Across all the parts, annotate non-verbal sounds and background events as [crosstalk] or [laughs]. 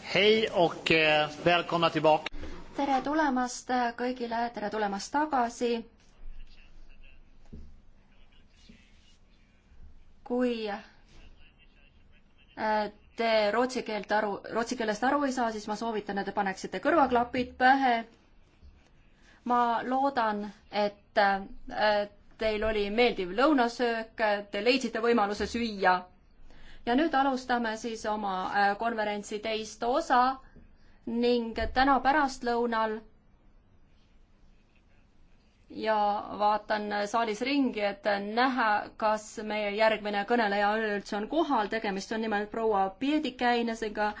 Hej och eh, välkomna tillbaka. tere tulemast kõigile, tere tulemast tagasi. kui eh, te rootsi keelt aru, rootsi keelest aru ei saa, siis ma soovitan, et te paneksite kõrvaklapid pähe. ma loodan, et äh, teil oli meeldiv lõunasöök, te leidsite võimaluse süüa. ja nüüd alustame siis oma äh, konverentsi teist osa ning täna pärastlõunal ja vaatan saalis ringi, et näha, kas meie järgmine kõneleja üleüldse on kohal, tegemist on nimelt proua Piedikäinesega.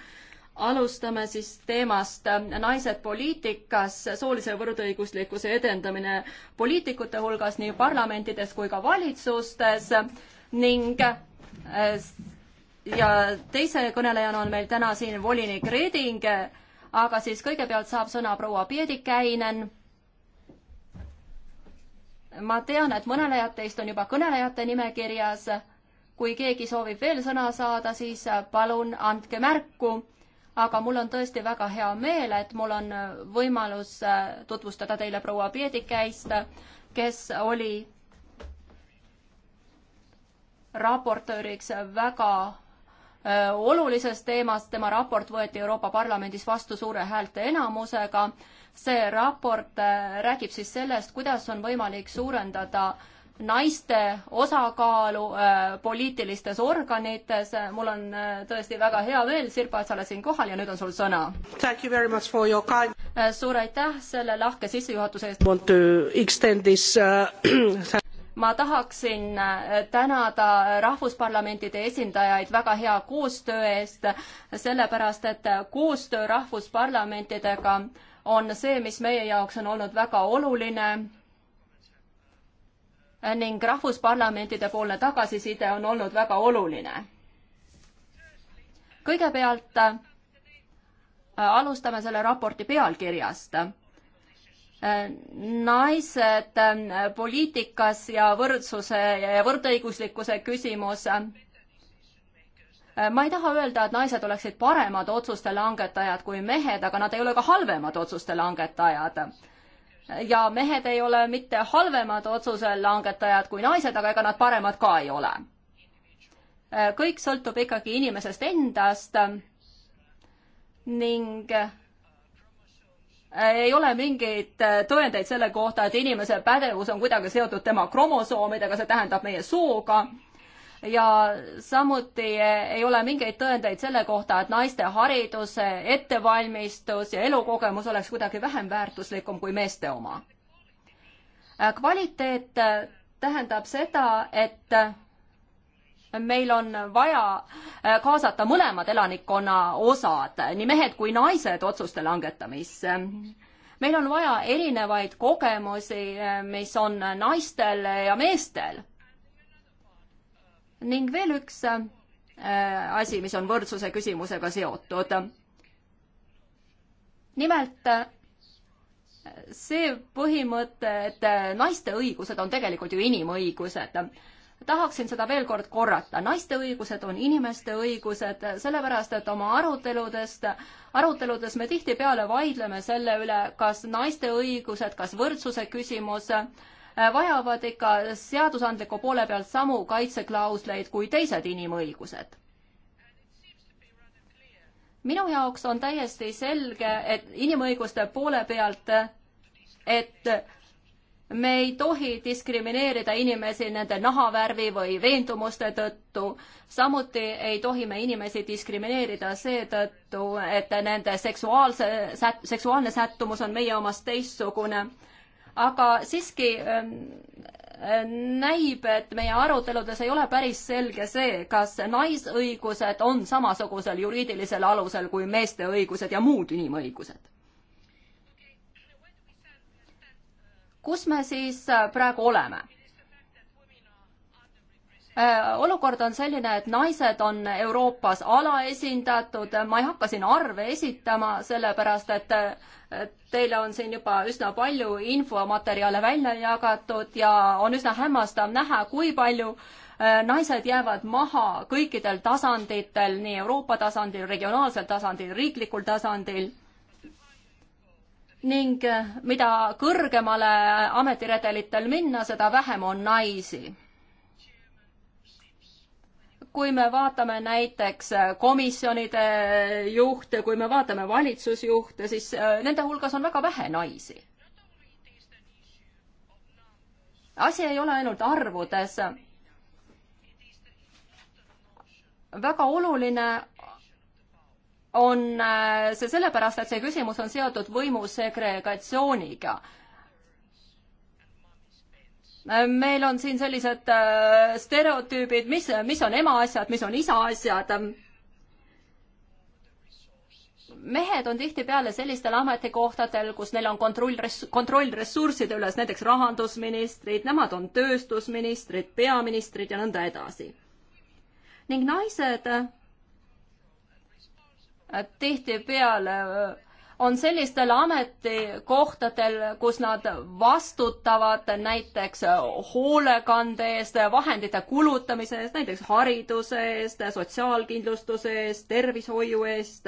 alustame siis teemast Naised poliitikas, soolise võrdõiguslikkuse edendamine poliitikute hulgas nii parlamentides kui ka valitsustes ning ja teise kõnelejana on meil täna siin volinik Reding, aga siis kõigepealt saab sõna proua Piedikäinen ma tean, et mõnelejad teist on juba kõnelejate nimekirjas. kui keegi soovib veel sõna saada, siis palun andke märku. aga mul on tõesti väga hea meel, et mul on võimalus äh, tutvustada teile proua Piedikäist, kes oli raportööriks väga Äh, olulisest teemast, tema raport võeti Euroopa Parlamendis vastu suure häälteenamusega. see raport äh, räägib siis sellest, kuidas on võimalik suurendada naiste osakaalu äh, poliitilistes organites. mul on äh, tõesti väga hea meel, Sirpa, et sa oled siin kohal ja nüüd on sul sõna. Äh, suur aitäh selle lahke sissejuhatuse eest. [clears throat] ma tahaksin äh, tänada äh, rahvusparlamentide esindajaid väga hea koostöö eest, sellepärast et äh, koostöö rahvusparlamentidega on see, mis meie jaoks on olnud väga oluline ning rahvusparlamentide poolne tagasiside on olnud väga oluline. kõigepealt alustame selle raporti pealkirjast Äh, naised äh, poliitikas ja võrdsuse ja võrdõiguslikkuse küsimus. Äh, ma ei taha öelda, et naised oleksid paremad otsuste langetajad kui mehed, aga nad ei ole ka halvemad otsuste langetajad ja mehed ei ole mitte halvemad otsuse langetajad kui naised, aga ega nad paremad ka ei ole. kõik sõltub ikkagi inimesest endast ning ei ole mingeid äh, tõendeid selle kohta, et inimese pädevus on kuidagi seotud tema kromosoomidega, see tähendab meie sooga. ja samuti äh, ei ole mingeid tõendeid selle kohta, et naiste haridus, ettevalmistus ja elukogemus oleks kuidagi vähem väärtuslikum kui meeste oma. Äh, kvaliteet tähendab seda, et meil on vaja äh, kaasata mõlemad elanikkonna osad, nii mehed kui naised otsuste langetamisse. meil on vaja erinevaid kogemusi, äh, mis on naistel ja meestel. ning veel üks äh, asi, mis on võrdsuse küsimusega seotud. nimelt see põhimõte, et naiste õigused on tegelikult ju inimõigused tahaksin seda veel kord korrata, naiste õigused on inimeste õigused, sellepärast et oma aruteludest, aruteludes me tihtipeale vaidleme selle üle, kas naiste õigused, kas võrdsuse küsimus äh, vajavad ikka seadusandliku poole pealt samu kaitseklausleid kui teised inimõigused minu jaoks on täiesti selge, et inimõiguste poole pealt, et me ei tohi diskrimineerida inimesi nende nahavärvi või veendumuste tõttu. samuti ei tohi me inimesi diskrimineerida seetõttu, et nende seksuaalse, seksuaalne sättumus on meie omast teistsugune. aga siiski ähm, äh, näib, et meie aruteludes ei ole päris selge see, kas naisõigused on samasugusel juriidilisel alusel kui meeste õigused ja muud inimõigused kus me siis äh, praegu oleme? Äh, olukord on selline, et naised on Euroopas alaesindatud, ma ei hakka siin arve esitama, sellepärast et teile on siin juba üsna palju infomaterjale välja jagatud ja on üsna hämmastav näha, kui palju äh, naised jäävad maha kõikidel tasanditel, nii Euroopa tasandil, regionaalsel tasandil, riiklikul tasandil ning eh, mida kõrgemale ametiredelitel minna, seda vähem on naisi. kui me vaatame näiteks eh, komisjonide juhte, kui me vaatame valitsusjuhte, siis eh, nende hulgas on väga vähe naisi. asi ei ole ainult arvudes. väga oluline on äh, see sellepärast, et see küsimus on seotud võimu segregatsiooniga. meil on siin sellised äh, stereotüübid, mis, mis on ema asjad, mis on isa asjad. mehed on tihtipeale sellistel ametikohtadel, kus neil on kontroll, kontroll ressursside üles, näiteks rahandusministrid, nemad on tööstusministrid, peaministrid ja nõnda edasi. ning naised tihtipeale äh, on sellistel ametikohtadel, kus nad vastutavad näiteks äh, hoolekande eest, vahendite kulutamise eest, näiteks hariduse eest, sotsiaalkindlustuse eest, tervishoiu eest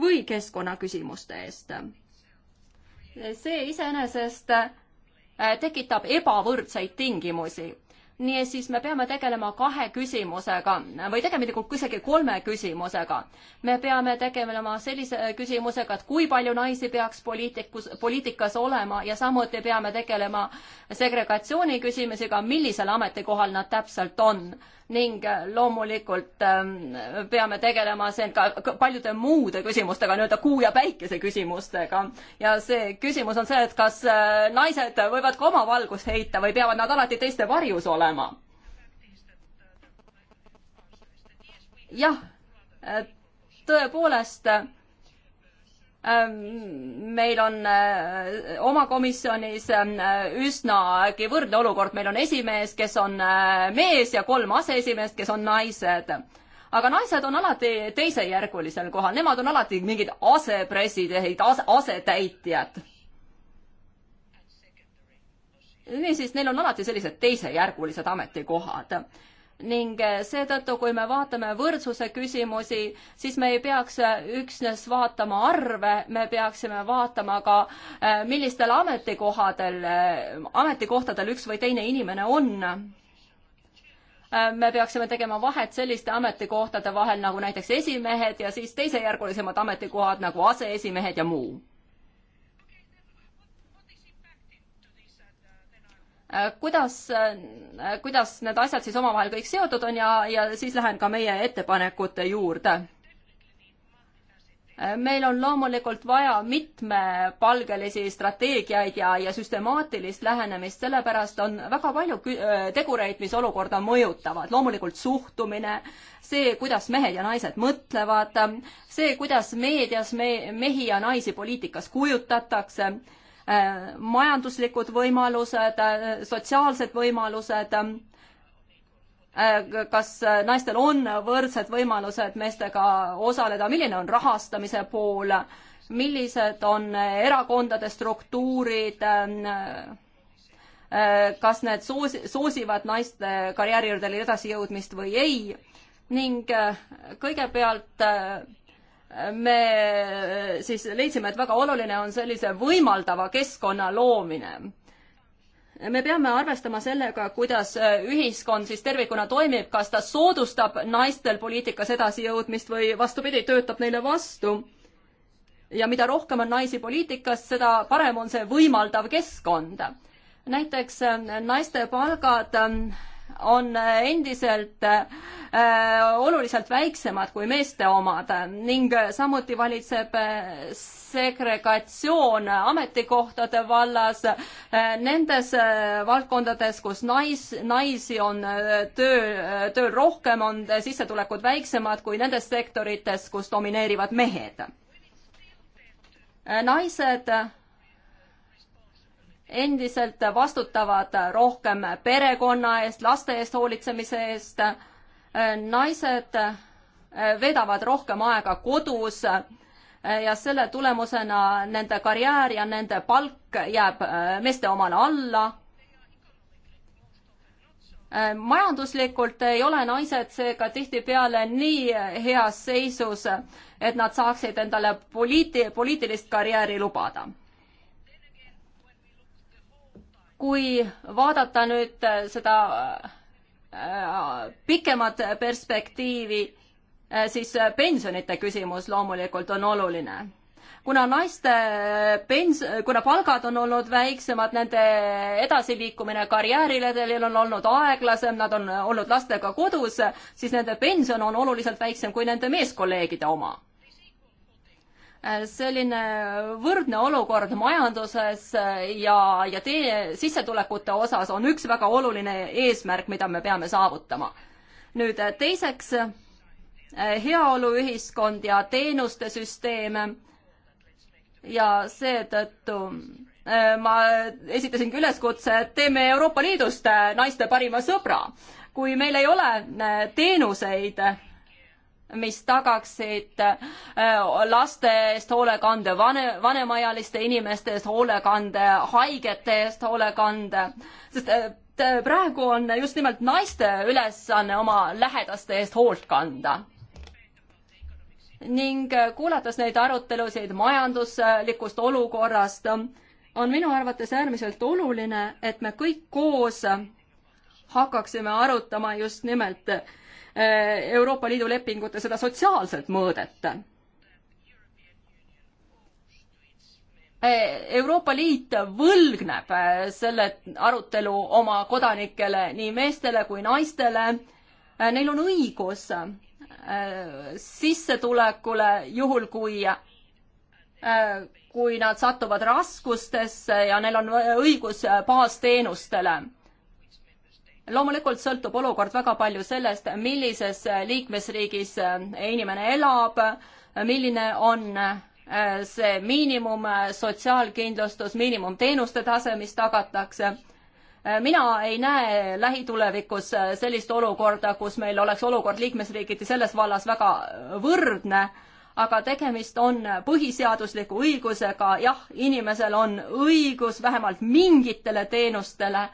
või keskkonnaküsimuste eest. see iseenesest äh, tekitab ebavõrdseid tingimusi niisiis me peame tegelema kahe küsimusega või tegelikult nagu isegi kolme küsimusega. me peame tegelema sellise küsimusega, et kui palju naisi peaks poliitikus, poliitikas olema ja samuti peame tegelema segregatsiooni küsimusega, millisel ametikohal nad täpselt on ning äh, loomulikult ähm, peame tegelema siin ka paljude muude küsimustega, nii-öelda kuu ja päikese küsimustega. ja see küsimus on see, et kas äh, naised võivad ka oma valgust heita või peavad nad alati teiste varjus olema? jah, äh, tõepoolest Ähm, meil on äh, oma komisjonis ähm, äh, üsnagi võrdne olukord, meil on esimees, kes on äh, mees ja kolm aseesimeest, kes on naised. aga naised on alati teisejärgulisel kohal, nemad on alati mingid asepresidendid ase,, asetäitjad. niisiis, neil on alati sellised teisejärgulised ametikohad ning eh, seetõttu, kui me vaatame võrdsuse küsimusi, siis me ei peaks eh, üksnes vaatama arve, me peaksime vaatama ka, eh, millistel ametikohadel, ametikohtadel üks või teine inimene on me peaksime tegema vahet selliste ametikohtade vahel nagu näiteks esimehed ja siis teisejärgulisemad ametikohad nagu aseesimehed ja muu Äh, kuidas, äh, kuidas need asjad siis omavahel kõik seotud on ja, ja siis lähen ka meie ettepanekute juurde. Äh, meil on loomulikult vaja mitmepalgelisi strateegiaid ja, ja süstemaatilist lähenemist, sellepärast on väga palju tegureid, mis olukorda mõjutavad. loomulikult suhtumine, see, kuidas mehed ja naised mõtlevad, see, kuidas meedias me, mehi ja naisi poliitikas kujutatakse Äh, majanduslikud võimalused, äh, sotsiaalsed võimalused, äh, kas naistel on võrdsed võimalused meestega osaleda, milline on rahastamise pool, millised on erakondade struktuurid, kas need soosi-, soosivad naiste karjäärijuurdele edasijõudmist või ei ning kõigepealt me eh, siis leidsime, et väga oluline on sellise võimaldava keskkonna loomine. me peame arvestama sellega, kuidas eh, ühiskond siis tervikuna toimib, kas ta soodustab naistel poliitikas edasijõudmist või vastupidi, töötab neile vastu. ja mida rohkem on naisi poliitikas, seda parem on see võimaldav keskkond näiteks eh, naiste palgad on endiselt äh, oluliselt väiksemad kui meeste omad ning samuti valitseb äh, segregatsioon ametikohtade vallas äh, nendes valdkondades, kus nais, naisi on töö, tööl rohkem, on sissetulekud väiksemad kui nendes sektorites, kus domineerivad mehed. naised endiselt vastutavad rohkem perekonna eest, laste eest hoolitsemise eest. naised veedavad rohkem aega kodus ja selle tulemusena nende karjäär ja nende palk jääb meeste omale alla. majanduslikult ei ole naised seega tihtipeale nii heas seisus, et nad saaksid endale poliiti-, poliitilist karjääri lubada kui vaadata nüüd äh, seda äh, pikemat perspektiivi, äh, siis pensionite küsimus loomulikult on oluline. kuna naiste pens-, kuna palgad on olnud väiksemad, nende edasiliikumine karjääriledel on olnud aeglasem, nad on olnud lastega kodus, siis nende pension on oluliselt väiksem kui nende meeskolleegide oma Äh, selline võrdne olukord majanduses äh, ja, ja teie sissetulekute osas on üks väga oluline eesmärk, mida me peame saavutama. nüüd äh, teiseks, heaoluühiskond ja teenuste süsteem ja seetõttu ma esitasin ka üleskutse, et teeme Euroopa Liidust naiste parima sõbra. kui meil ei ole teenuseid, mis tagaksid äh, laste eest hoolekande, vane, vanemaealiste inimeste eest hoolekande, haigete eest hoolekande, sest äh, praegu on just nimelt naiste ülesanne oma lähedaste eest hoolt kanda. ning äh, kuulates neid arutelusid majanduslikust olukorrast, on minu arvates äärmiselt oluline, et me kõik koos hakkaksime arutama just nimelt Äh, Euroopa Liidu lepingute seda sotsiaalset mõõdet. Äh, Euroopa Liit võlgneb äh, selle arutelu oma kodanikele, nii meestele kui naistele. Neil on õigus sissetulekule juhul, kui kui nad satuvad raskustesse ja neil on õigus baasteenustele loomulikult sõltub olukord väga palju sellest, millises liikmesriigis äh, inimene elab, äh, milline on äh, see miinimum sotsiaalkindlustus, miinimumteenuste tase, mis tagatakse. mina ei näe lähitulevikus sellist olukorda, kus meil oleks olukord liikmesriigiti selles vallas väga võrdne aga tegemist on põhiseadusliku õigusega, jah, inimesel on õigus vähemalt mingitele teenustele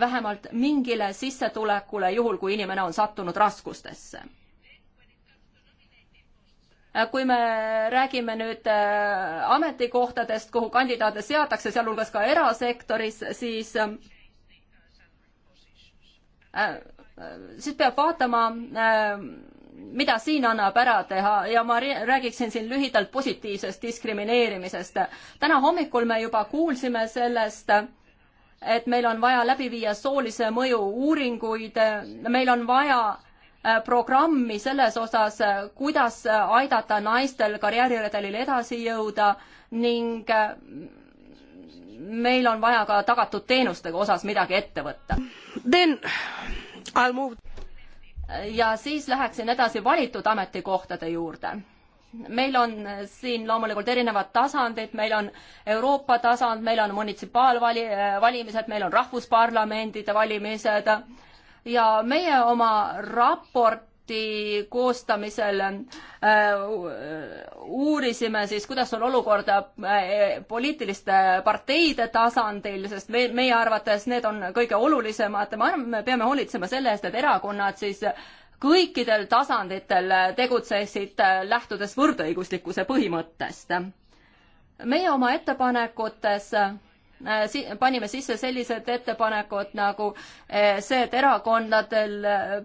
vähemalt mingile sissetulekule, juhul kui inimene on sattunud raskustesse. kui me räägime nüüd äh, ametikohtadest, kuhu kandidaate seatakse, sealhulgas ka erasektoris, siis äh, siis peab vaatama, äh, mida siin annab ära teha ja ma räägiksin siin lühidalt positiivsest diskrimineerimisest. täna hommikul me juba kuulsime sellest et meil on vaja läbi viia soolise mõju uuringuid, meil on vaja äh, programmi selles osas, kuidas aidata naistel karjääriredelil edasi jõuda ning äh, meil on vaja ka tagatud teenustega osas midagi ette võtta. Then I will move ja siis läheksin edasi valitud ametikohtade juurde meil on siin loomulikult erinevad tasandid, meil on Euroopa tasand, meil on munitsipaalvali-, äh, valimised, meil on rahvusparlamendide valimised ja meie oma raport raporti koostamisel äh, uurisime siis, kuidas on olukord äh, poliitiliste parteide tasandil, sest me, meie arvates need on kõige olulisemad, me peame hoolitsema selle eest, et erakonnad siis kõikidel tasanditel tegutsesid äh, lähtudes võrdõiguslikkuse põhimõttest. meie oma ettepanekutes äh, si-, panime sisse sellised ettepanekud nagu äh, see, et erakondadel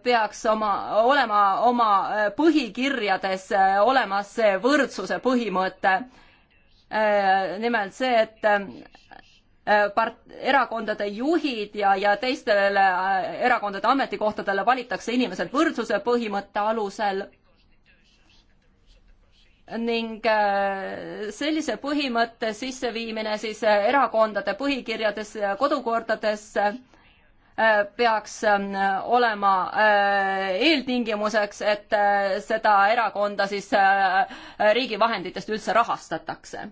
peaks oma, olema oma põhikirjades olemas see võrdsuse põhimõte. nimelt see, et Äh, part-, erakondade juhid ja, ja teistele äh, erakondade ametikohtadele valitakse inimesed võrdsuse põhimõtte alusel ning äh, sellise põhimõtte sisseviimine siis erakondade põhikirjadesse ja kodukordadesse peaks ähm, olema eeltingimuseks, et seda erakonda siis riigi vahenditest üldse rahastatakse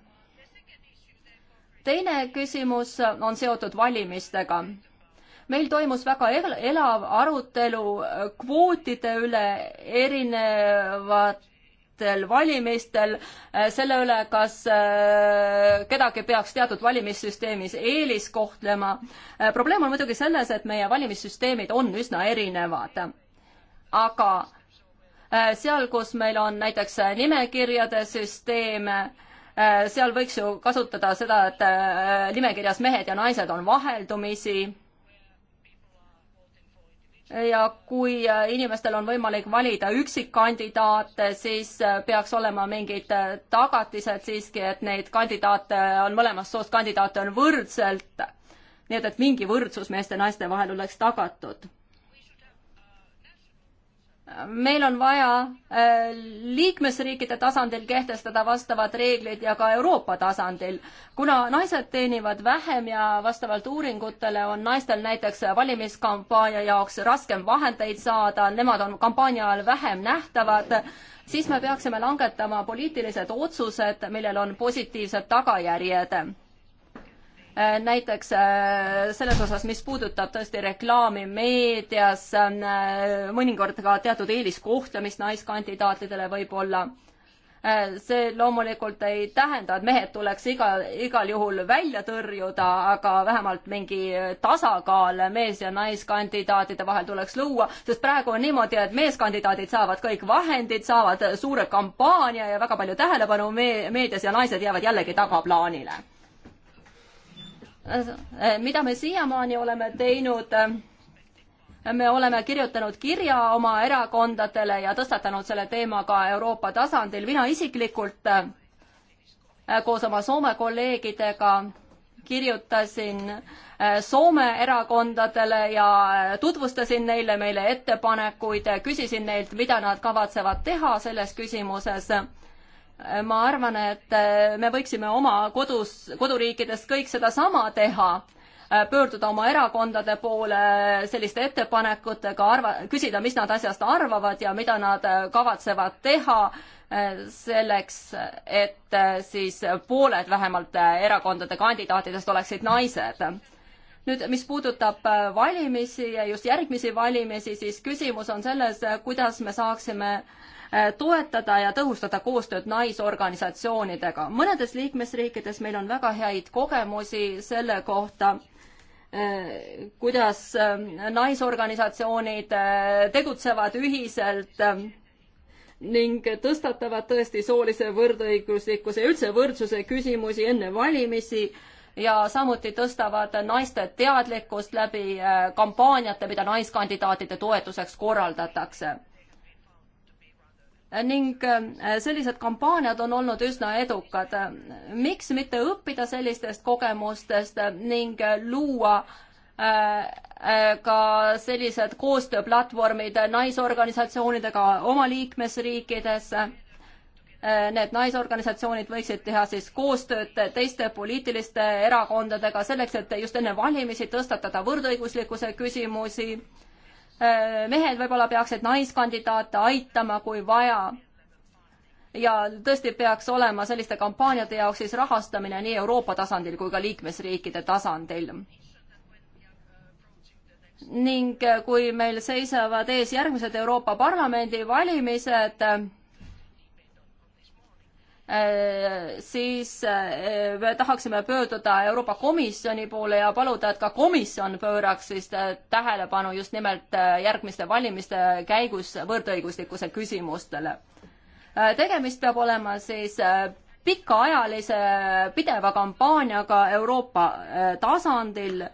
teine küsimus on seotud valimistega. meil toimus väga elav arutelu kvootide üle erinevatel valimistel, eh, selle üle, kas eh, kedagi peaks teatud valimissüsteemis eeliskohtlema. Eh, probleem on muidugi selles, et meie valimissüsteemid on üsna erinevad. aga seal, kus meil on näiteks nimekirjade süsteeme, Äh, seal võiks ju kasutada seda, et äh, nimekirjas mehed ja naised on vaheldumisi. ja kui äh, inimestel on võimalik valida üksikkandidaate, siis peaks olema mingid tagatised siiski, et neid kandidaate on mõlemast soost kandidaate on võrdselt. nii et, et mingi võrdsus meeste ja naiste vahel oleks tagatud meil on vaja äh, liikmesriikide tasandil kehtestada vastavad reeglid ja ka Euroopa tasandil. kuna naised teenivad vähem ja vastavalt uuringutele on naistel näiteks valimiskampaania jaoks raskem vahendeid saada, nemad on kampaania ajal vähem nähtavad, siis me peaksime langetama poliitilised otsused, millel on positiivsed tagajärjed Äh, näiteks äh, selles osas, mis puudutab tõesti reklaami meedias, äh, mõnikord ka teatud eeliskohtlemist naiskandidaatidele võib-olla. see loomulikult ei tähenda, et mehed tuleks iga, igal juhul välja tõrjuda, aga vähemalt mingi tasakaal mees- ja naiskandidaatide vahel tuleks luua, sest praegu on niimoodi, et meeskandidaadid saavad kõik vahendid, saavad suure kampaania ja väga palju tähelepanu me meedias ja naised jäävad jällegi tagaplaanile mida me siiamaani oleme teinud? me oleme kirjutanud kirja oma erakondadele ja tõstatanud selle teema ka Euroopa tasandil. mina isiklikult äh, koos oma Soome kolleegidega kirjutasin äh, Soome erakondadele ja äh, tutvustasin neile meile ettepanekuid, küsisin neilt, mida nad kavatsevad teha selles küsimuses ma arvan, et äh, me võiksime oma kodus, koduriikides kõik sedasama teha, äh, pöörduda oma erakondade poole äh, selliste ettepanekutega, arva, küsida, mis nad asjast arvavad ja mida nad kavatsevad teha selleks, et siis pooled vähemalt erakondade kandidaatidest oleksid naised nüüd, mis puudutab valimisi ja just järgmisi valimisi, siis küsimus on selles, kuidas me saaksime äh, Äh, toetada ja tõhustada koostööd naisorganisatsioonidega. mõnedes liikmesriikides meil on väga häid kogemusi selle kohta, äh, kuidas äh, naisorganisatsioonid tegutsevad ühiselt ning tõstatavad tõesti soolise võrdõiguslikkuse ja üldse võrdsuse küsimusi enne valimisi ja samuti tõstavad naiste teadlikkust läbi kampaaniate, mida naiskandidaatide toetuseks korraldatakse ning äh, sellised kampaaniad on olnud üsna edukad. miks mitte õppida sellistest kogemustest ning luua äh, äh, ka sellised koostööplatvormid naisorganisatsioonidega oma liikmesriikides. Need naisorganisatsioonid võiksid teha siis koostööd teiste poliitiliste erakondadega selleks, et just enne valimisi tõstatada võrdõiguslikkuse küsimusi Äh, mehed võib-olla peaksid naiskandidaate aitama, kui vaja. ja tõesti peaks olema selliste kampaaniate jaoks siis rahastamine nii Euroopa tasandil kui ka liikmesriikide tasandil. ning kui meil seisavad ees järgmised Euroopa Parlamendi valimised, Äh, siis äh, me tahaksime pöörduda Euroopa Komisjoni poole ja paluda, et ka komisjon pööraks siis äh, tähelepanu just nimelt järgmiste valimiste käigus võrdõiguslikkuse küsimustele. tegemist peab olema siis pikaajalise pideva kampaaniaga Euroopa tasandil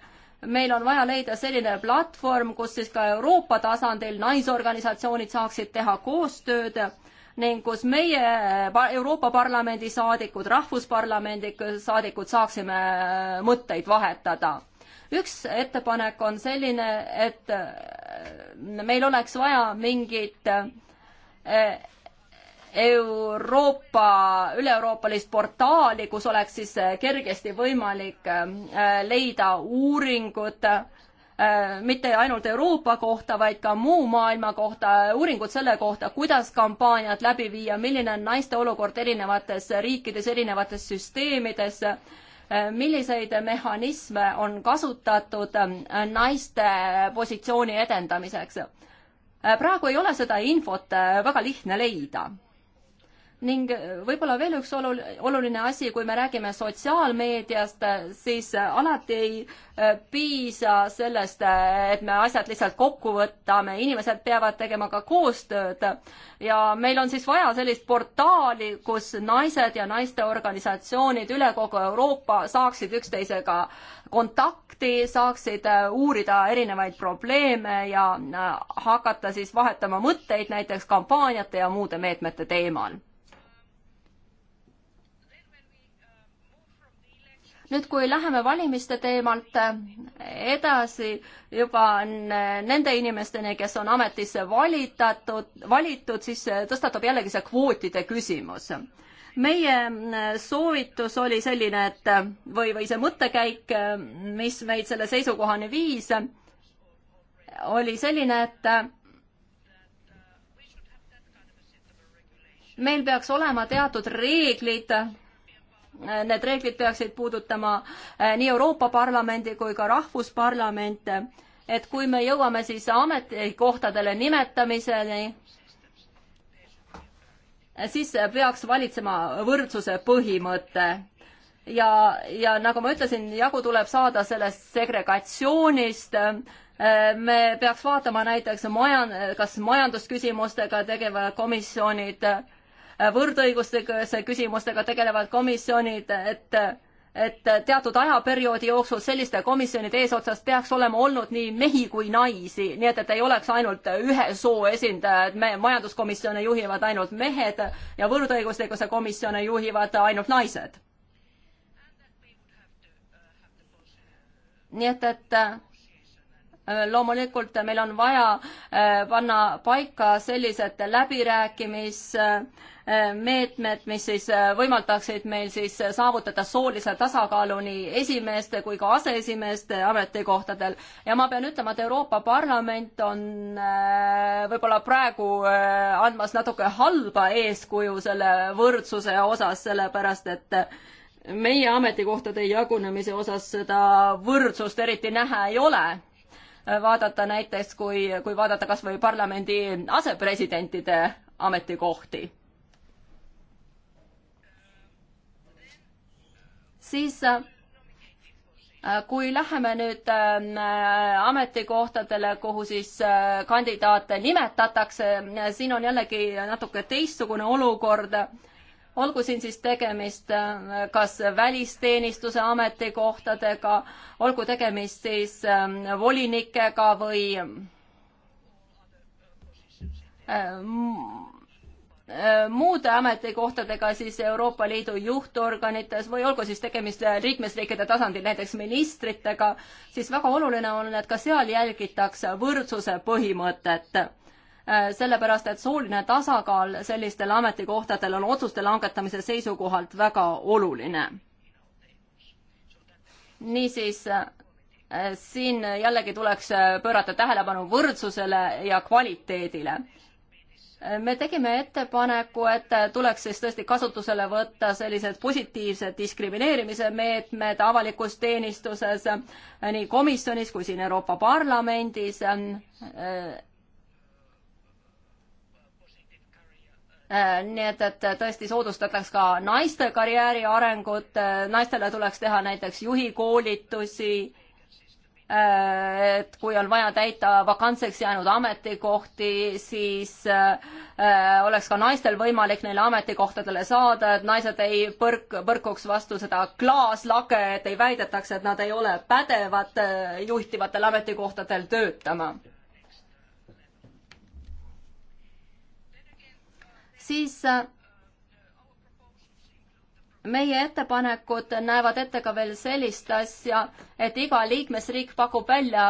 meil on vaja leida selline platvorm, kus siis ka Euroopa tasandil naisorganisatsioonid saaksid teha koostööd ning kus meie Euroopa Parlamendi saadikud, Rahvusparlamendi saadikud saaksime äh, mõtteid vahetada. üks ettepanek on selline, et äh, meil oleks vaja mingit äh, Euroopa, üle-euroopalist portaali, kus oleks siis kergesti võimalik leida uuringud äh, Äh, mitte ainult Euroopa kohta, vaid ka muu maailma kohta, uuringud selle kohta, kuidas kampaaniat läbi viia, milline on naiste olukord erinevates riikides, erinevates süsteemides, äh, milliseid mehhanisme on kasutatud äh, naiste positsiooni edendamiseks. praegu ei ole seda infot väga lihtne leida ning võib-olla veel üks oluline asi, kui me räägime sotsiaalmeediast, siis alati ei äh, piisa sellest, äh, et me asjad lihtsalt kokku võtame, inimesed peavad tegema ka koostööd ja meil on siis vaja sellist portaali, kus naised ja naisteorganisatsioonid üle kogu Euroopa saaksid üksteisega kontakti, saaksid äh, uurida erinevaid probleeme ja hakata siis vahetama mõtteid näiteks kampaaniate ja muude meetmete teemal nüüd, kui läheme valimiste teemalt äh, edasi juba nende inimesteni, kes on ametisse valitatud, valitud, siis äh, tõstatub jällegi see kvootide küsimus meie äh, soovitus oli selline, et või, või see mõttekäik, mis meid selle seisukohani viis, oli selline, et meil peaks olema teatud reeglid Need reeglid peaksid puudutama eh, nii Euroopa Parlamendi kui ka rahvusparlamente, et kui me jõuame siis ametikohtadele nimetamiseni, siis peaks valitsema võrdsuse põhimõte ja, ja nagu ma ütlesin, jagu tuleb saada sellest segregatsioonist. Eh, me peaks vaatama näiteks majan-, kas majandusküsimustega tegevad komisjonid äh, võrdõiguslikkuse küsimustega tegelevad komisjonid, et et teatud ajaperioodi jooksul selliste komisjonide eesotsas peaks olema olnud nii mehi kui naisi, nii et, et ei oleks ainult ühe soo esindajad, me majanduskomisjone juhivad ainult mehed ja võrdõiguslikkuse komisjone juhivad ainult naised. nii et, et Äh, loomulikult meil on vaja äh, panna paika sellised läbirääkimismeetmed, äh, mis siis võimaldaksid meil siis saavutada soolise tasakaalu nii esimeeste kui ka aseesimeeste ametikohtadel. ja ma pean ütlema, et Euroopa Parlament on võib-olla praegu andmas natuke halba eeskuju selle võrdsuse osas, sellepärast et meie ametikohtade jagunemise osas seda võrdsust eriti näha ei ole Äh, vaadata näiteks, kui, kui vaadata kas või parlamendi asepresidentide ametikohti. siis äh, kui läheme nüüd äh, ametikohtadele, kuhu siis kandidaate nimetatakse, siin on jällegi natuke teistsugune olukord olgu siin siis tegemist äh, kas välisteenistuse ametikohtadega, olgu tegemist siis ähm, volinikega või äh, äh, muude ametikohtadega siis Euroopa Liidu juhtorganites või olgu siis tegemist liikmesriikide tasandil näiteks ministritega, siis väga oluline on, et ka seal jälgitakse võrdsuse põhimõtet Äh, sellepärast et sooline tasakaal sellistel ametikohtadel on otsuste langetamise seisukohalt väga oluline. niisiis, äh, siin jällegi tuleks äh, pöörata tähelepanu võrdsusele ja kvaliteedile me tegime ettepaneku, et tuleks siis tõesti kasutusele võtta sellised positiivsed diskrimineerimise meetmed avalikus teenistuses nii komisjonis kui siin Euroopa Parlamendis Äh, nii et, et tõesti soodustataks ka naiste karjääri arengut, äh, naistele tuleks teha näiteks juhikoolitusi, äh, et kui on vaja täita vakantseks jäänud ametikohti, siis oleks ka naistel võimalik neile ametikohtadele saada, et naised ei põrk, põrkuks vastu seda klaaslage, et ei väidetaks, et nad ei ole pädevad juhtivatel ametikohtadel töötama siis äh, meie ettepanekud näevad ette ka veel sellist asja, et iga liikmesriik pakub välja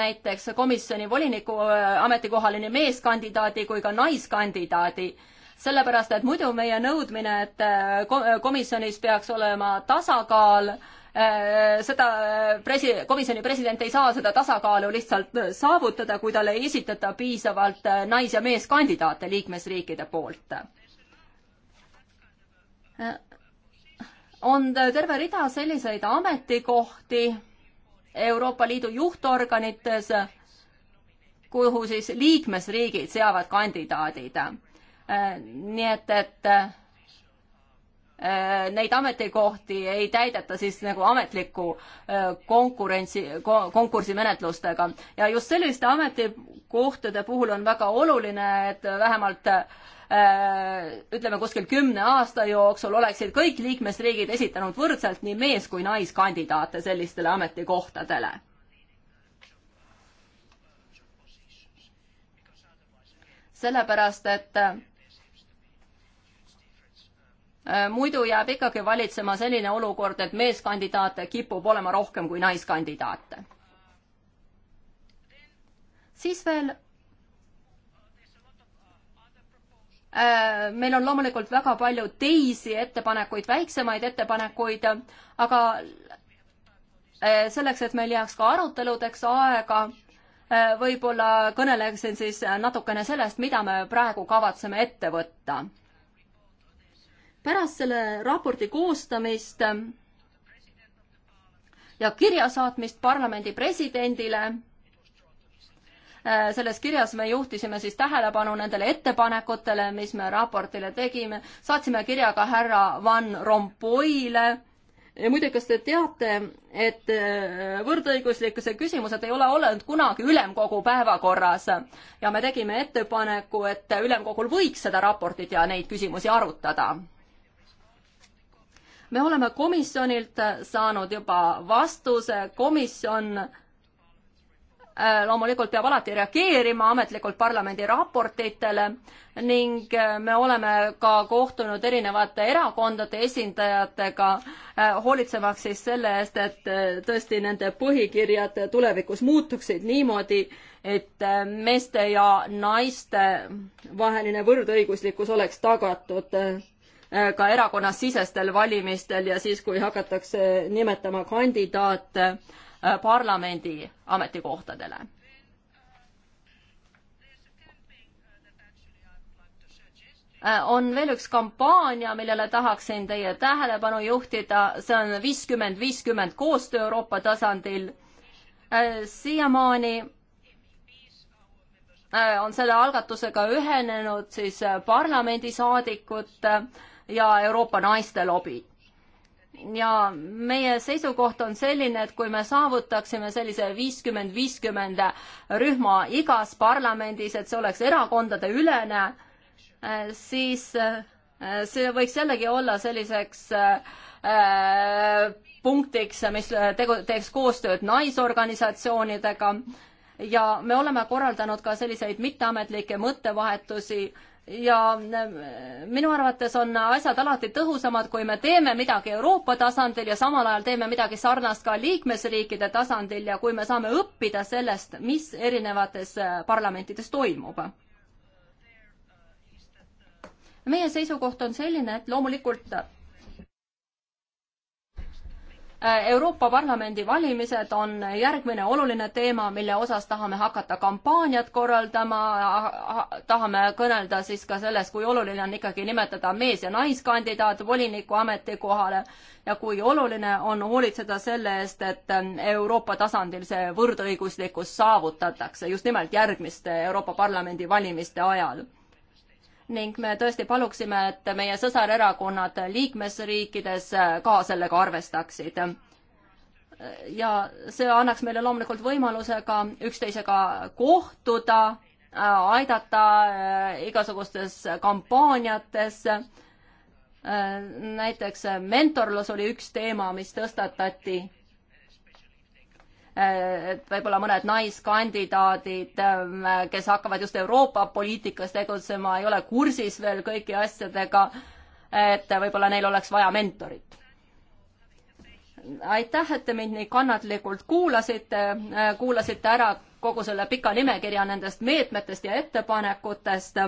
näiteks komisjoni voliniku äh, ametikohale nii meeskandidaadi kui ka naiskandidaadi, sellepärast et muidu meie nõudmine, et äh, komisjonis peaks olema tasakaal äh, Äh, seda äh, presi-, komisjoni president ei saa seda tasakaalu lihtsalt äh, saavutada, kui talle ei esitata piisavalt nais- ja meeskandidaate liikmesriikide poolt. on terve rida selliseid ametikohti Euroopa Liidu juhtorganites, kuhu siis liikmesriigid seavad kandidaadid. nii et, et Äh, neid ametikohti ei täideta siis nagu ametliku äh, konkurentsi, konkursimenetlustega. ja just selliste ametikohtade puhul on väga oluline, et vähemalt äh, ütleme, kuskil kümne aasta jooksul oleksid kõik liikmesriigid esitanud võrdselt nii mees- kui naiskandidaate sellistele ametikohtadele sellepärast, et Äh, muidu jääb ikkagi valitsema selline olukord, et meeskandidaate kipub olema rohkem kui naiskandidaate. siis veel äh, meil on loomulikult väga palju teisi ettepanekuid, väiksemaid ettepanekuid, aga äh, selleks, et meil jääks ka aruteludeks aega, võib-olla kõneleksin siis natukene sellest, mida me praegu kavatseme ette võtta pärast selle raporti koostamist ja kirja saatmist parlamendi presidendile, äh, selles kirjas me juhtisime siis tähelepanu nendele ettepanekutele, mis me raportile tegime, saatsime kirja ka härra Van Rompuyle ja muide, kas te teate, et äh, võrdõiguslikkuse küsimused ei ole olnud kunagi ülemkogu päevakorras ja me tegime ettepaneku, et ülemkogul võiks seda raportit ja neid küsimusi arutada me oleme komisjonilt saanud juba vastuse, komisjon äh, loomulikult peab alati reageerima ametlikult parlamendi raportitele ning äh, me oleme ka kohtunud erinevate erakondade esindajatega, äh, hoolitsemaks siis selle eest, et tõesti nende põhikirjad tulevikus muutuksid niimoodi, et meeste ja naiste vaheline võrdõiguslikkus oleks tagatud Äh, ka erakonnasisestel valimistel ja siis, kui hakatakse nimetama kandidaate äh, parlamendi ametikohtadele äh, on veel üks kampaania, millele tahaksin teie tähelepanu juhtida, see on viiskümmend, viiskümmend koostöö Euroopa tasandil. siiamaani on selle algatusega ühenenud siis parlamendisaadikud ja Euroopa naiste lobi. ja meie seisukoht on selline, et kui me saavutaksime sellise viiskümmend, viiskümmend rühma igas parlamendis, et see oleks erakondade ülene, siis eh, see võiks jällegi olla selliseks eh, punktiks, mis tegu, teeks koostööd naisorganisatsioonidega ja me oleme korraldanud ka selliseid mitteametlikke mõttevahetusi ja ähm, minu arvates on asjad alati tõhusamad, kui me teeme midagi Euroopa tasandil ja samal ajal teeme midagi sarnast ka liikmesriikide tasandil ja kui me saame õppida sellest, mis erinevates äh, parlamentides toimub. meie seisukoht on selline, et loomulikult Äh, Euroopa Parlamendi valimised on järgmine oluline teema, mille osas tahame hakata kampaaniat korraldama, ah, ah, tahame kõnelda siis ka sellest, kui oluline on ikkagi nimetada mees- ja naiskandidaat voliniku ametikohale ja kui oluline on hoolitseda selle eest, et ähm, Euroopa tasandil see võrdõiguslikkus saavutatakse just nimelt järgmiste Euroopa Parlamendi valimiste ajal ning me tõesti paluksime, et meie sõsarerakonnad liikmesriikides äh, ka sellega arvestaksid. ja see annaks meile loomulikult võimaluse ka üksteisega kohtuda, äh, aidata äh, igasugustes kampaaniates näiteks mentorlus oli üks teema, mis tõstatati Äh, võib-olla mõned naiskandidaadid, ähm, kes hakkavad just Euroopa poliitikas tegutsema, ei ole kursis veel kõigi asjadega, et võib-olla neil oleks vaja mentorit aitäh, et te mind nii kannatlikult kuulasite, äh, kuulasite ära kogu selle pika nimekirja nendest meetmetest ja ettepanekutest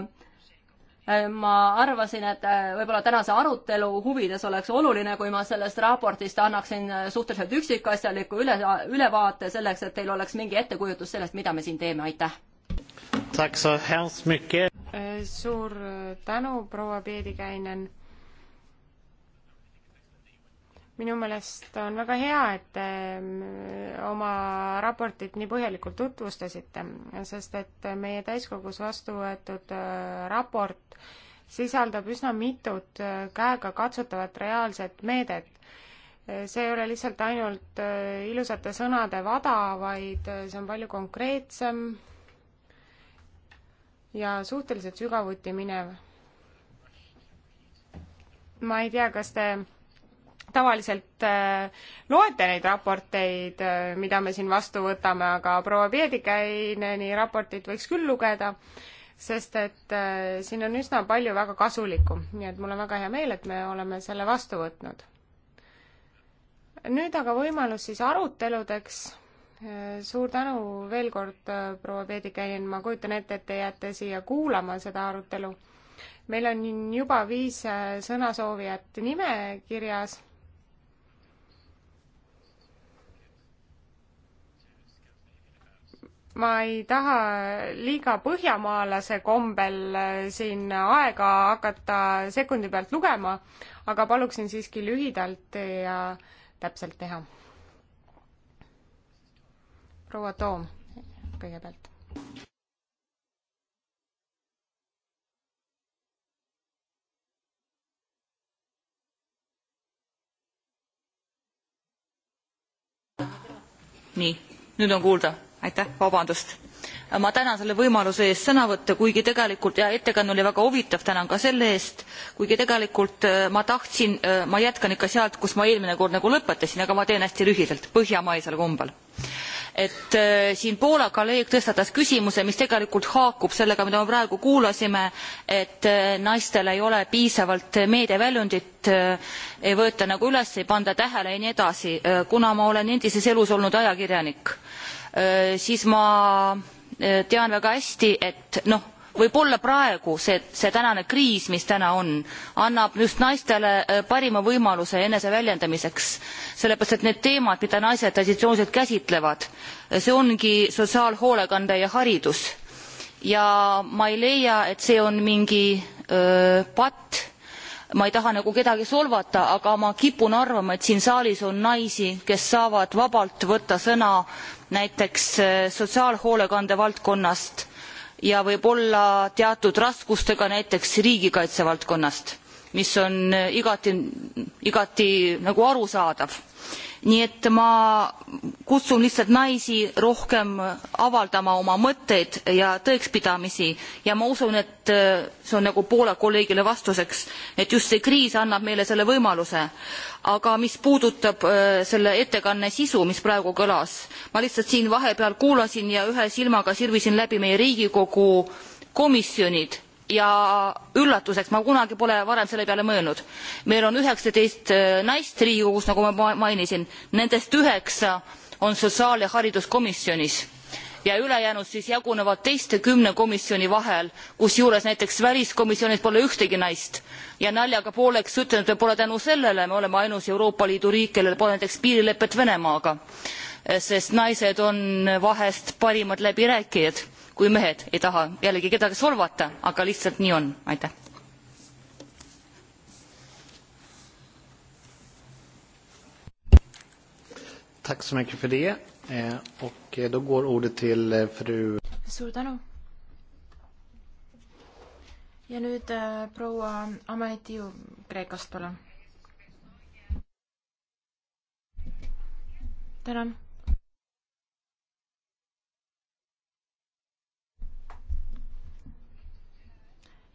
Äh, ma arvasin, et äh, võib-olla tänase arutelu huvides oleks oluline, kui ma sellest raportist annaksin äh, suhteliselt üksikasjaliku üle, ülevaate selleks, et teil oleks mingi ettekujutus sellest, mida me siin teeme, aitäh! suur tänu, proua Peedikäinen minu meelest on väga hea, et te mm, oma raportit nii põhjalikult tutvustasite, sest et meie täiskogus vastu võetud äh, raport sisaldab üsna mitut äh, käegakatsutavat reaalset meedet. see ei ole lihtsalt ainult äh, ilusate sõnade vada, vaid see on palju konkreetsem ja suhteliselt sügavuti minev. ma ei tea, kas te tavaliselt äh, loete neid raporteid, äh, mida me siin vastu võtame, aga proua Piedikäineni raportit võiks küll lugeda, sest et äh, siin on üsna palju väga kasulikku, nii et mul on väga hea meel, et me oleme selle vastu võtnud. nüüd aga võimalus siis aruteludeks. suur tänu veel kord, proua Piedikäinen, ma kujutan ette, et te jääte siia kuulama seda arutelu meil on juba viis sõnasoovijat nimekirjas ma ei taha liiga põhjamaalase kombel äh, siin aega hakata sekundi pealt lugema, aga paluksin siiski lühidalt ja täpselt teha. proua Toom kõigepealt. nii, nüüd on kuulda aitäh, vabandust. ma tänan selle võimaluse eest sõna võtta, kuigi tegelikult ja ettekanne oli väga huvitav, tänan ka selle eest, kuigi tegelikult äh, ma tahtsin, äh, ma jätkan ikka sealt, kus ma eelmine kord nagu lõpetasin, aga ma teen hästi lühidalt, põhjamaisel kombel et äh, siin Poola kolleeg tõstatas küsimuse, mis tegelikult haakub sellega, mida me praegu kuulasime, et naistel ei ole piisavalt meediaväljundit, ei võeta nagu üles, ei panda tähele ja nii edasi. kuna ma olen endises elus olnud ajakirjanik, Äh, siis ma äh, tean väga hästi, et noh, võib-olla praegu see, see tänane kriis, mis täna on, annab just naistele äh, parima võimaluse eneseväljendamiseks, sellepärast et need teemad, mida naised traditsiooniliselt käsitlevad, see ongi sotsiaalhoolekande ja haridus. ja ma ei leia, et see on mingi öö, patt ma ei taha nagu kedagi solvata aga ma kipun arvama et siin saalis on naisi kes saavad vabalt võtta sõna näiteks eh, sotsiaalhoolekande valdkonnast ja võib olla teatud raskustega näiteks riigikaitse valdkonnast mis on eh, igati igati nagu arusaadav nii et ma kutsun lihtsalt naisi rohkem avaldama oma mõtteid ja tõekspidamisi ja ma usun, et äh, see on nagu Poola kolleegile vastuseks, et just see kriis annab meile selle võimaluse. aga mis puudutab äh, selle ettekanne sisu, mis praegu kõlas, ma lihtsalt siin vahepeal kuulasin ja ühe silmaga sirvisin läbi meie Riigikogu komisjonid ja üllatuseks ma kunagi pole varem selle peale mõelnud meil on üheksateist äh, naist riigikogus nagu ma mainisin nendest üheksa on sotsiaal ja hariduskomisjonis ja ülejäänud siis jagunevad teiste kümne komisjoni vahel kusjuures näiteks väliskomisjonis pole ühtegi naist ja naljaga pooleks ütlen et võib-olla tänu sellele me oleme ainus euroopa liidu riik kellel pole näiteks piirilepet venemaaga sest naised on vahest parimad läbirääkijad kui mehed ei taha jällegi kedagi solvata, aga lihtsalt nii on, aitäh. Tack så mycket för det. Eh, och eh, då går ordet till eh, fru... Suur tänu. ja nüüd eh, proua Ametiu Kreekast, palun. tänan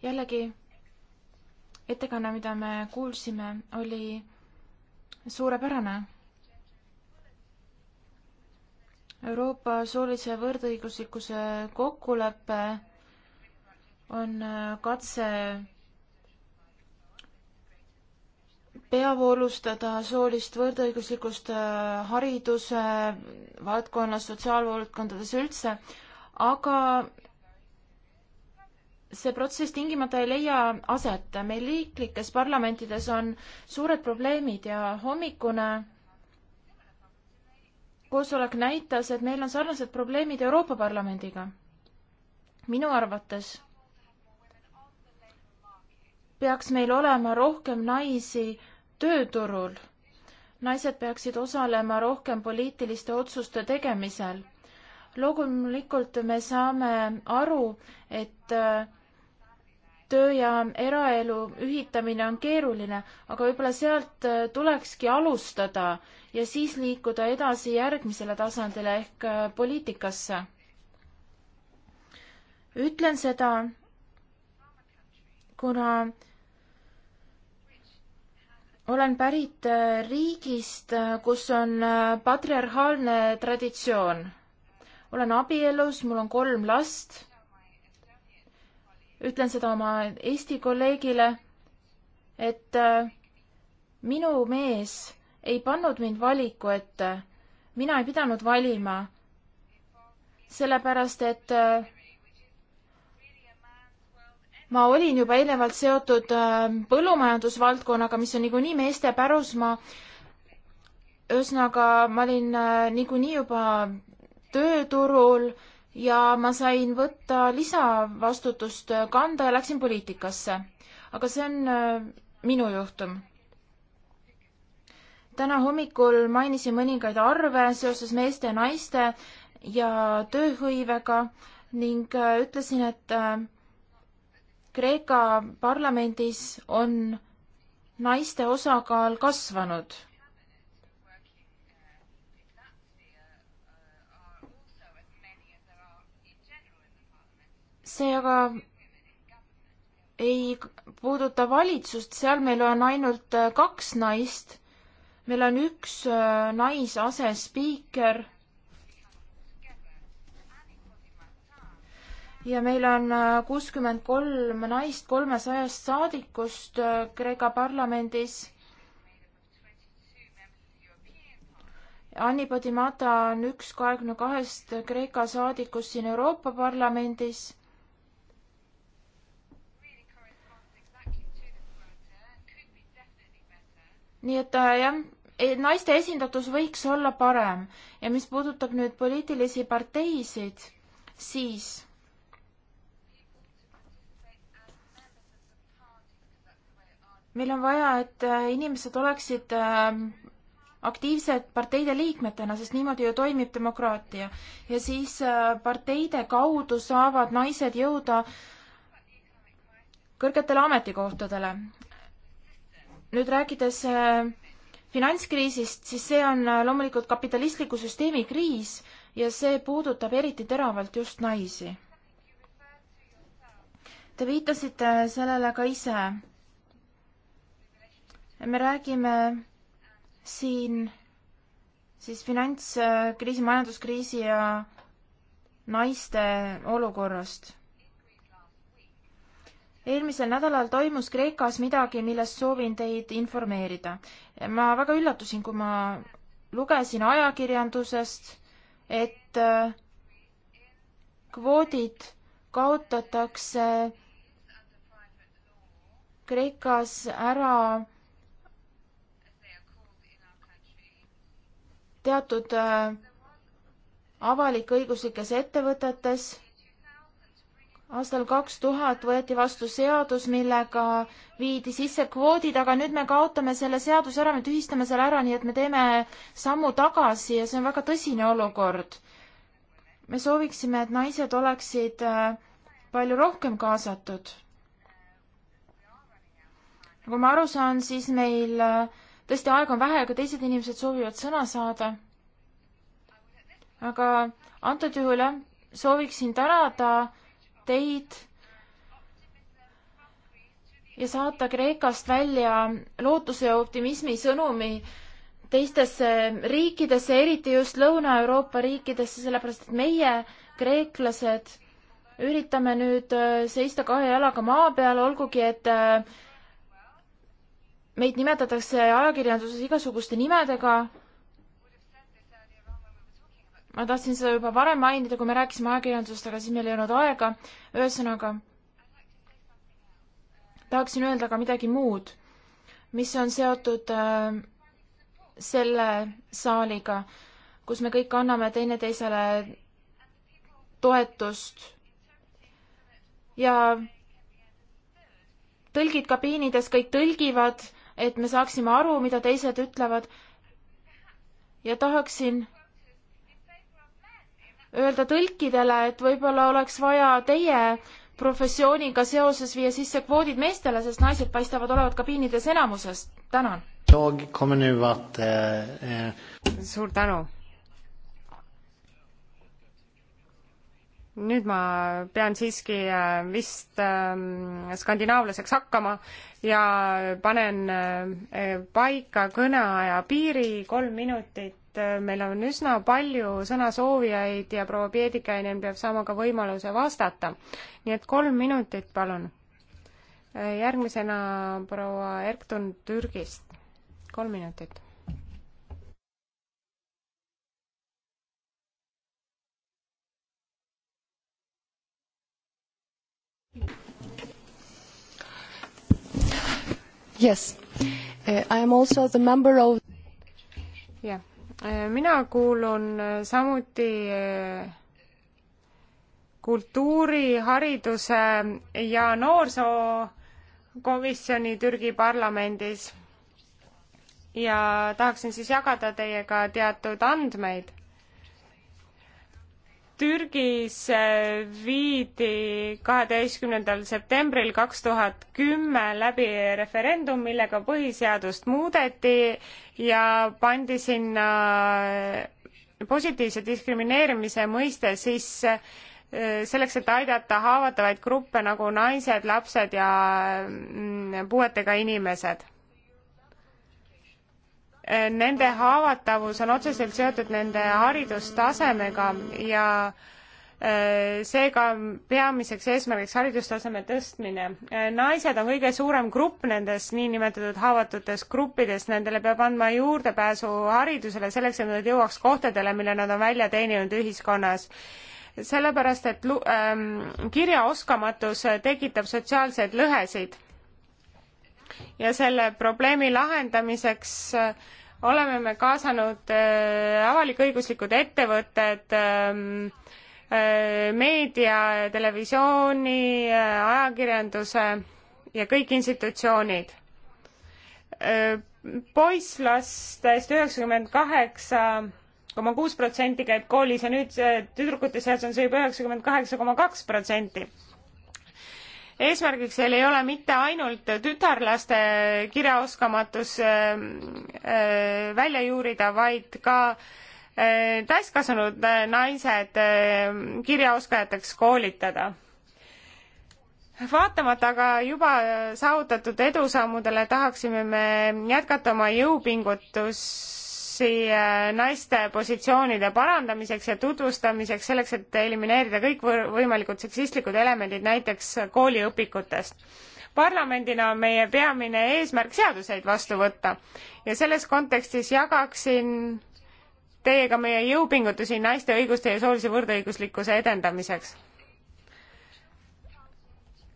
jällegi ettekanne, mida me kuulsime, oli suurepärane. Euroopa soolise võrdõiguslikkuse kokkulepe on äh, katse peavoolustada soolist võrdõiguslikkust äh, hariduse valdkonnas, sotsiaalvaldkondades üldse, aga see protsess tingimata ei leia aset. meil riiklikes parlamentides on suured probleemid ja hommikune koosolek näitas, et meil on sarnased probleemid Euroopa Parlamendiga. minu arvates peaks meil olema rohkem naisi tööturul. naised peaksid osalema rohkem poliitiliste otsuste tegemisel loomulikult me saame aru, et äh, töö ja eraelu ühitamine on keeruline, aga võib-olla sealt äh, tulekski alustada ja siis liikuda edasi järgmisele tasandile ehk äh, poliitikasse. ütlen seda, kuna olen pärit äh, riigist, kus on patriarhaalne traditsioon. olen abielus, mul on kolm last ütlen seda oma Eesti kolleegile, et äh, minu mees ei pannud mind valiku ette, mina ei pidanud valima, sellepärast et äh, ma olin juba eelnevalt seotud äh, põllumajandusvaldkonnaga, mis on niikuinii meeste pärusmaa. ühesõnaga, ma olin niikuinii juba tööturul ja ma sain võtta lisavastutust kanda ja läksin poliitikasse. aga see on äh, minu juhtum. täna hommikul mainisin mõningaid arve seoses meeste ja naiste ja tööhõivega ning äh, ütlesin, et äh, Kreeka parlamendis on naiste osakaal kasvanud see aga ei puuduta valitsust, seal meil on ainult äh, kaks naist. meil on üks äh, naisasespiiker. ja meil on äh, kuuskümmend kolm naist kolmesajast saadikust Kreeka parlamendis. Anni Podimata on üks kahekümne kahest Kreeka saadikust siin Euroopa Parlamendis nii et äh, jah, e, naiste esindatus võiks olla parem ja mis puudutab nüüd poliitilisi parteisid, siis meil on vaja, et äh, inimesed oleksid ähm, aktiivsed parteide liikmetena, sest niimoodi ju toimib demokraatia. ja siis äh, parteide kaudu saavad naised jõuda kõrgetele ametikohtadele nüüd rääkides äh, finantskriisist, siis see on äh, loomulikult kapitalistliku süsteemi kriis ja see puudutab eriti teravalt just naisi. Te viitasite sellele ka ise. me räägime siin siis finantskriisi, majanduskriisi ja naiste olukorrast eelmisel nädalal toimus Kreekas midagi, millest soovin teid informeerida. ma väga üllatusin, kui ma lugesin ajakirjandusest, et äh, kvoodid kaotatakse Kreekas ära teatud äh, avalik-õiguslikes ettevõtetes aastal kaks tuhat võeti vastu seadus, millega viidi sisse kvoodid, aga nüüd me kaotame selle seaduse ära, me tühistame selle ära, nii et me teeme sammu tagasi ja see on väga tõsine olukord. me sooviksime, et naised oleksid äh, palju rohkem kaasatud. nagu ma aru saan, siis meil äh, tõesti aega on vähe, aga teised inimesed soovivad sõna saada. aga antud juhul jah, sooviksin tänada teid ja saata Kreekast välja lootuse ja optimismi sõnumi teistesse riikidesse, eriti just Lõuna-Euroopa riikidesse, sellepärast et meie, kreeklased, üritame nüüd äh, seista kahe jalaga maa peal, olgugi et äh, meid nimetatakse ajakirjanduses igasuguste nimedega ma tahtsin seda juba varem mainida, kui me rääkisime ajakirjandusest, aga siis meil ei olnud aega. ühesõnaga, tahaksin öelda ka midagi muud, mis on seotud äh, selle saaliga, kus me kõik anname teineteisele toetust ja tõlgid kabiinides kõik tõlgivad, et me saaksime aru, mida teised ütlevad. ja tahaksin öelda tõlkidele, et võib-olla oleks vaja teie professiooniga seoses viia sisse kvoodid meestele, sest naised paistavad olevat kabiinides enamuses. tänan. Eh, eh, suur tänu. nüüd ma pean siiski eh, vist äh, skandinaavlaseks hakkama ja panen äh, paika kõneaja piiri kolm minutit et äh, meil on üsna palju sõnasoovijaid ja proua Piedikainen peab saama ka võimaluse vastata. nii et kolm minutit, palun. Äh, järgmisena proua Erktun Türgist, kolm minutit. Yes, uh, I am also the member of jah yeah., Äh, mina kuulun äh, samuti äh, kultuuri, hariduse ja noorsookomisjoni Türgi parlamendis ja tahaksin siis jagada teiega teatud andmeid. Türgis äh, viidi kaheteistkümnendal septembril kaks tuhat kümme läbi referendum, millega põhiseadust muudeti ja pandi sinna äh, positiivse diskrimineerimise mõiste sisse äh, selleks, et aidata haavatavaid gruppe nagu naised, lapsed ja mm, puuetega inimesed nende haavatavus on otseselt seotud nende haridustasemega ja äh, seega peamiseks eesmärgiks haridustaseme tõstmine. Äh, naised on kõige suurem grupp nendes niinimetatud haavatutes gruppides, nendele peab andma juurdepääsu haridusele selleks, et nad jõuaks kohtadele, mille nad on välja teeninud ühiskonnas sellepärast, et ähm, kirjaoskamatus tekitab sotsiaalseid lõhesid ja selle probleemi lahendamiseks äh, oleme me kaasanud äh, avalik-õiguslikud ettevõtted, ähm, äh, meedia, televisiooni, ajakirjanduse ja kõik institutsioonid. poisslastest üheksakümmend kaheksa koma kuus protsenti käib koolis ja nüüd tüdrukute seas on see juba üheksakümmend kaheksa koma kaks protsenti eesmärgiks seal ei ole mitte ainult tütarlaste kirjaoskamatus äh, äh, välja juurida, vaid ka äh, täiskasvanud naised kirjaoskajateks koolitada vaatamata aga juba saavutatud edusammudele tahaksime me jätkata oma jõupingutus kurssi äh, naiste positsioonide parandamiseks ja tutvustamiseks, selleks et elimineerida kõik võimalikud seksistlikud elemendid näiteks kooliõpikutest. parlamendina on meie peamine eesmärk seaduseid vastu võtta ja selles kontekstis jagaksin teiega meie jõupingutusi naiste õiguste ja soolise võrdõiguslikkuse edendamiseks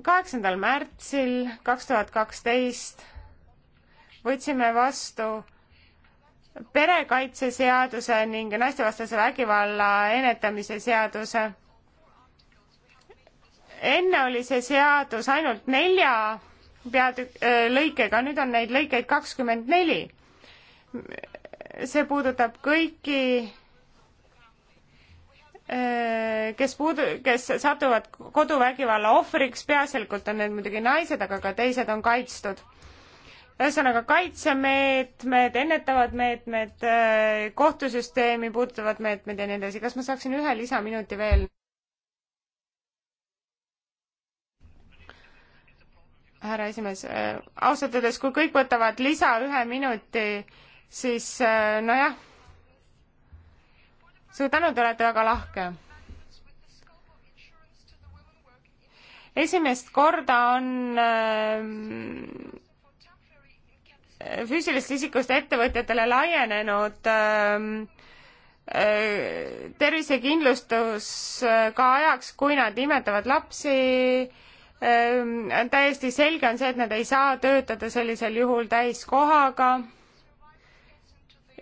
kaheksandal märtsil kaks tuhat kaksteist võtsime vastu perekaitseseaduse ning naistevastase vägivalla ennetamise seaduse. enne oli see seadus ainult nelja peatükk, lõikega, nüüd on neid lõikeid kakskümmend neli. see puudutab kõiki kes puudu-, kes satuvad koduvägivalla ohvriks, peaasjalikult on need muidugi naised, aga ka teised on kaitstud ühesõnaga kaitsemeetmed, ennetavad meetmed, äh, kohtusüsteemi puudutavad meetmed ja nii edasi. kas ma saaksin ühe lisaminuti veel? härra esimees, äh, ausalt öeldes, kui kõik võtavad lisa ühe minuti, siis äh, nojah, suur tänu, te olete väga lahke esimest korda on füüsilisest isikust ettevõtjatele laienenud ähm, äh, tervisekindlustus äh, ka ajaks, kui nad imetavad lapsi. Ähm, täiesti selge on see, et nad ei saa töötada sellisel juhul täiskohaga.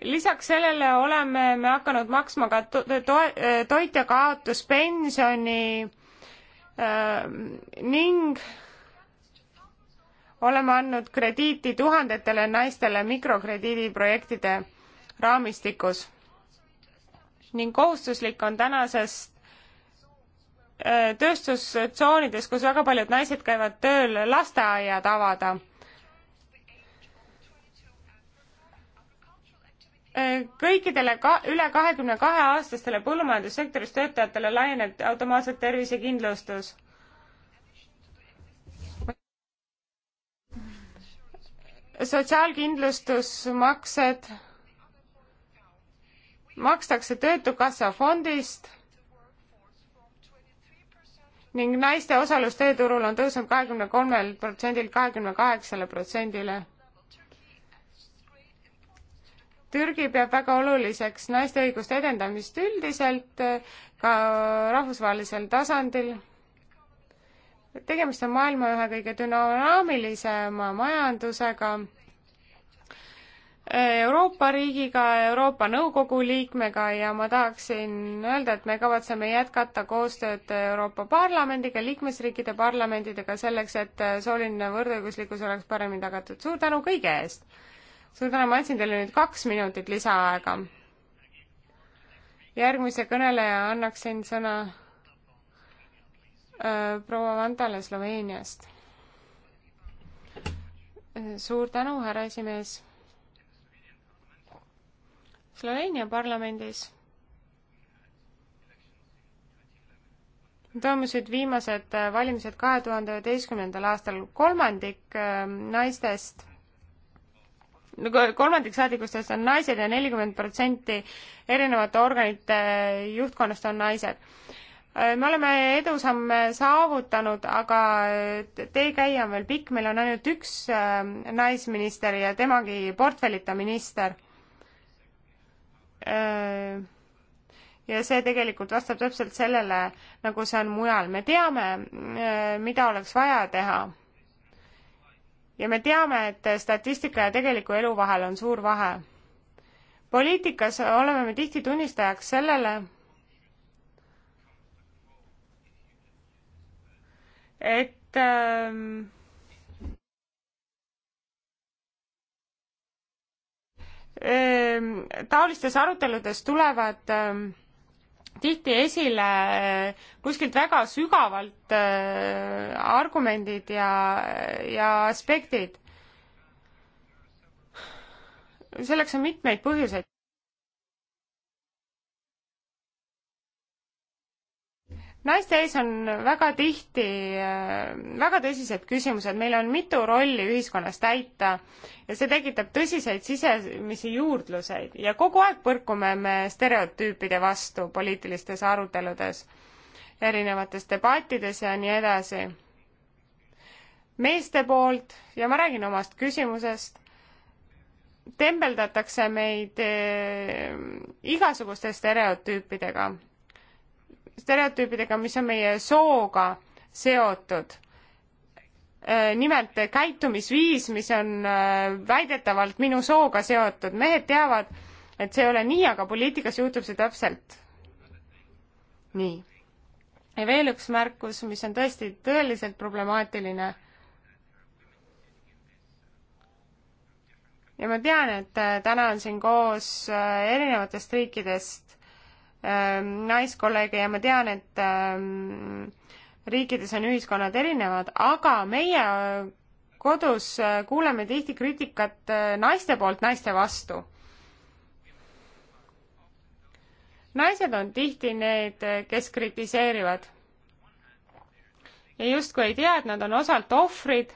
lisaks sellele oleme me hakanud maksma ka to to toitjakaotuspensioni ähm, ning oleme andnud krediiti tuhandetele naistele mikrokrediidiprojektide raamistikus ning kohustuslik on tänasest äh, tööstustsoonides, kus väga paljud naised käivad tööl, lasteaiad avada. Äh, kõikidele ka üle kahekümne kahe aastastele põllumajandussektoris töötajatele laieneb automaatselt tervisekindlustus sotsiaalkindlustusmaksed makstakse Töötukassa fondist ning naiste osalus tööturul on tõusnud kahekümne kolmelt protsendilt kahekümne kaheksale protsendile. Türgi peab väga oluliseks naiste õiguste edendamist üldiselt ka rahvusvahelisel tasandil tegemist on maailma ühe kõige dünaamilisema majandusega, Euroopa riigiga, Euroopa Nõukogu liikmega ja ma tahaksin öelda, et me kavatseme jätkata koostööd Euroopa Parlamendiga, liikmesriikide parlamentidega selleks, et sooline võrdõiguslikkus oleks paremini tagatud. suur tänu kõige eest! suur tänu, ma andsin teile nüüd kaks minutit lisaaega. järgmise kõneleja annaksin sõna Äh, proua Vantale Sloveeniast. Äh, suur tänu, härra esimees. Sloveenia parlamendis toimusid viimased äh, valimised kahe tuhande üheteistkümnendal aastal, kolmandik naistest kolmandik saadikustest on naised ja nelikümmend protsenti erinevate organite juhtkonnast on naised Äh, me oleme edusamme saavutanud, aga äh, teekäija on veel pikk, meil on ainult üks äh, naisminister ja temagi portfellita minister. ja see tegelikult vastab täpselt sellele, nagu see on mujal, me teame, mida oleks vaja teha. ja me teame, et statistika ja tegeliku elu vahel on suur vahe. poliitikas oleme me tihti tunnistajaks sellele, et ähm, ähm, taolistes aruteludes tulevad ähm, tihti esile äh, kuskilt väga sügavalt äh, argumendid ja, ja aspektid. selleks on mitmeid põhjuseid. naiste ees on väga tihti äh, väga tõsised küsimused, meil on mitu rolli ühiskonnas täita ja see tekitab tõsiseid sisemisi juurdluseid ja kogu aeg põrkume me stereotüüpide vastu poliitilistes aruteludes, erinevates debattides ja nii edasi. meeste poolt, ja ma räägin omast küsimusest, tembeldatakse meid äh, igasuguste stereotüüpidega stereotüüpidega, mis on meie sooga seotud. Äh, nimelt käitumisviis, mis on äh, väidetavalt minu sooga seotud, mehed teavad, et see ei ole nii, aga poliitikas juhtub see täpselt nii. ja veel üks märkus, mis on tõesti tõeliselt problemaatiline. ja ma tean, et äh, täna on siin koos erinevatest riikidest Ähm, naiskolleege ja ma tean, et ähm, riikides on ühiskonnad erinevad, aga meie äh, kodus äh, kuuleme tihti kriitikat äh, naiste poolt naiste vastu. naised on tihti need, kes kritiseerivad. ja justkui ei tea, et nad on osalt ohvrid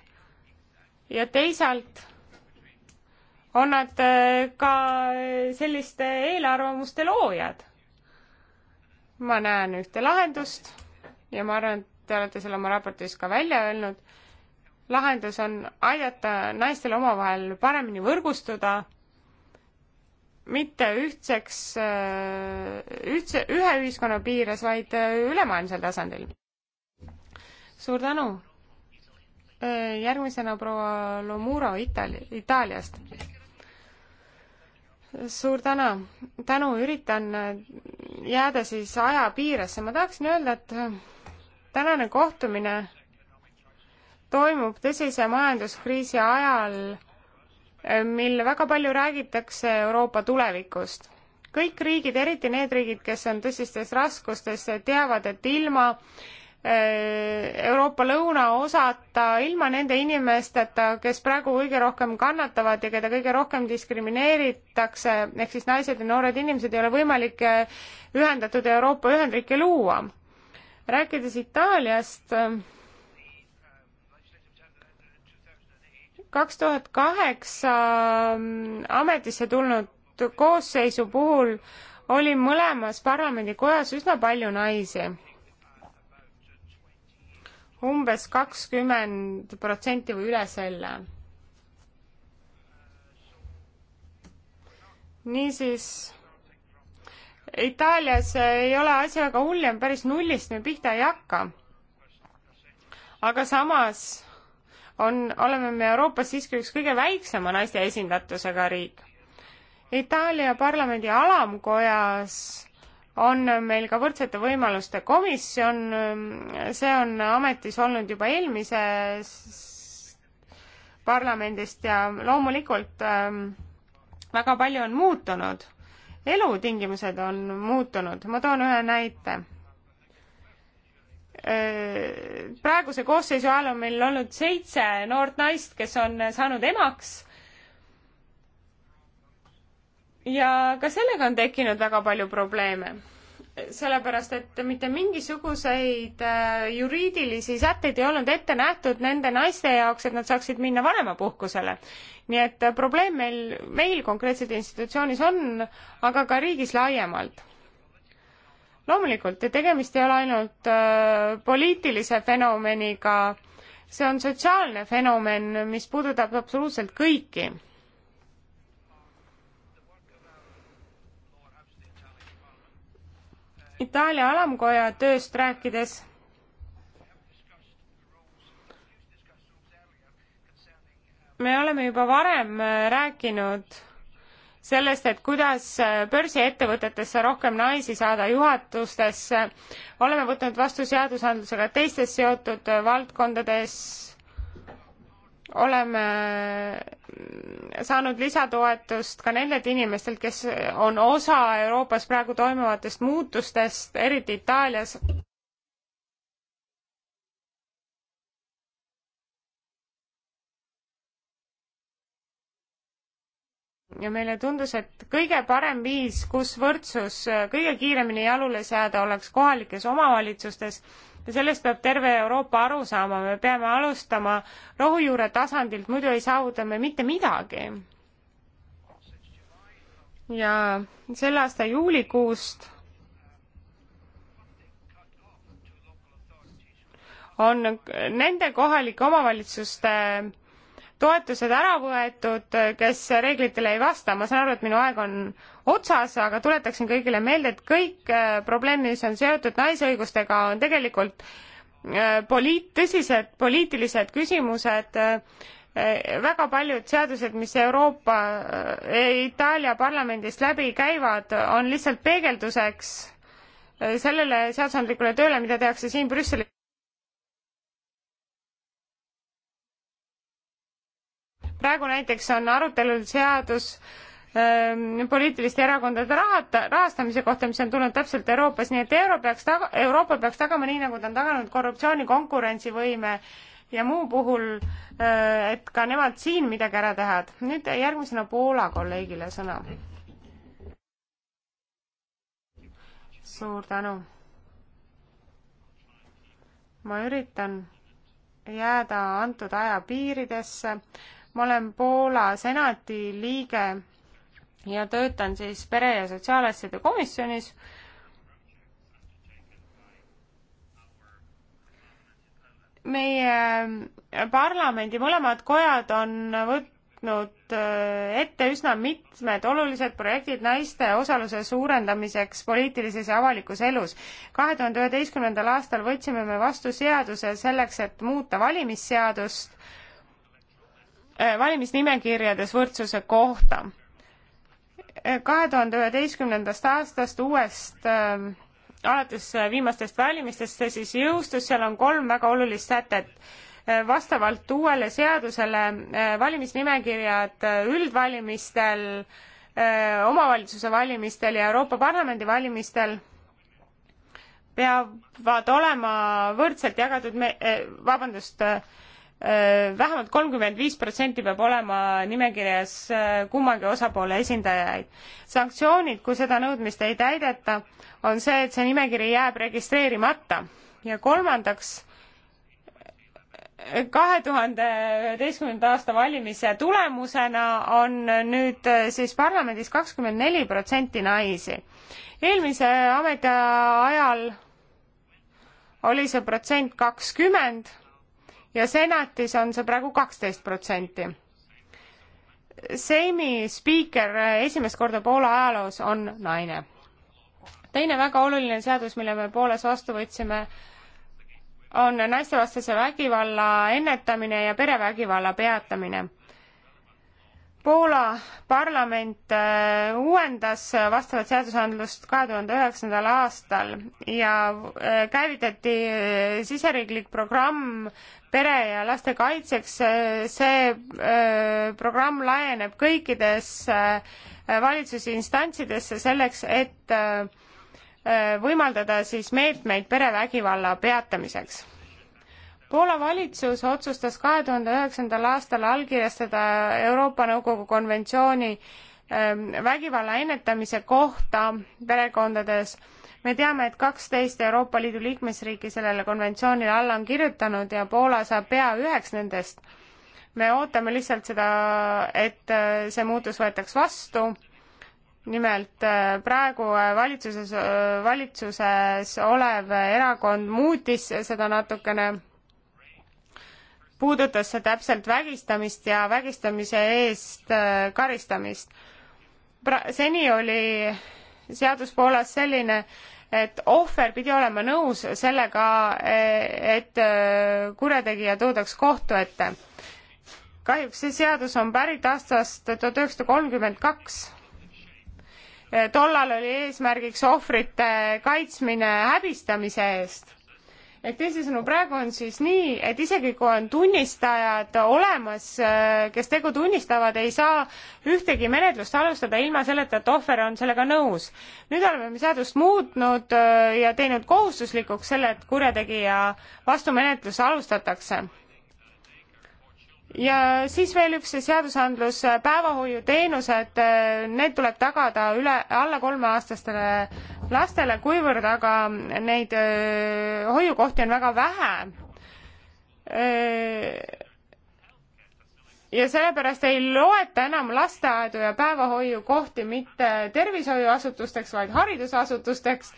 ja teisalt on nad ka selliste eelarvamuste loojad ma näen ühte lahendust ja ma arvan, et te olete selle oma raportis ka välja öelnud. lahendus on aidata naistel omavahel paremini võrgustuda, mitte ühtseks, ühtse, ühe ühiskonna piires, vaid äh, ülemaailmsel tasandil. suur tänu! Äh, järgmisena proua Lomuro Itaalia, Itaaliast suur tänu. tänu, üritan jääda siis aja piiresse. ma tahaksin öelda, et tänane kohtumine toimub tõsise majanduskriisi ajal, mil väga palju räägitakse Euroopa tulevikust. kõik riigid, eriti need riigid, kes on tõsistes raskustes, teavad, et ilma Äh, Euroopa lõunaosata, ilma nende inimesteta, kes praegu kõige rohkem kannatavad ja keda kõige rohkem diskrimineeritakse, ehk siis naised ja noored inimesed, ei ole võimalik äh, ühendatud Euroopa ühendriike luua. rääkides Itaaliast, kaks tuhat kaheksa mm, ametisse tulnud koosseisu puhul oli mõlemas parlamendikojas üsna palju naisi umbes kakskümmend protsenti või üle selle. niisiis, Itaalias ei ole asi väga hull ja päris nullist me pihta ei hakka. aga samas on, oleme me Euroopas siiski üks kõige väiksema naiste esindatusega riik. Itaalia parlamendi alamkojas on meil ka võrdsete võimaluste komisjon, see on ametis olnud juba eelmisest parlamendist ja loomulikult ähm, väga palju on muutunud. elutingimused on muutunud, ma toon ühe näite. Äh, praeguse koosseisu ajal on meil olnud seitse noort naist, kes on saanud emaks ja ka sellega on tekkinud väga palju probleeme. sellepärast, et mitte mingisuguseid äh, juriidilisi sätteid ei olnud ette nähtud nende naiste jaoks, et nad saaksid minna vanemapuhkusele. nii et äh, probleem meil, meil konkreetselt institutsioonis on, aga ka riigis laiemalt loomulikult ja tegemist ei ole ainult äh, poliitilise fenomeniga, see on sotsiaalne fenomen, mis puudutab absoluutselt kõiki Itaalia alamkoja tööst rääkides me oleme juba varem äh, rääkinud sellest, et kuidas äh, börsiettevõtetesse rohkem naisi saada juhatustesse, oleme võtnud vastu seadusandlusega teistes seotud äh, valdkondades oleme saanud lisatoetust ka nendelt inimestelt, kes on osa Euroopas praegu toimuvatest muutustest, eriti Itaalias. ja meile tundus, et kõige parem viis, kus võrdsus kõige kiiremini jalule seada, oleks kohalikes omavalitsustes ja sellest peab terve Euroopa aru saama, me peame alustama rohujuure tasandilt, muidu ei saavuta me mitte midagi. ja selle aasta juulikuust on nende kohalike omavalitsuste toetused ära võetud, kes reeglitele ei vasta, ma saan aru, et minu aeg on otsas, aga tuletaksin kõigile meelde, et kõik äh, probleemid, mis on seotud naisõigustega, on tegelikult äh, poliit-, tõsised poliitilised küsimused, äh, väga paljud seadused, mis Euroopa, Itaalia parlamendist läbi käivad, on lihtsalt peegelduseks sellele seadusandlikule tööle, mida tehakse siin Brüsselis. praegu näiteks on arutelul seadus ähm, poliitiliste erakondade rahata, rahastamise kohta, mis on tulnud täpselt Euroopas, nii et euro peaks taga, Euroopa peaks tagama nii, nagu ta on taganud korruptsiooni, konkurentsivõime ja muu puhul äh,, et ka nemad siin midagi ära teevad. nüüd järgmisena Poola kolleegile sõna. suur tänu. ma üritan jääda antud aja piiridesse ma olen Poola senati liige ja töötan siis pere- ja sotsiaalasjade komisjonis. meie äh, parlamendi mõlemad kojad on võtnud äh, ette üsna mitmed olulised projektid naiste osaluse suurendamiseks poliitilises ja avalikus elus. kahe tuhande üheteistkümnendal aastal võtsime me vastu seaduse selleks, et muuta valimisseadust Äh, valimisnimekirjades võrdsuse kohta. Äh, kahe tuhande üheteistkümnendast aastast uuest äh, alates viimastest valimistest see siis jõustus, seal on kolm väga olulist sätet. vastavalt uuele seadusele valimisnimekirjad üldvalimistel, omavalitsuse valimistel ja Euroopa Parlamendi valimistel peavad olema võrdselt jagatud me-, vabandust, Äh, vähemalt kolmkümmend viis protsenti peab olema nimekirjas äh, kummagi osapoole esindajaid. sanktsioonid, kui seda nõudmist ei täideta, on see, et see nimekiri jääb registreerimata ja kolmandaks, kahe tuhande üheteistkümnenda aasta valimise tulemusena on nüüd äh, siis parlamendis kakskümmend neli protsenti naisi. eelmise ametiaja ajal oli see protsent kakskümmend ja senatis on see praegu kaksteist protsenti. Seimi spiiker esimest korda Poola ajaloos on naine. teine väga oluline seadus, mille me Poolas vastu võtsime, on naistevastase vägivalla ennetamine ja perevägivalla peatamine Poola parlament äh, uuendas vastavat seadusandlust kahe tuhande üheksandal aastal ja äh, käivitati äh, siseriiklik programm pere ja laste kaitseks. see programm laieneb kõikidesse valitsusinstantsidesse selleks, et võimaldada siis meetmeid perevägivalla peatamiseks Poola valitsus otsustas kahe tuhande üheksandal aastal allkirjastada Euroopa Nõukogu konventsiooni ähm, vägivalla ennetamise kohta perekondades. me teame, et kaksteist Euroopa Liidu liikmesriiki sellele konventsioonile alla on kirjutanud ja Poola saab pea üheks nendest. me ootame lihtsalt seda, et äh, see muutus võetaks vastu nimelt äh, praegu äh, valitsuses, valitsuses olev erakond muutis seda natukene puudutas see täpselt vägistamist ja vägistamise eest äh, karistamist. seni oli seadus Poolas selline, et ohver pidi olema nõus sellega, e, et äh, kurjategija toodaks kohtu ette. kahjuks see seadus on pärit aastast tuhat üheksasada kolmkümmend kaks e, tollal oli eesmärgiks ohvrite kaitsmine häbistamise eest ehk teisisõnu, praegu on siis nii, et isegi kui on tunnistajad olemas, äh, kes tegu tunnistavad, ei saa ühtegi menetlust alustada ilma selleta, et ohver on sellega nõus. nüüd oleme me seadust muutnud äh, ja teinud kohustuslikuks selle, et kurjategija vastumenetlus alustatakse ja siis veel üks seadusandlus, äh, päevahoiuteenused, äh, need tuleb tagada üle, alla kolmeaastastele lastele, kuivõrd aga neid äh, hoiukohti on väga vähe. ja sellepärast ei loeta enam lasteaedu ja päevahoiukohti mitte tervishoiuasutusteks, vaid haridusasutusteks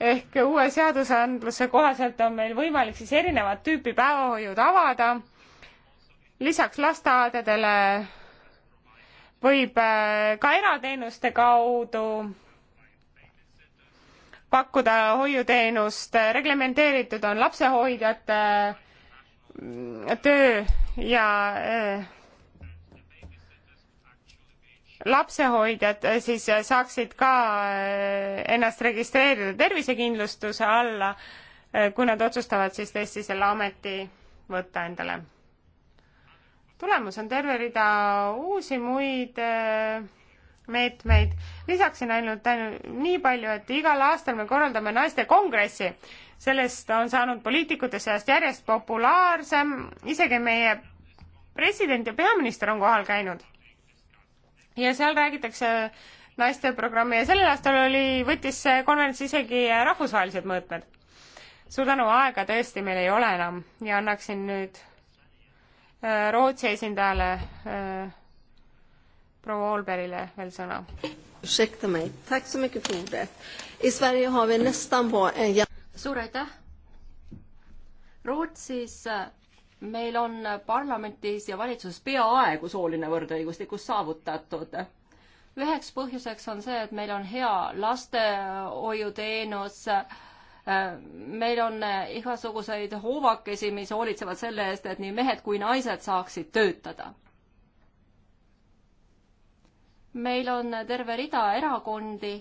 ehk uue seadusandluse kohaselt on meil võimalik siis erinevat tüüpi päevahoiud avada lisaks lasteaedadele võib äh, ka erateenuste kaudu pakkuda hoiuteenust, reglementeeritud on lapsehoidjate mm, töö ja äh, lapsehoidjad äh, siis saaksid ka ennast registreerida tervisekindlustuse alla, kui nad otsustavad siis teistisele ameti võtta endale tulemus on terve rida uusi muid äh, meetmeid. lisaksin ainult, ainult nii palju, et igal aastal me korraldame naistekongressi. sellest on saanud poliitikute seast järjest populaarsem, isegi meie president ja peaminister on kohal käinud. ja seal räägitakse naisteprogrammi ja sellel aastal oli, võttis see konverents isegi rahvusvahelised mõõtmed. suur tänu, aega tõesti meil ei ole enam ja annaksin nüüd Äh, Rootsi esindajale äh, proua Olberile veel sõna. suur aitäh! Rootsis äh, meil on parlamentis ja valitsuses peaaegu sooline võrdõiguslikkus saavutatud. üheks põhjuseks on see, et meil on hea lastehoiuteenus äh,, meil on äh, igasuguseid hoovakesi, mis hoolitsevad selle eest, et nii mehed kui naised saaksid töötada. meil on terve rida erakondi,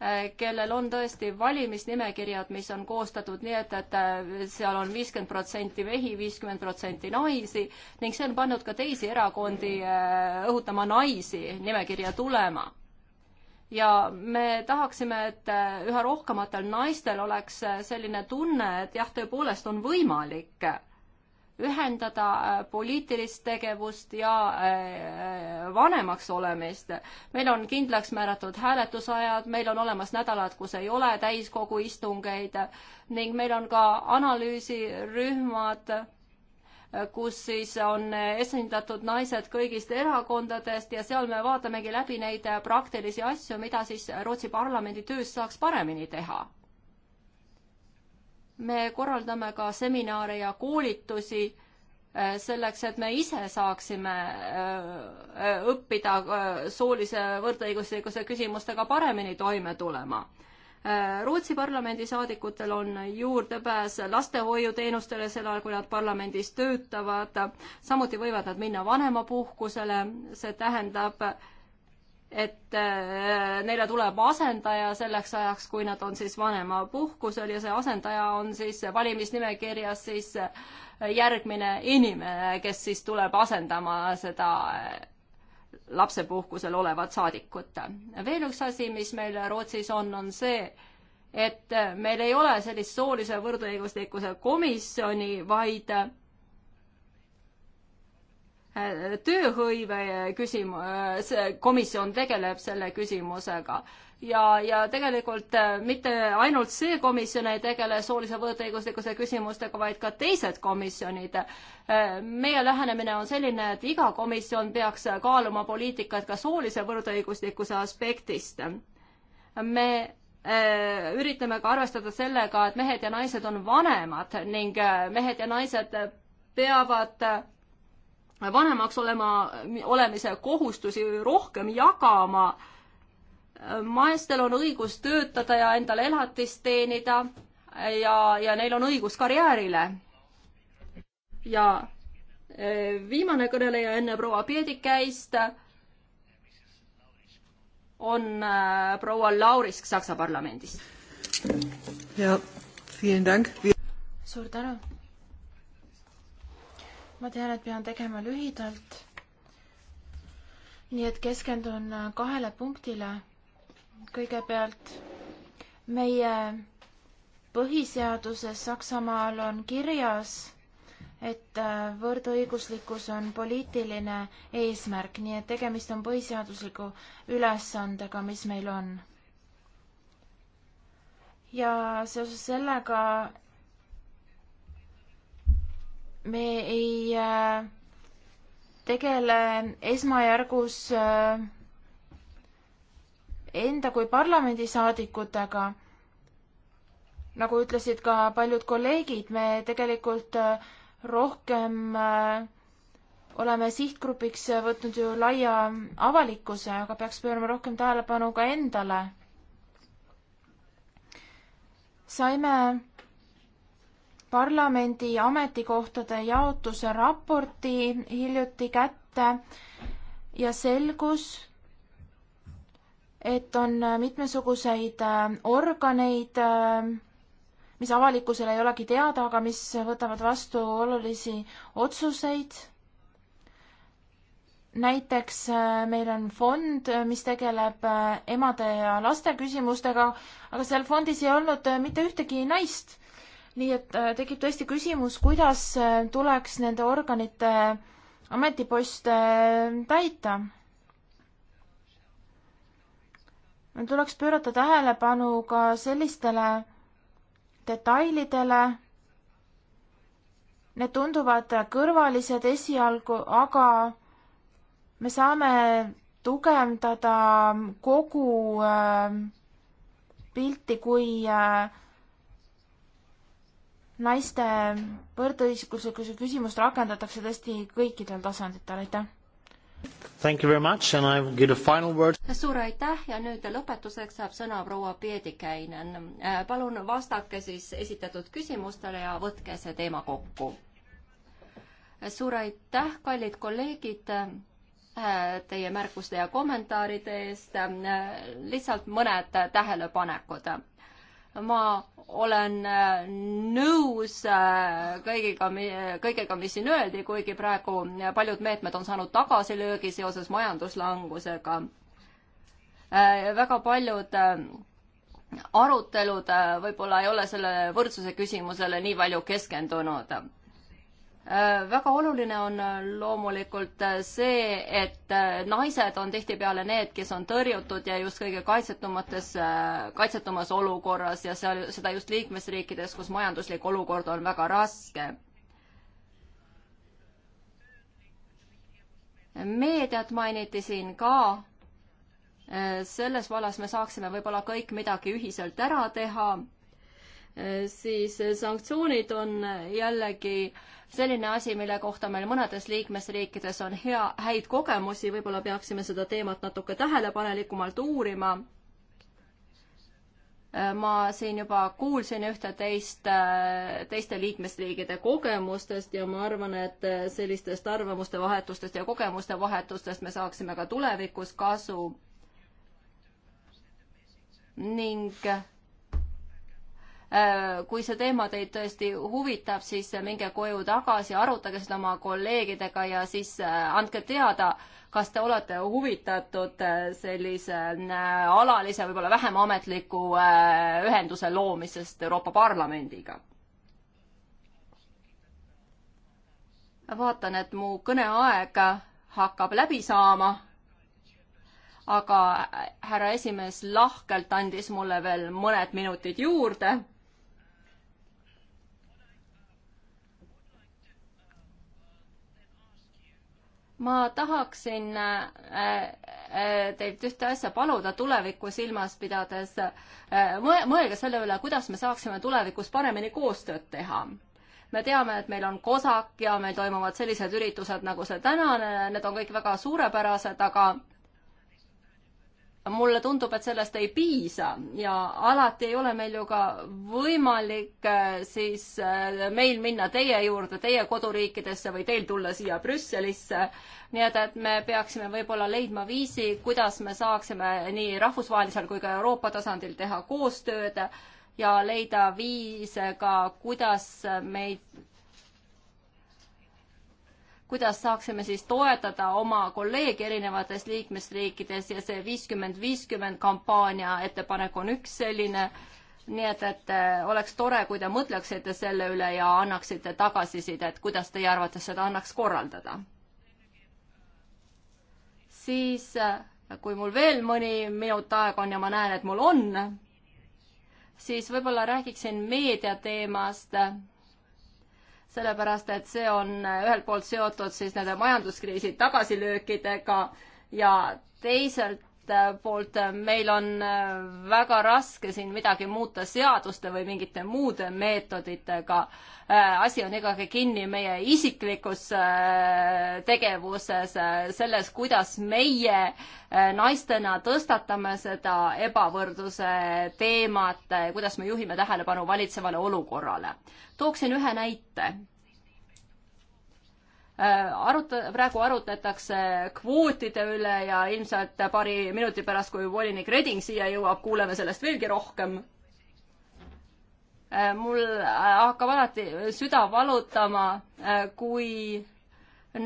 äh, kellel on tõesti valimisnimekirjad, mis on koostatud nii, et, et äh, seal on viiskümmend protsenti mehi, viiskümmend protsenti naisi ning see on pannud ka teisi erakondi õhutama naisi nimekirja tulema ja me tahaksime, et äh, üha rohkematel naistel oleks äh, selline tunne, et jah, tõepoolest on võimalik äh, ühendada poliitilist tegevust ja vanemaks olemist. meil on kindlaks määratud hääletusajad, meil on olemas nädalad, kus ei ole täiskogu istungeid ning meil on ka analüüsirühmad kus siis on esindatud naised kõigist erakondadest ja seal me vaatamegi läbi neid praktilisi asju, mida siis Rootsi parlamendi töös saaks paremini teha. me korraldame ka seminare ja koolitusi äh, selleks, et me ise saaksime äh, õppida äh, soolise võrdõiguslikkuse küsimustega paremini toime tulema Äh, Rootsi parlamendi saadikutel on juurdepääs lastehoiuteenustele sel ajal, kui nad parlamendis töötavad. samuti võivad nad minna vanemapuhkusele, see tähendab, et äh, neile tuleb asendaja selleks ajaks, kui nad on siis vanemapuhkusel ja see asendaja on siis valimisnimekirjas siis järgmine inimene, kes siis tuleb asendama seda lapsepuhkusel olevat saadikut. veel üks asi, mis meil Rootsis on, on see, et meil ei ole sellist soolise võrdõiguslikkuse komisjoni, vaid eh, tööhõive küsimus, eh, komisjon tegeleb selle küsimusega ja, ja tegelikult äh, mitte ainult see komisjon ei tegele soolise võrdõiguslikkuse küsimustega, vaid ka teised komisjonid. Äh, meie lähenemine on selline, et iga komisjon peaks kaaluma poliitikat ka soolise võrdõiguslikkuse aspektist. me äh, üritame ka arvestada sellega, et mehed ja naised on vanemad ning mehed ja naised peavad vanemaks olema, olemise kohustusi rohkem jagama naistel on õigus töötada ja endale elatist teenida ja, ja neil on õigus karjäärile. ja e, viimane kõneleja enne proua Piedikäist on e, proua Laurisk Saksa parlamendist. ja, suur tänu. ma tean, et pean tegema lühidalt. nii et keskendun e, kahele punktile kõigepealt. meie põhiseaduses Saksamaal on kirjas, et äh, võrdõiguslikkus on poliitiline eesmärk, nii et tegemist on põhiseadusliku ülesandega, mis meil on. ja seoses sellega me ei äh, tegele esmajärgus äh, enda kui parlamendisaadikutega. nagu ütlesid ka paljud kolleegid, me tegelikult äh, rohkem äh, oleme sihtgrupiks võtnud ju laia avalikkuse, aga peaks pöörama rohkem tähelepanu ka endale. saime parlamendi ametikohtade jaotuse raporti hiljuti kätte ja selgus, et on äh, mitmesuguseid äh, organeid, äh, mis avalikkusele ei olegi teada, aga mis võtavad vastu olulisi otsuseid. näiteks meil on fond, mis tegeleb emade ja laste küsimustega, aga seal fondis ei olnud mitte ühtegi naist. nii et tekib tõesti küsimus, kuidas tuleks nende organite ametiposte täita tuleks pöörata tähelepanu ka sellistele detailidele. Need tunduvad kõrvalised esialgu, aga me saame tugevdada kogu äh, pilti kui äh, naiste võrdõiguslikkuse küsimust rakendatakse tõesti kõikidel tasanditel, aitäh! Thank you very much and I give a final word. suur aitäh ja nüüd lõpetuseks saab sõna proua Peedikäinen. Äh, palun vastake siis esitatud küsimustele ja võtke see teema kokku. suur aitäh, kallid kolleegid äh, teie märkuste ja kommentaaride eest. Äh, lihtsalt mõned tähelepanekud ma olen äh, nõus äh, kõigiga, kõigega, mis siin öeldi, kuigi praegu äh, paljud meetmed on saanud tagasilöögi seoses majanduslangusega. väga paljud arutelud võib-olla ei ole selle võrdsuse küsimusele nii palju keskendunud Äh, väga oluline on äh, loomulikult äh, see, et naised on tihtipeale need, kes on tõrjutud ja just kõige kaitsetumates, kaitsetumas olukorras ja seal, seda just liikmesriikides, kus majanduslik olukord on väga raske. meediat mainiti siin ka. selles vallas me saaksime võib-olla kõik midagi ühiselt ära teha Äh, siis äh, sanktsioonid on äh, jällegi selline asi, mille kohta meil mõnedes liikmesriikides on hea, häid kogemusi, võib-olla peaksime seda teemat natuke tähelepanelikumalt uurima ma siin juba kuulsin ühte-teist teiste liikmesriigide kogemustest ja ma arvan, et sellistest arvamuste vahetustest ja kogemuste vahetustest me saaksime ka tulevikus kasu. ning Äh, kui see teema teid tõesti huvitab, siis minge koju tagasi, arutage seda oma kolleegidega ja siis äh, andke teada, kas te olete huvitatud äh, sellise alalise, võib-olla vähem ametliku ühenduse loomisest Euroopa Parlamendiga. vaatan, et mu kõneaeg hakkab läbi saama aga härra esimees lahkelt andis mulle veel mõned minutid juurde ma tahaksin äh, äh, teilt ühte asja paluda tulevikku silmas pidades. Äh, mõelge selle üle, kuidas me saaksime tulevikus paremini koostööd teha. me teame, et meil on COSAC ja meil toimuvad sellised üritused nagu see tänane, need on kõik väga suurepärased, aga mulle tundub, et sellest ei piisa ja alati ei ole meil ju ka võimalik äh, siis äh, meil minna teie juurde, teie koduriikidesse või teil tulla siia Brüsselisse. nii et, et me peaksime võib-olla leidma viisi, kuidas me saaksime nii rahvusvahelisel kui ka Euroopa tasandil teha koostööd ja leida viise ka, kuidas meid kuidas saaksime siis toetada oma kolleege erinevates liikmesriikides ja see viiskümmend viiskümmend kampaania ettepanek on üks selline. nii et, et eh, oleks tore, kui te mõtleksite selle üle ja annaksite tagasisidet, kuidas teie arvates seda annaks korraldada. siis, eh, kui mul veel mõni minut aega on ja ma näen, et mul on, siis võib-olla räägiksin meedia teemast sellepärast et see on äh, ühelt poolt seotud siis nende majanduskriisi tagasilöökidega ja teisalt Äh, poolt äh, meil on äh, väga raske siin midagi muuta seaduste või mingite muude meetoditega. asi on ikkagi kinni meie isiklikus tegevuses, selles, kuidas meie naistena tõstatame seda ebavõrduse teemat, kuidas me juhime tähelepanu valitsevale olukorrale. tooksin ühe näite Äh, aruta-, praegu arutletakse kvootide üle ja ilmselt paari minuti pärast, kui volinik Reding siia jõuab, kuuleme sellest veelgi rohkem. Äh, mul hakkab alati süda valutama, äh, kui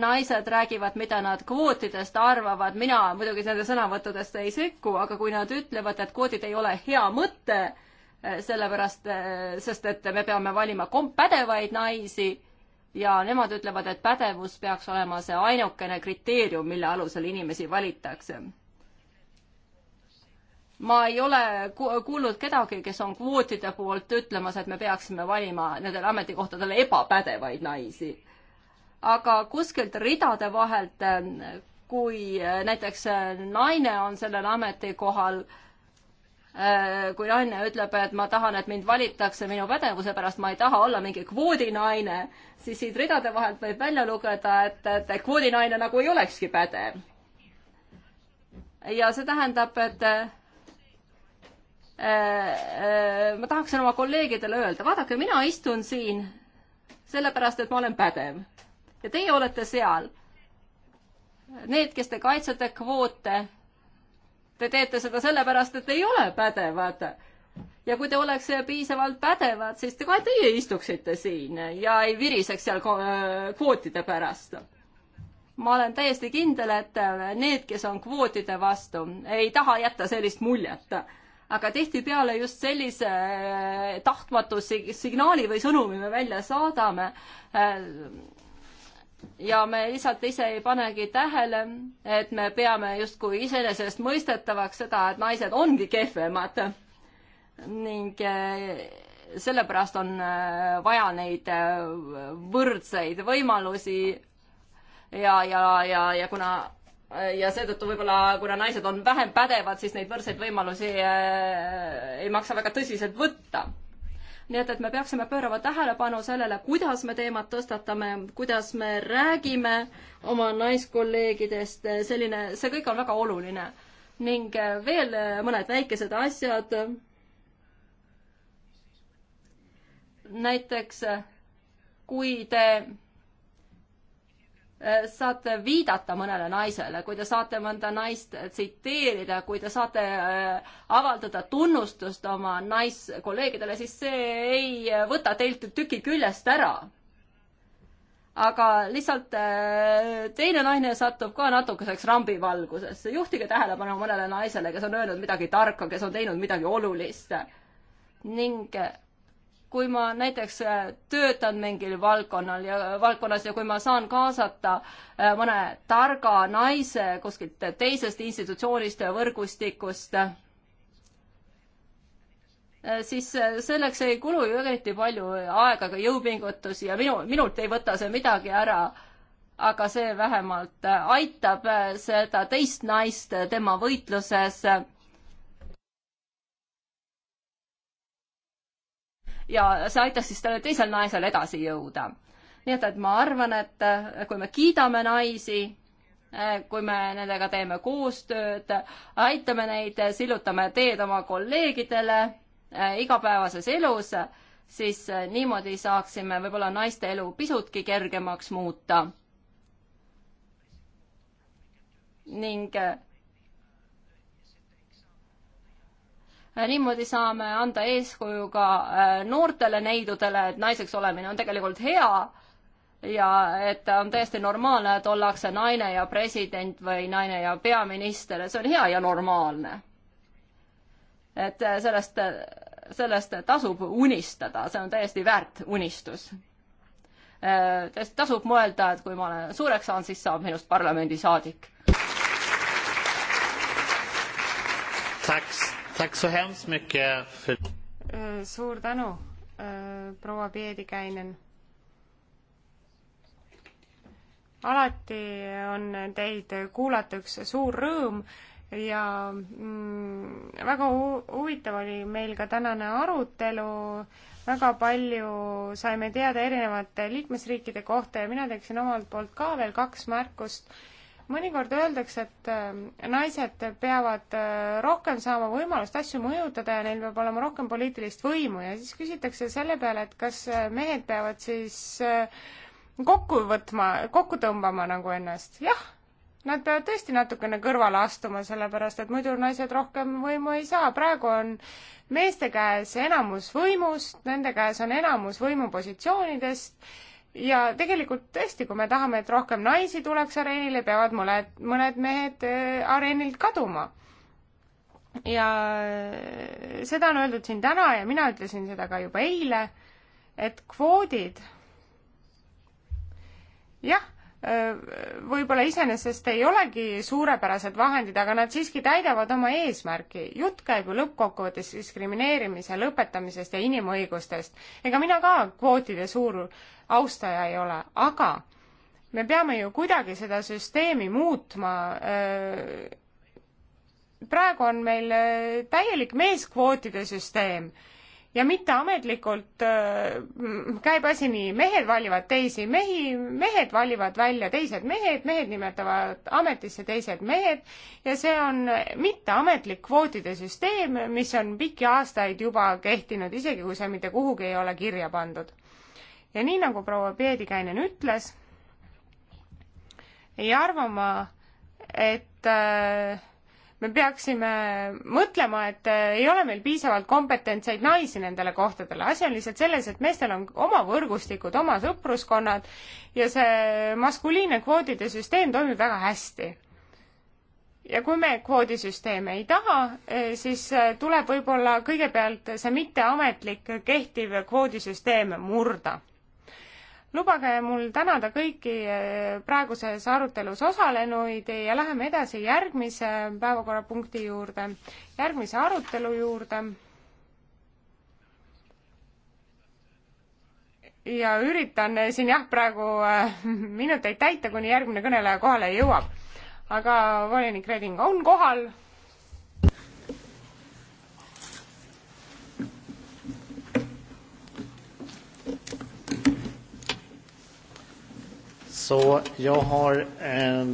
naised räägivad, mida nad kvootidest arvavad, mina muidugi nende sõnavõttudest ei sekku, aga kui nad ütlevad, et kvoodid ei ole hea mõte, sellepärast, sest et me peame valima kom-, pädevaid naisi ja nemad ütlevad, et pädevus peaks olema see ainukene kriteerium, mille alusel inimesi valitakse. ma ei ole kuulnud kedagi, kes on kvootide poolt ütlemas, et me peaksime valima nendele ametikohtadele ebapädevaid naisi. aga kuskilt ridade vahelt, kui näiteks naine on sellel ametikohal, Äh, kui naine ütleb, et ma tahan, et mind valitakse minu pädevuse pärast, ma ei taha olla mingi kvoodinaine, siis siit ridade vahelt võib välja lugeda, et, et kvoodinaine nagu ei olekski pädev. ja see tähendab, et äh, äh, ma tahaksin oma kolleegidele öelda, vaadake, mina istun siin sellepärast, et ma olen pädev ja teie olete seal. Need, kes te kaitsete kvoote Te teete seda sellepärast, et ei ole pädevad. ja kui te oleks piisavalt pädevad, siis te, ka teie istuksite siin ja ei viriseks seal äh, kvootide pärast. ma olen täiesti kindel, et need, kes on kvootide vastu, ei taha jätta sellist muljet aga tihtipeale just sellise äh, tahtmatu signaali või sõnumi me välja saadame äh, ja me lihtsalt ise ei panegi tähele, et me peame justkui iseenesestmõistetavaks seda, et naised ongi kehvemad. ning eh, sellepärast on eh, vaja neid eh, võrdseid võimalusi ja, ja, ja, ja kuna ja seetõttu võib-olla, kuna naised on vähem pädevad, siis neid võrdseid võimalusi ei maksa väga tõsiselt võtta nii et, et me peaksime pöörama tähelepanu sellele, kuidas me teemat tõstatame, kuidas me räägime oma naiskolleegidest, selline, see kõik on väga oluline. ning eh, veel eh, mõned väikesed asjad. näiteks eh, kui te Äh, saate viidata mõnele naisele, kui te saate mõnda naist tsiteerida, kui te saate äh, avaldada tunnustust oma naiskolleegidele, siis see ei äh, võta teilt tüki küljest ära. aga lihtsalt teine naine satub ka natukeseks rambivalgusesse, juhtige tähelepanu mõnele naisele, kes on öelnud midagi tarka, kes on teinud midagi olulist ning kui ma näiteks äh, töötan mingil valdkonnal ja valdkonnas ja kui ma saan kaasata äh, mõne targa naise kuskilt teisest institutsioonist ja võrgustikust, äh, siis selleks ei kulu ju eriti palju aega ega jõupingutusi ja minu, minult ei võta see midagi ära. aga see vähemalt aitab seda teist naist tema võitluses ja see aitas siis sellel teisel naisel edasi jõuda. nii et, et ma arvan, et kui me kiidame naisi, eh, kui me nendega teeme koostööd, aitame neid, sillutame teed oma kolleegidele eh, igapäevases elus, siis eh, niimoodi saaksime võib-olla naiste elu pisutki kergemaks muuta. ning Äh, niimoodi saame anda eeskuju ka äh, noortele neidudele, et naiseks olemine on tegelikult hea ja et on täiesti normaalne, et ollakse naine ja president või naine ja peaminister, et see on hea ja normaalne. et äh, sellest, sellest tasub unistada, see on täiesti väärt unistus. tõesti tasub mõelda, et kui ma olen suureks saanud, siis saab minust parlamendisaadik. Thanks Tack så hemskt mycket för... Eh, suur tänu, eh, proua Piedikäinen. alati on teid kuulata üks suur rõõm ja mm, väga hu huvitav oli meil ka tänane arutelu, väga palju saime teada erinevate liikmesriikide kohta ja mina teeksin omalt poolt ka veel kaks märkust mõnikord öeldakse, et äh, naised peavad äh, rohkem saama võimalust asju mõjutada ja neil peab olema rohkem poliitilist võimu ja siis küsitakse selle peale, et kas äh, mehed peavad siis kokku võtma, kokku tõmbama nagu ennast. jah, nad peavad tõesti natukene kõrvale astuma, sellepärast et muidu naised rohkem võimu ei saa. praegu on meeste käes enamus võimust, nende käes on enamus võimupositsioonidest ja tegelikult tõesti, kui me tahame, et rohkem naisi tuleks areenile, peavad mõned, mõned mehed äh, areenilt kaduma. ja äh, seda on öeldud siin täna ja mina ütlesin seda ka juba eile, et kvoodid jah, äh, võib-olla iseenesest ei olegi suurepärased vahendid, aga nad siiski täidavad oma eesmärki. jutt käib ju lõppkokkuvõttes diskrimineerimise lõpetamisest ja inimõigustest. ega mina ka kvootide suur austaja ei ole, aga me peame ju kuidagi seda süsteemi muutma. Äh, praegu on meil äh, täielik meeskvootide süsteem ja mitte ametlikult äh, käib asi nii, mehed valivad teisi mehi, mehed valivad välja teised mehed, mehed nimetavad ametisse teised mehed ja see on mitteametlik kvootide süsteem, mis on pikki aastaid juba kehtinud, isegi kui see mitte kuhugi ei ole kirja pandud ja nii nagu proua Peedikäinen ütles, ei arva ma, et äh, me peaksime mõtlema, et äh, ei ole meil piisavalt kompetentseid naisi nendele kohtadele. asi on lihtsalt selles, et meestel on oma võrgustikud, oma sõpruskonnad ja see maskuliinne kvoodide süsteem toimib väga hästi ja kui me kvoodisüsteeme ei taha, äh, siis tuleb võib-olla kõigepealt see mitteametlik kehtiv kvoodisüsteem murda lubage mul tänada kõiki eh, praeguses arutelus osalenuid ja läheme edasi järgmise päevakorrapunkti juurde, järgmise arutelu juurde. ja üritan eh, siin jah, praegu eh, [laughs] minuteid täita, kuni järgmine kõneleja kohale jõuab. aga volinik Reding on kohal Så jag har eh,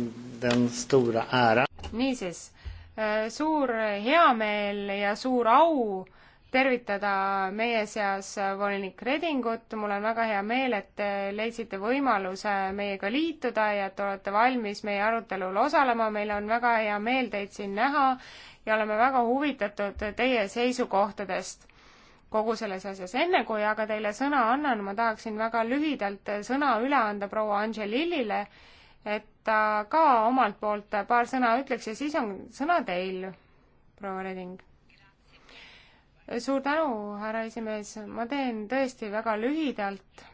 den stora äran. niisiis, eh, suur heameel ja suur au tervitada meie seas eh, volinik Redingut, mul on väga hea meel, et te leidsite võimaluse meiega liituda ja et olete valmis meie arutelul osalema, meil on väga hea meel teid siin näha ja oleme väga huvitatud teie seisukohtadest kogu selles asjas. enne kui aga teile sõna annan, ma tahaksin väga lühidalt sõna üle anda proua Angelillile, et ta ka omalt poolt paar sõna ütleks ja siis on sõna teil, proua Reding. suur tänu, härra esimees, ma teen tõesti väga lühidalt,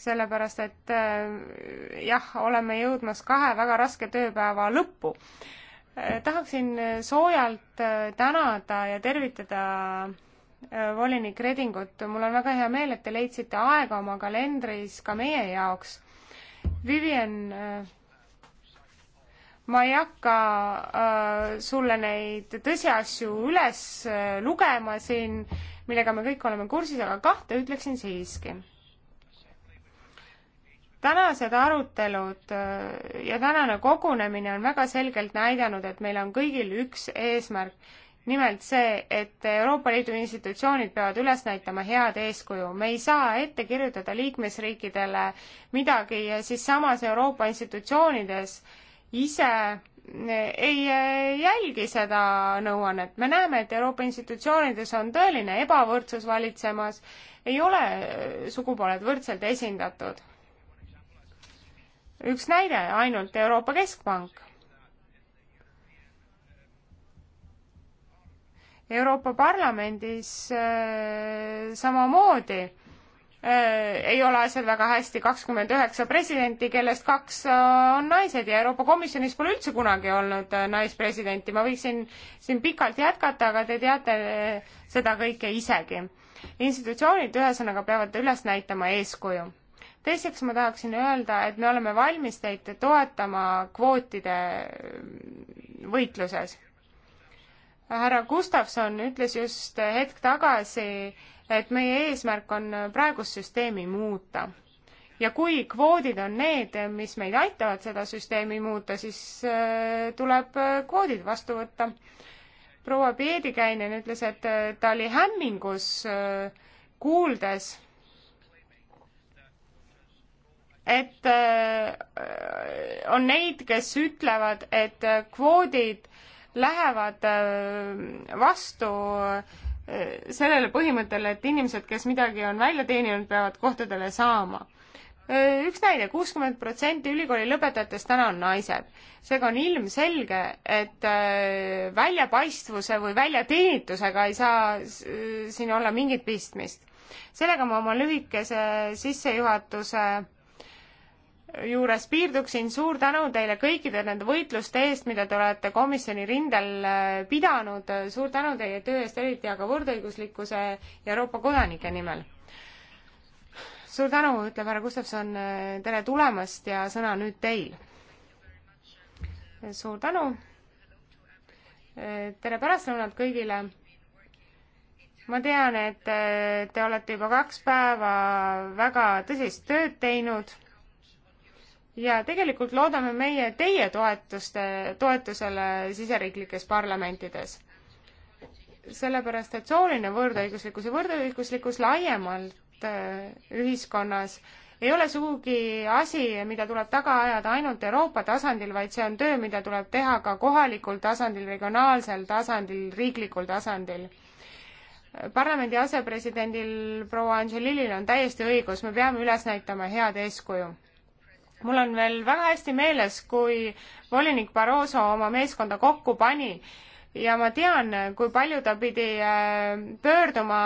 sellepärast et äh, jah, oleme jõudmas kahe väga raske tööpäeva lõppu. Äh, tahaksin soojalt äh, tänada ja tervitada Äh, volinik Redingut, mul on väga hea meel, et te leidsite aega oma kalendris ka meie jaoks. Vivian, äh, ma ei hakka äh, sulle neid tõsiasju üles äh, lugema siin, millega me kõik oleme kursis, aga kahte ütleksin siiski. tänased arutelud äh, ja tänane kogunemine on väga selgelt näidanud, et meil on kõigil üks eesmärk nimelt see, et Euroopa Liidu institutsioonid peavad üles näitama head eeskuju. me ei saa ette kirjutada liikmesriikidele midagi ja siis samas Euroopa institutsioonides ise ei jälgi seda nõuannet. me näeme, et Euroopa institutsioonides on tõeline ebavõrdsus valitsemas, ei ole sugupooled võrdselt esindatud. üks näide ainult, Euroopa Keskpank Euroopa Parlamendis äh, samamoodi äh, ei ole asjad väga hästi, kakskümmend üheksa presidenti, kellest kaks äh, on naised ja Euroopa Komisjonis pole üldse kunagi olnud naispresidenti, ma võiksin siin pikalt jätkata, aga te teate seda kõike isegi. institutsioonid ühesõnaga peavad üles näitama eeskuju. teiseks ma tahaksin öelda, et me oleme valmis teid toetama kvootide võitluses härra Gustavson ütles just hetk tagasi, et meie eesmärk on praegust süsteemi muuta. ja kui kvoodid on need, mis meid aitavad seda süsteemi muuta, siis äh, tuleb äh, kvoodid vastu võtta. proua Piedikäinen ütles, et äh, ta oli hämmingus kuuldes, et on neid, kes ütlevad, et kvoodid lähevad äh, vastu äh, sellele põhimõttele, et inimesed, kes midagi on välja teeninud, peavad kohtadele saama äh, üks näide, kuuskümmend protsenti ülikooli lõpetajatest täna on naised. seega on ilmselge, et väljapaistvuse või väljateenitusega ei saa siin olla mingit pistmist. sellega ma oma lühikese sissejuhatuse juures piirduksin, suur tänu teile kõikide nende võitluste eest, mida te olete komisjoni rindel äh, pidanud, suur tänu teie töö eest, eriti aga võrdõiguslikkuse ja Euroopa kodanike nimel. suur tänu, ütleb härra Gustavson, äh, tere tulemast ja sõna nüüd teil. suur tänu, äh, tere pärastlõunat kõigile ma tean, et te olete juba kaks päeva väga tõsist tööd teinud ja tegelikult loodame meie teie toetuste, toetusele siseriiklikes parlamentides. sellepärast, et sooline võrdõiguslikkus ja võrdõiguslikkus laiemalt äh, ühiskonnas ei ole sugugi asi, mida tuleb taga ajada ainult Euroopa tasandil, vaid see on töö, mida tuleb teha ka kohalikul tasandil, regionaalsel tasandil, riiklikul tasandil. parlamendi asepresidendil proua Angelilil on täiesti õigus, me peame üles näitama head eeskuju mul on veel väga hästi meeles, kui volinik Barroso oma meeskonda kokku pani ja ma tean, kui palju ta pidi äh, pöörduma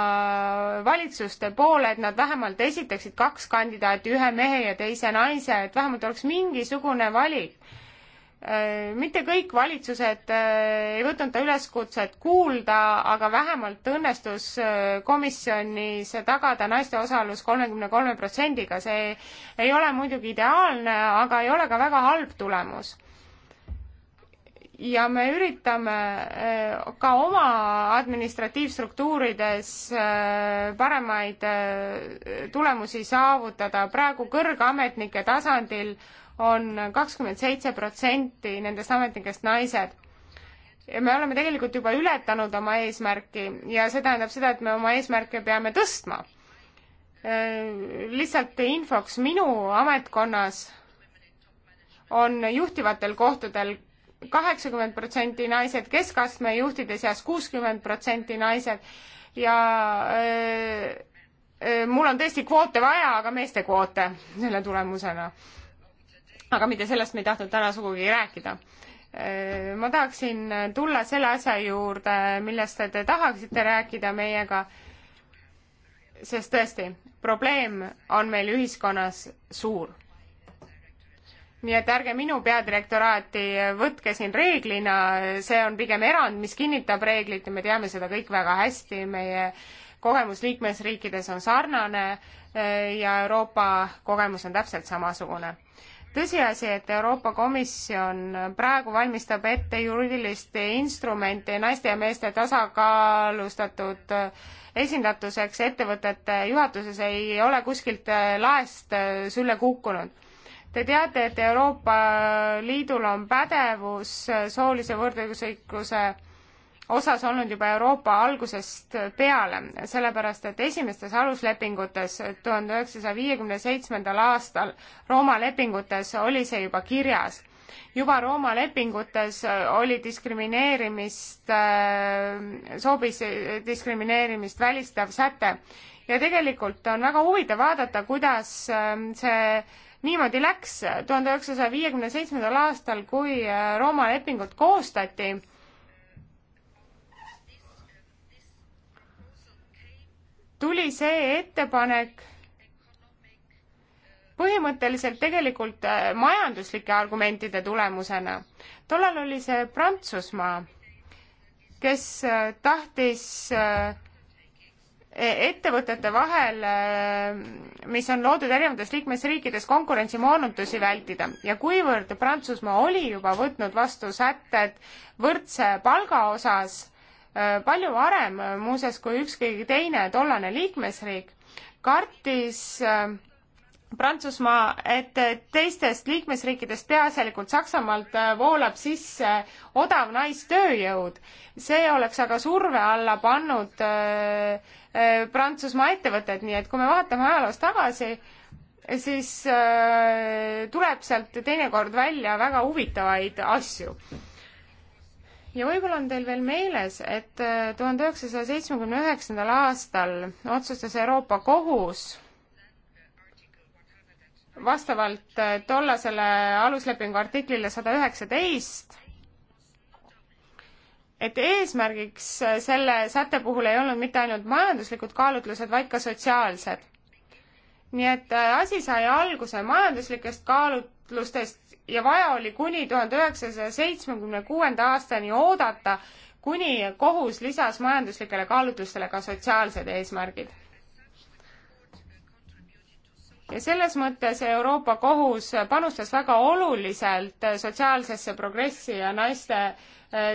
valitsuste poole, et nad vähemalt esitaksid kaks kandidaati, ühe mehe ja teise naise, et vähemalt oleks mingisugune valik Äh, mitte kõik valitsused äh, ei võtnud ta üleskutset kuulda, aga vähemalt õnnestus äh, komisjonis tagada naiste osalus kolmekümne kolme protsendiga. see ei ole muidugi ideaalne, aga ei ole ka väga halb tulemus. ja me üritame ka oma administratiivstruktuurides paremaid tulemusi saavutada. praegu kõrgametnike tasandil äh, on kakskümmend seitse protsenti nendest ametnikest naised. ja me oleme tegelikult juba ületanud oma eesmärki ja see tähendab seda, et me oma eesmärke peame tõstma. lihtsalt infoks, minu ametkonnas on juhtivatel kohtadel kaheksakümmend protsenti naised, keskastme juhtide seas kuuskümmend protsenti naised ja öö, äh, öö, äh, mul on tõesti kvoote vaja, aga meeste kvoote selle tulemusena aga mitte sellest me ei tahtnud täna sugugi rääkida. ma tahaksin tulla selle asja juurde, millest te tahaksite rääkida meiega, sest tõesti, probleem on meil ühiskonnas suur nii et ärge minu peadirektoraati võtke siin reeglina, see on pigem erand, mis kinnitab reeglit ja me teame seda kõik väga hästi, meie kogemus liikmesriikides on sarnane ja Euroopa kogemus on täpselt samasugune tõsiasi, et Euroopa Komisjon praegu valmistab ette juriidilist instrumenti naiste ja meeste tasakaalustatud esindatuseks ettevõtete juhatuses, ei ole kuskilt laest sülle kukkunud. Te teate, et Euroopa Liidul on pädevus soolise võrdõiguslikkuse osas olnud juba Euroopa algusest peale, sellepärast et esimestes aluslepingutes tuhande üheksasaja viiekümne seitsmendal aastal Rooma lepingutes oli see juba kirjas. juba Rooma lepingutes oli diskrimineerimist, äh, soobis diskrimineerimist välistav säte ja tegelikult on väga huvitav vaadata, kuidas äh, see niimoodi läks tuhande üheksasaja viiekümne seitsmendal aastal, kui äh, Rooma lepingut koostati tuli see ettepanek põhimõtteliselt tegelikult äh, majanduslike argumentide tulemusena. tollal oli see Prantsusmaa, kes äh, tahtis äh, e-, ettevõtete vahel, mis on loodud erinevates liikmesriikides, konkurentsimoonutusi vältida ja kuivõrd Prantsusmaa oli juba võtnud vastu sätted võrdse palga osas Äh, palju varem äh, muuseas kui ükskõik teine tollane liikmesriik, kartis äh, Prantsusmaa, et teistest liikmesriikidest, peaasjalikult Saksamaalt, voolab sisse odav naistööjõud. see oleks aga surve alla pannud Prantsusmaa ettevõtted, nii et kui me vaatame ajaloos tagasi, siis tuleb sealt teinekord välja väga huvitavaid asju ja võib-olla on teil veel meeles, et äh, tuhande üheksasaja seitsmekümne üheksandal aastal otsustas Euroopa Kohus vastavalt äh, tollasele aluslepingu artiklile sada üheksateist, et eesmärgiks äh, selle sätte puhul ei olnud mitte ainult majanduslikud kaalutlused, vaid ka sotsiaalsed. nii et asi sai alguse majanduslikest kaalutlustest ja vaja oli kuni tuhande üheksasaja seitsmekümne kuuenda aastani oodata, kuni kohus lisas majanduslikele kaalutlustele ka sotsiaalsed eesmärgid. ja selles mõttes Euroopa Kohus panustas väga oluliselt sotsiaalsesse progressi ja naiste äh,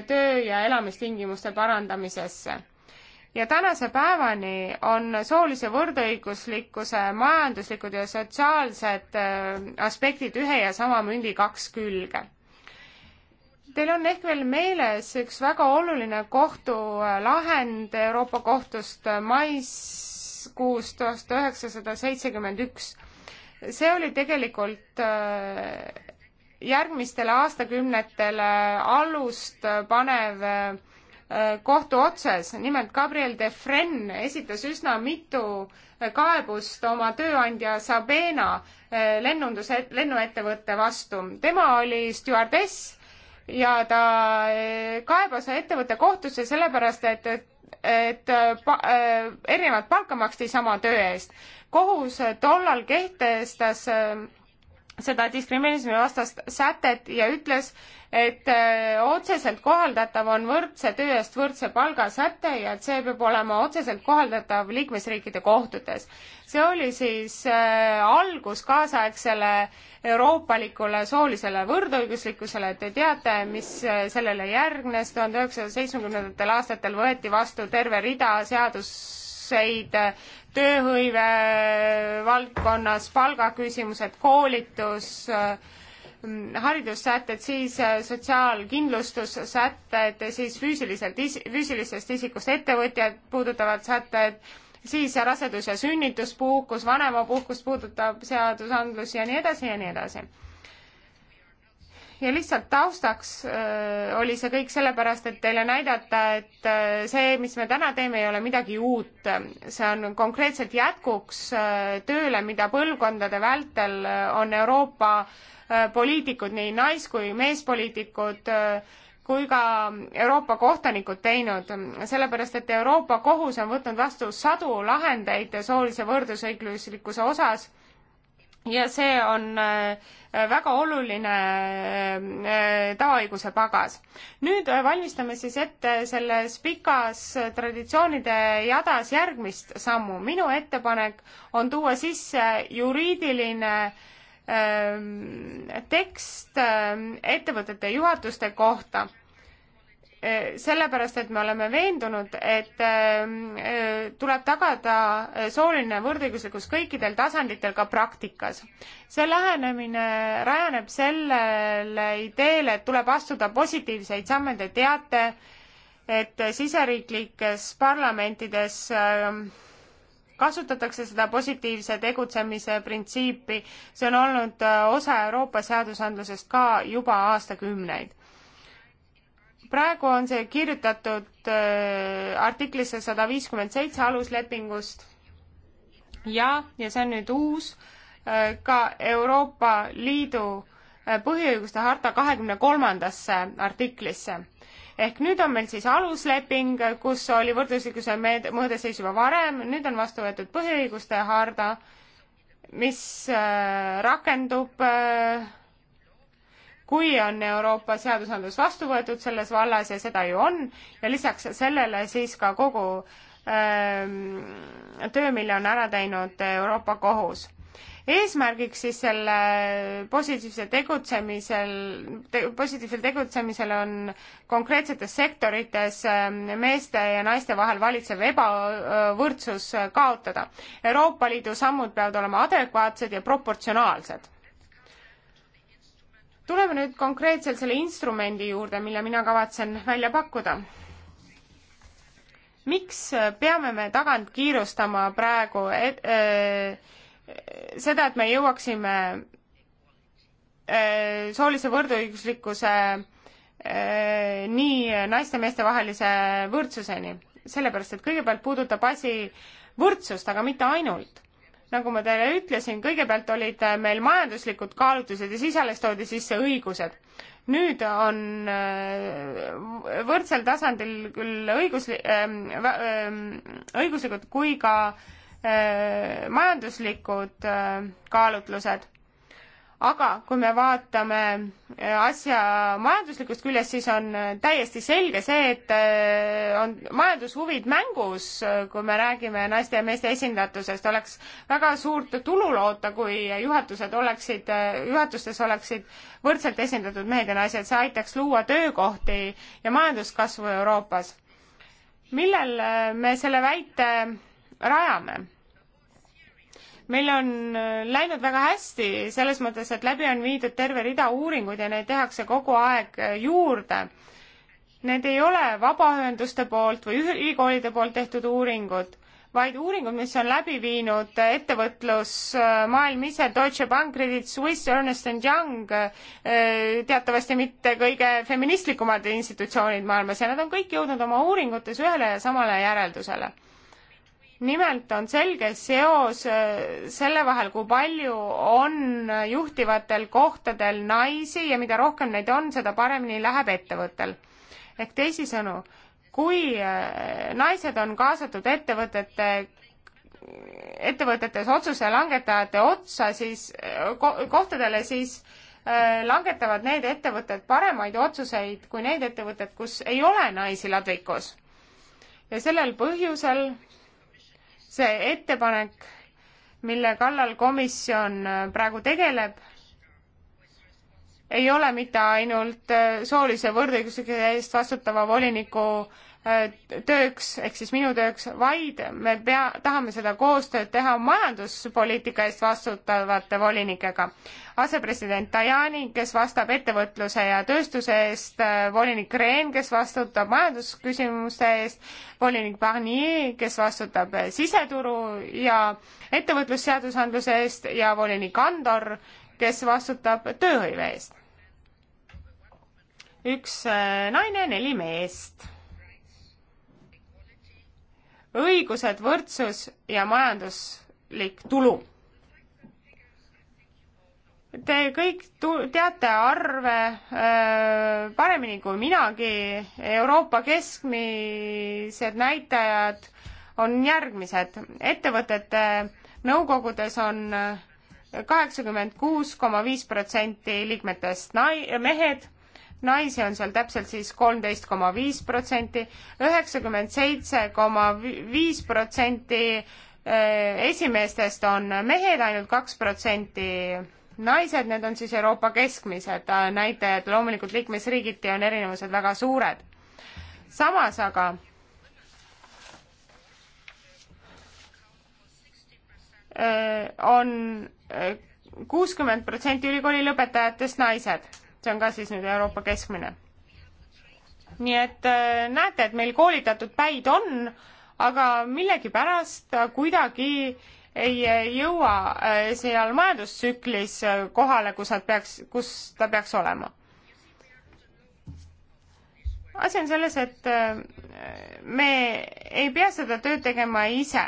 töö ja elamistingimuste parandamisesse ja tänase päevani on soolise võrdõiguslikkuse majanduslikud ja sotsiaalsed äh, aspektid ühe ja sama mündi kaks külge. Teil on ehk veel meeles üks väga oluline kohtulahend äh, Euroopa Kohtust äh, maiskuus tuhat üheksasada seitsekümmend üks. see oli tegelikult järgmistele aastakümnetele alust panev Äh, kohtu otses. nimelt Gabriel de Fren esitas üsna mitu äh, kaebust oma tööandja Sabena äh, lennundus, lennuettevõtte vastu. tema oli stjuardess ja ta kaebas ettevõtte kohtusse sellepärast, et, et et pa, erinevat palka maksti sama töö eest. kohus tollal kehtestas seda diskrimineerimise vastast sätet ja ütles, et äh, otseselt kohaldatav on võrdse töö eest võrdse palga säte ja et see peab olema otseselt kohaldatav liikmesriikide kohtutes. see oli siis äh, algus kaasaegsele euroopalikule soolisele võrdõiguslikkusele, te teate, mis äh, sellele järgnes, tuhande üheksasaja seitsmekümnendatel aastatel võeti vastu terve rida seadus kursuseid tööhõive valdkonnas, palgaküsimused, koolitus, haridussätted, siis sotsiaalkindlustussätted, siis füüsiliselt is-, füüsilisest isikust ettevõtjad puudutavad sätted, siis rasedus- ja sünnituspuhkus, vanemapuhkust puudutav seadusandlus ja nii edasi ja nii edasi ja lihtsalt taustaks äh, oli see kõik sellepärast, et teile näidata, et äh, see, mis me täna teeme, ei ole midagi uut. see on konkreetselt jätkuks äh, tööle, mida põlvkondade vältel on Euroopa poliitikud, nii nais- kui meespoliitikud, kui ka Euroopa kohtunikud teinud, sellepärast et Euroopa Kohus on võtnud vastu sadu lahendeid soolise võrdusõiguslikkuse osas ja see on äh, väga oluline äh, äh, tavaõiguse pagas. nüüd valmistame siis ette selles pikas traditsioonide jadas järgmist sammu. minu ettepanek on tuua sisse juriidiline ähm, tekst ähm, ettevõtete juhatuste kohta Eh, sellepärast, et me oleme veendunud, et eh, eh, tuleb tagada sooline võrdõiguslikkus kõikidel tasanditel ka praktikas. see lähenemine rajaneb sellele ideele, et tuleb astuda positiivseid samme, te teate, et siseriiklikes parlamentides kasutatakse seda positiivse tegutsemise printsiipi, see on olnud osa Euroopa seadusandlusest ka juba aastakümneid praegu on see kirjutatud äh, artiklisse sada viiskümmend seitse aluslepingust ja, ja see on nüüd uus äh, ka Euroopa Liidu äh, põhiõiguste harta kahekümne kolmandasse artiklisse. ehk nüüd on meil siis alusleping, kus oli võrdluslikkuse mõõde seis juba varem, nüüd on vastu võetud põhiõiguste harda, mis rakendub kui on Euroopa seadusandlus vastu võetud selles vallas ja seda ju on ja lisaks sellele siis ka kogu öö, ähm, töö, mille on ära teinud Euroopa Kohus eesmärgiks siis selle positiivse tegutsemisel te,, positiivsel tegutsemisel on konkreetsetes sektorites ähm, meeste ja naiste vahel valitsev ebavõrdsus äh, kaotada. Euroopa Liidu sammud peavad olema adekvaatsed ja proportsionaalsed tuleme nüüd konkreetselt selle instrumendi juurde, mille mina kavatsen välja pakkuda. miks peame me tagant kiirustama praegu et, äh, seda, et me jõuaksime äh, soolise võrdõiguslikkuse äh, nii naiste-meeste vahelise võrdsuseni? sellepärast, et kõigepealt puudutab asi võrdsust, aga mitte ainult nagu ma teile ütlesin, kõigepealt olid meil majanduslikud kaalutlused ja siis alles toodi sisse õigused. nüüd on äh, võrdsel tasandil küll õigus, ähm, ähm, õiguslikud kui ka äh, majanduslikud äh, kaalutlused aga kui me vaatame äh, asja majanduslikust küljest, siis on äh, täiesti selge see, et äh, on majandushuvid mängus, kui me räägime naiste ja meeste esindatusest, oleks väga suurt tulu loota, kui juhatused oleksid, juhatustes oleksid võrdselt esindatud mehed ja naised, see aitaks luua töökohti ja majanduskasvu Euroopas. millel me selle väite rajame? meil on äh, läinud väga hästi selles mõttes, et läbi on viidud terve rida uuringuid ja neid tehakse kogu aeg äh, juurde. Need ei ole vabaühenduste poolt või ülikoolide poolt tehtud uuringud, vaid uuringud, mis on läbi viinud äh, ettevõtlusmaailm ise, Deutsche Bank, Credit Suisse, Ernest and Young, teatavasti mitte kõige feministlikumad institutsioonid maailmas ja nad on kõik jõudnud oma uuringutes ühele ja samale järeldusele nimelt on selge seos äh, selle vahel, kui palju on juhtivatel kohtadel naisi ja mida rohkem neid on, seda paremini läheb ettevõttel. ehk teisisõnu, kui äh, naised on kaasatud ettevõtete ettevõtetes otsuse langetajate otsa, siis äh, ko, kohtadele, siis äh, langetavad need ettevõtted paremaid otsuseid kui need ettevõtted, kus ei ole naisi ladvikus. ja sellel põhjusel see ettepanek, mille kallal komisjon äh, praegu tegeleb, ei ole mitte ainult äh, soolise võrdõiguslikkuse eest vastutava voliniku äh, Äh, tööks ehk siis minu tööks, vaid me pea, tahame seda koostööd teha majanduspoliitika eest vastutavate volinikega. asepresident Tajani, kes vastab ettevõtluse ja tööstuse eest, äh, volinik Rehn, kes vastutab majandusküsimuste eest, volinik Barnier, kes vastutab äh, siseturu ja ettevõtlusseadusandluse eest ja volinik Andor, kes vastutab tööhõive eest. üks naine, neli meest õigused, võrdsus ja majanduslik tulu. Te kõik tu-, teate arve öö, äh, paremini kui minagi, Euroopa keskmised näitajad on järgmised, ettevõtete nõukogudes on äh, kaheksakümmend kuus koma viis protsenti liikmetest nai-, mehed naisi on seal täpselt siis kolmteist koma viis protsenti, üheksakümmend seitse koma viis protsenti äh, esimeestest on mehed, ainult kaks protsenti naised, need on siis Euroopa keskmised äh, näitajad, loomulikult liikmesriigiti on erinevused väga suured. samas aga äh, on kuuskümmend protsenti ülikooli lõpetajatest naised see on ka siis nüüd Euroopa keskmine. nii et äh, näete, et meil koolitatud päid on, aga millegipärast kuidagi ei äh, jõua äh, seal majandustsüklis kohale, kus nad peaks, kus ta peaks olema. asi on selles, et me ei pea seda tööd tegema ise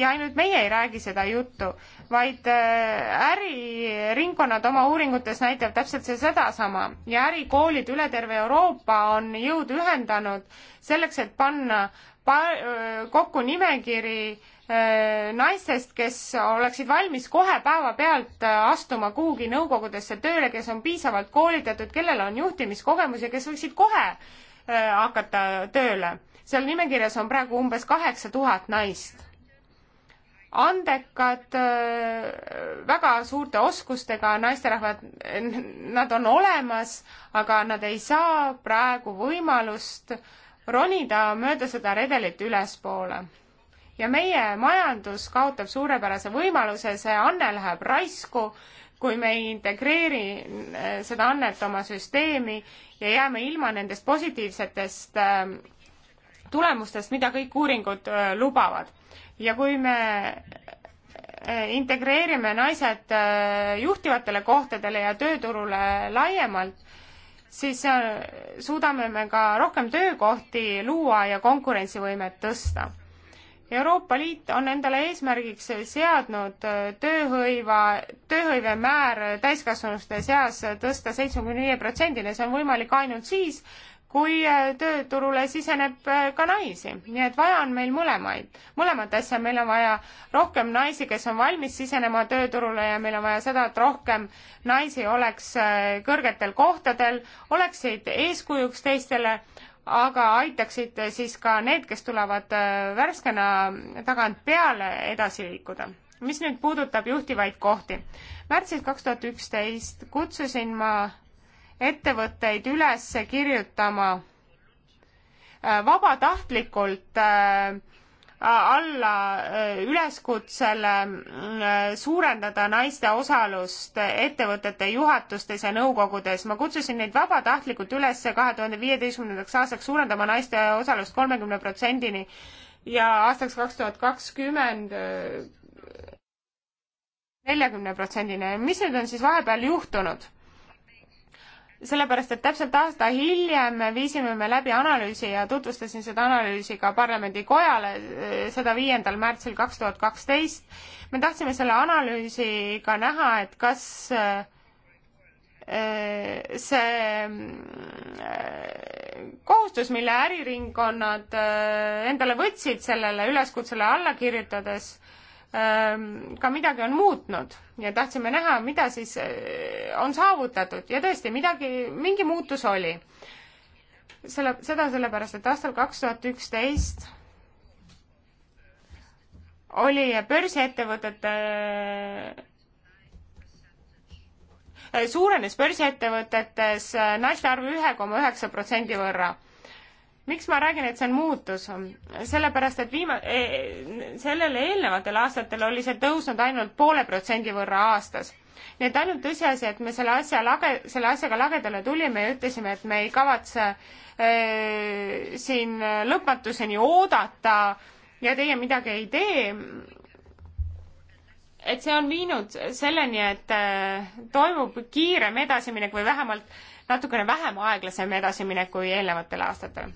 ja ainult meie ei räägi seda juttu, vaid äh, äriringkonnad oma uuringutes näitavad täpselt see sedasama ja ärikoolid üle terve Euroopa on jõud ühendanud selleks, et panna pa-, kokku nimekiri naistest, kes oleksid valmis kohe päevapealt äh, astuma kuhugi nõukogudesse tööle, kes on piisavalt koolitatud, kellel on juhtimiskogemus ja kes võiksid kohe hakata tööle. seal nimekirjas on praegu umbes kaheksa tuhat naist andekad, äh, väga suurte oskustega naisterahvad, nad on olemas, aga nad ei saa praegu võimalust ronida mööda seda redelit ülespoole. ja meie majandus kaotab suurepärase võimaluse, see anne läheb raisku, kui me ei integreeri äh, seda annet oma süsteemi ja jääme ilma nendest positiivsetest äh, tulemustest, mida kõik uuringud lubavad ja kui me äh, integreerime naised äh, juhtivatele kohtadele ja tööturule laiemalt, siis äh, suudame me ka rohkem töökohti luua ja konkurentsivõimet tõsta. Euroopa Liit on endale eesmärgiks seadnud tööhõiva, tööhõive määr täiskasvanuste seas tõsta seitsmekümne viie protsendini, see on võimalik ainult siis, kui äh, tööturule siseneb äh, ka naisi. nii et vaja on meil mõlemaid, mõlemat asja, meil on vaja rohkem naisi, kes on valmis sisenema tööturule ja meil on vaja seda, et rohkem naisi oleks äh, kõrgetel kohtadel, oleksid eeskujuks teistele, aga aitaksid siis ka need, kes tulevad värskena tagant peale, edasi liikuda. mis nüüd puudutab juhtivaid kohti. märtsis kaks tuhat üksteist kutsusin ma ettevõtteid üles kirjutama äh, vabatahtlikult äh, alla äh, üleskutsele mm, suurendada naiste osalust ettevõtete juhatustes ja nõukogudes. ma kutsusin neid vabatahtlikult üles kahe tuhande viieteistkümnendaks aastaks suurendama naiste osalust kolmekümne protsendini ja aastaks kaks tuhat kakskümmend neljakümne protsendini. mis nüüd on siis vahepeal juhtunud? sellepärast, et täpselt aasta hiljem viisime me läbi analüüsi ja tutvustasin seda analüüsi ka parlamendikojale, eh, seda viiendal märtsil kaks tuhat kaksteist. me tahtsime selle analüüsiga näha, et kas eh, see eh, kohustus, mille äriringkonnad endale võtsid sellele üleskutsele alla kirjutades Ehm, ka midagi on muutnud ja tahtsime näha, mida siis eh, on saavutatud ja tõesti midagi, mingi muutus oli. selle, seda sellepärast, et aastal kaks tuhat üksteist oli börsiettevõtete eh, suurenes börsiettevõtetes naiste arv ühe koma üheksa protsendi võrra miks ma räägin, et see on muutus? sellepärast, et viima-, e, sellele eelnevatel aastatel oli see tõusnud ainult poole protsendi võrra aastas. nii et ainult tõsiasi, et me selle asja lage-, selle asjaga lagedale tulime ja ütlesime, et me ei kavatse äh, siin lõpmatuseni oodata ja teie midagi ei tee, et see on viinud selleni, et äh, toimub kiirem edasiminek või vähemalt natukene vähem aeglasem edasiminek kui eelnevatel aastatel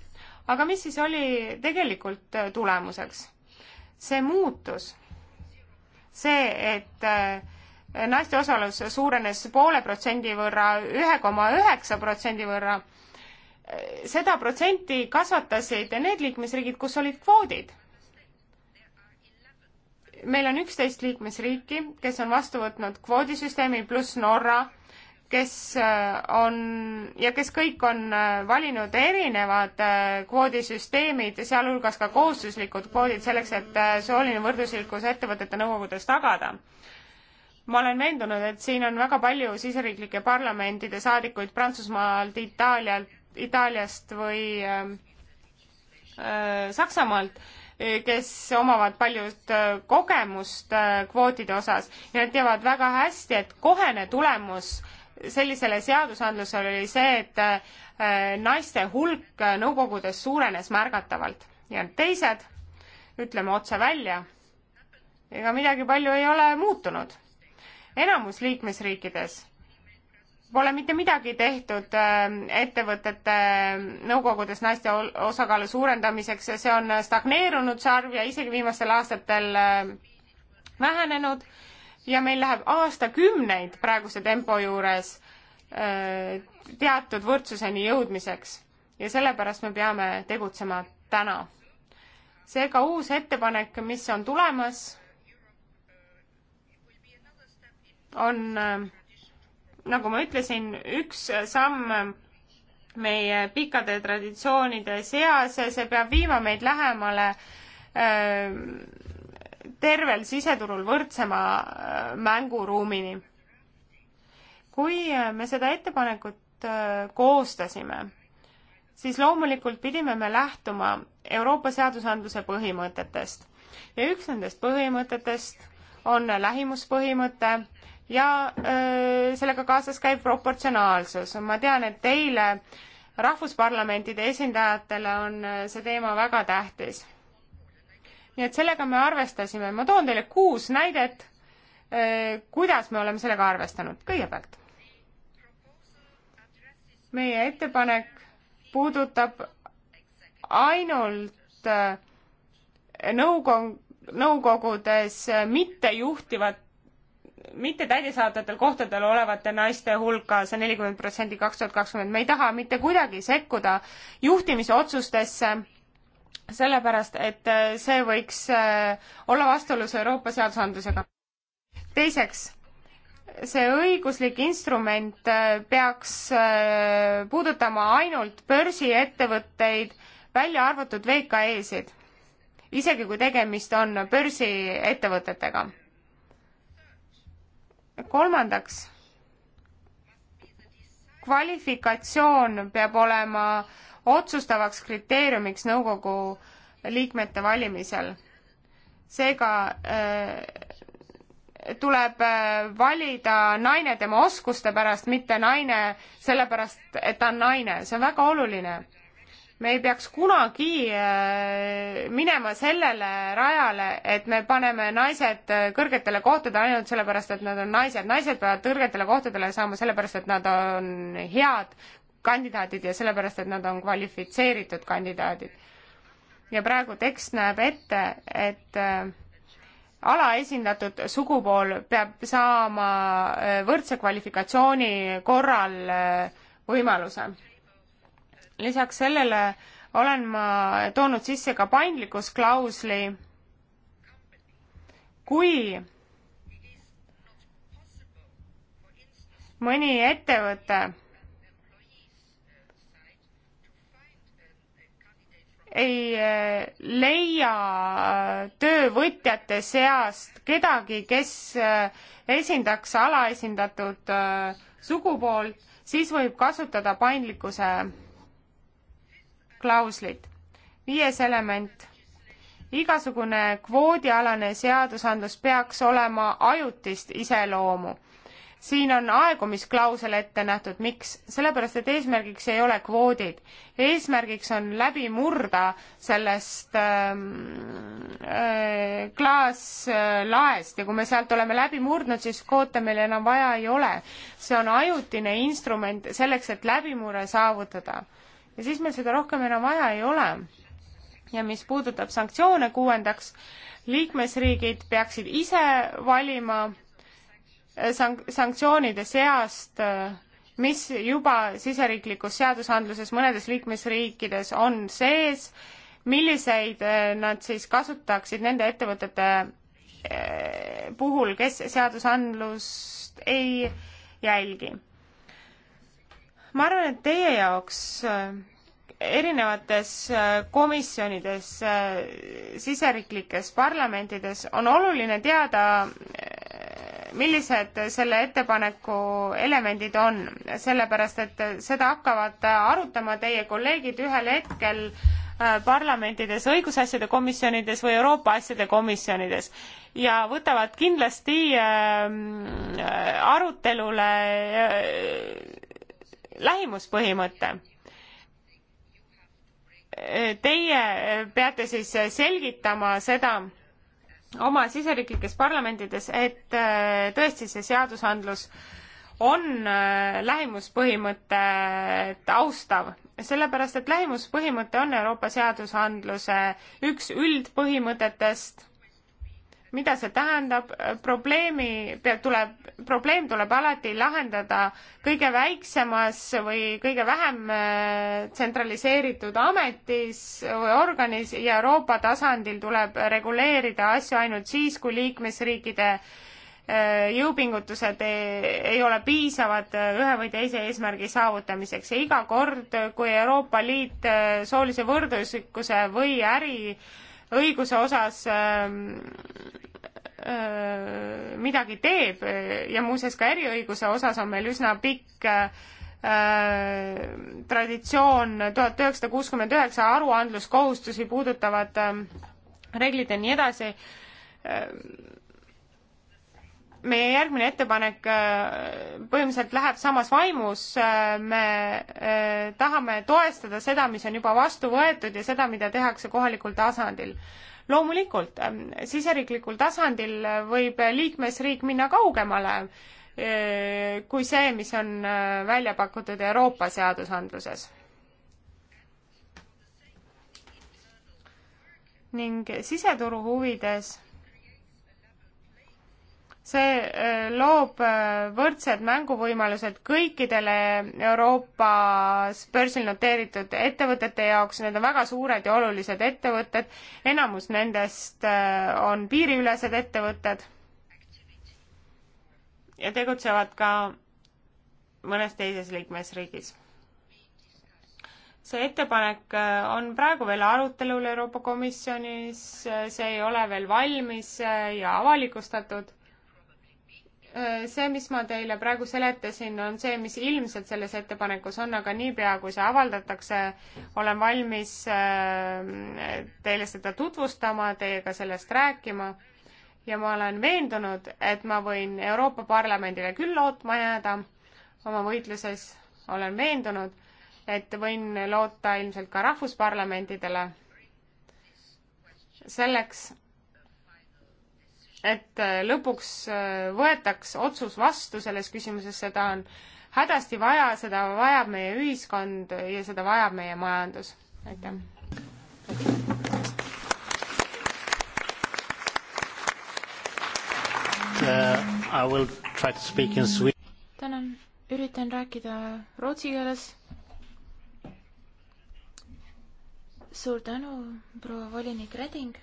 aga mis siis oli tegelikult äh, tulemuseks? see muutus, see, et äh, naiste osalus suurenes poole protsendi võrra, ühe koma üheksa protsendi võrra, äh, seda protsenti kasvatasid need liikmesriigid, kus olid kvoodid meil on üksteist liikmesriiki, kes on vastu võtnud kvoodisüsteemi pluss Norra kes äh, on ja kes kõik on äh, valinud erinevad äh, kvoodisüsteemid, sealhulgas ka kohustuslikud kvoodid selleks, et sooline võrdluslikkus ettevõtete nõukogudes tagada. ma olen veendunud, et siin on väga palju siseriiklike parlamentide saadikuid Prantsusmaalt, Itaalialt, Itaaliast või ähm, äh, Saksamaalt kes omavad paljut kogemust kvootide osas ja nad teavad väga hästi, et kohene tulemus sellisele seadusandlusele oli see, et äh, naiste hulk nõukogudes suurenes märgatavalt ja teised, ütleme otse välja, ega midagi palju ei ole muutunud. enamus liikmesriikides pole mitte midagi tehtud äh, ettevõtete nõukogudes naiste osakaalu suurendamiseks ja see on stagneerunud, see arv, ja isegi viimastel aastatel äh, vähenenud ja meil läheb aastakümneid praeguse tempo juures äh, teatud võrdsuseni jõudmiseks ja sellepärast me peame tegutsema täna. seega uus ettepanek, mis on tulemas, on äh, nagu ma ütlesin, üks samm meie pikkade traditsioonide seas, see peab viima meid lähemale öö, äh, tervel siseturul võrdsema äh, mänguruumini. kui äh, me seda ettepanekut äh, koostasime, siis loomulikult pidime me lähtuma Euroopa seadusandluse põhimõtetest ja üks nendest põhimõtetest on lähimuspõhimõte ja öö, sellega kaasas käib proportsionaalsus. ma tean, et teile, rahvusparlamentide esindajatele on see teema väga tähtis nii et sellega me arvestasime, ma toon teile kuus näidet, eh, kuidas me oleme sellega arvestanud. kõigepealt, meie ettepanek puudutab ainult eh, nõukogu, nõukogudes mittejuhtivat, mittetäidesaatvatel kohtadel olevate naiste hulka, see nelikümmend protsenti kaks tuhat kakskümmend, me ei taha mitte kuidagi sekkuda juhtimisotsustesse sellepärast, et äh, see võiks äh, olla vastuolus Euroopa seadusandlusega. teiseks, see õiguslik instrument äh, peaks puudutama ainult börsiettevõtteid, välja arvatud VKE-sid, isegi kui tegemist on börsiettevõtetega. kolmandaks, kvalifikatsioon peab olema otsustavaks kriteeriumiks nõukogu liikmete valimisel. seega äh, tuleb äh, valida naine tema oskuste pärast, mitte naine sellepärast, et ta on naine, see on väga oluline. me ei peaks kunagi äh, minema sellele rajale, et me paneme naised kõrgetele kohtadele ainult sellepärast, et nad on naised, naised peavad kõrgetele kohtadele saama sellepärast, et nad on head kandidaadid ja sellepärast, et nad on kvalifitseeritud kandidaadid. ja praegu tekst näeb ette, et äh, alaesindatud sugupool peab saama äh, võrdse kvalifikatsiooni korral äh, võimaluse. lisaks sellele olen ma toonud sisse ka paindlikkusklausli, kui mõni ettevõte ei äh, leia äh, töövõtjate seast kedagi, kes äh, esindaks alaesindatud sugupoolt, siis võib kasutada paindlikkuse klauslit. viies element. igasugune kvoodialane seadusandlus peaks olema ajutist iseloomu siin on aegumisklausel ette nähtud, miks? sellepärast, et eesmärgiks ei ole kvoodid. eesmärgiks on läbi murda sellest ähm, äh, klaaslaest ja kui me sealt oleme läbi murdnud, siis kvoote meil enam vaja ei ole. see on ajutine instrument selleks, et läbimurre saavutada. ja siis meil seda rohkem enam vaja ei ole. ja mis puudutab sanktsioone kuuendaks, liikmesriigid peaksid ise valima sank-, sanktsioonide seast, äh, mis juba siseriiklikus seadusandluses mõnedes liikmesriikides on sees, milliseid äh, nad siis kasutaksid nende ettevõtete äh, puhul, kes seadusandlust ei jälgi. ma arvan, et teie jaoks erinevates komisjonides, siseriiklikes parlamentides on oluline teada millised selle ettepaneku elemendid on, sellepärast et seda hakkavad arutama teie kolleegid ühel hetkel äh, parlamentides, õigusasjade komisjonides või Euroopa asjade komisjonides ja võtavad kindlasti ähm, äh, arutelule äh, lähimuspõhimõte teie peate siis selgitama seda, oma siseriiklikes parlamendides, et äh, tõesti see seadusandlus on äh, lähimuspõhimõtet austav, sellepärast et lähimuspõhimõte on Euroopa seadusandluse üks üldpõhimõtetest mida see tähendab, probleemi peab, tuleb, probleem tuleb alati lahendada kõige väiksemas või kõige vähem äh, tsentraliseeritud ametis või organis ja Euroopa tasandil tuleb reguleerida asju ainult siis, kui liikmesriikide äh, jõupingutused ei, ei ole piisavad äh, ühe või teise eesmärgi saavutamiseks ja iga kord, kui Euroopa Liit soolise võrdõiguslikkuse või äri õiguse osas ähm, Äh, midagi teeb äh, ja muuseas ka eriõiguse osas on meil üsna pikk äh, traditsioon, tuhat üheksasada kuuskümmend üheksa aruandluskohustusi puudutavad reeglid ja nii edasi. meie järgmine ettepanek põhimõtteliselt läheb samas vaimus, me tahame toestada seda, mis on juba vastu võetud ja seda, mida tehakse kohalikul tasandil loomulikult, ähm, siseriiklikul tasandil võib liikmesriik minna kaugemale äh, kui see, mis on äh, välja pakutud Euroopa seadusandluses. ning siseturu huvides see äh, loob äh, võrdsed mänguvõimalused kõikidele Euroopas börsil noteeritud ettevõtete jaoks, need on väga suured ja olulised ettevõtted, enamus nendest äh, on piiriülesed ettevõtted ja tegutsevad ka mõnes teises liikmesriigis. see ettepanek on praegu veel arutelul Euroopa Komisjonis, see ei ole veel valmis ja avalikustatud Äh, see, mis ma teile praegu seletasin, on see, mis ilmselt selles ettepanekus on, aga niipea, kui see avaldatakse, olen valmis äh, teile seda tutvustama, teiega sellest rääkima ja ma olen veendunud, et ma võin Euroopa Parlamendile küll lootma jääda oma võitluses, olen veendunud, et võin loota ilmselt ka rahvusparlamentidele selleks, et äh, lõpuks äh, võetaks otsus vastu selles küsimuses, seda on hädasti vaja, seda vajab meie ühiskond ja seda vajab meie majandus. aitäh! tänan, üritan rääkida rootsi keeles. suur tänu, proua volinik Reding!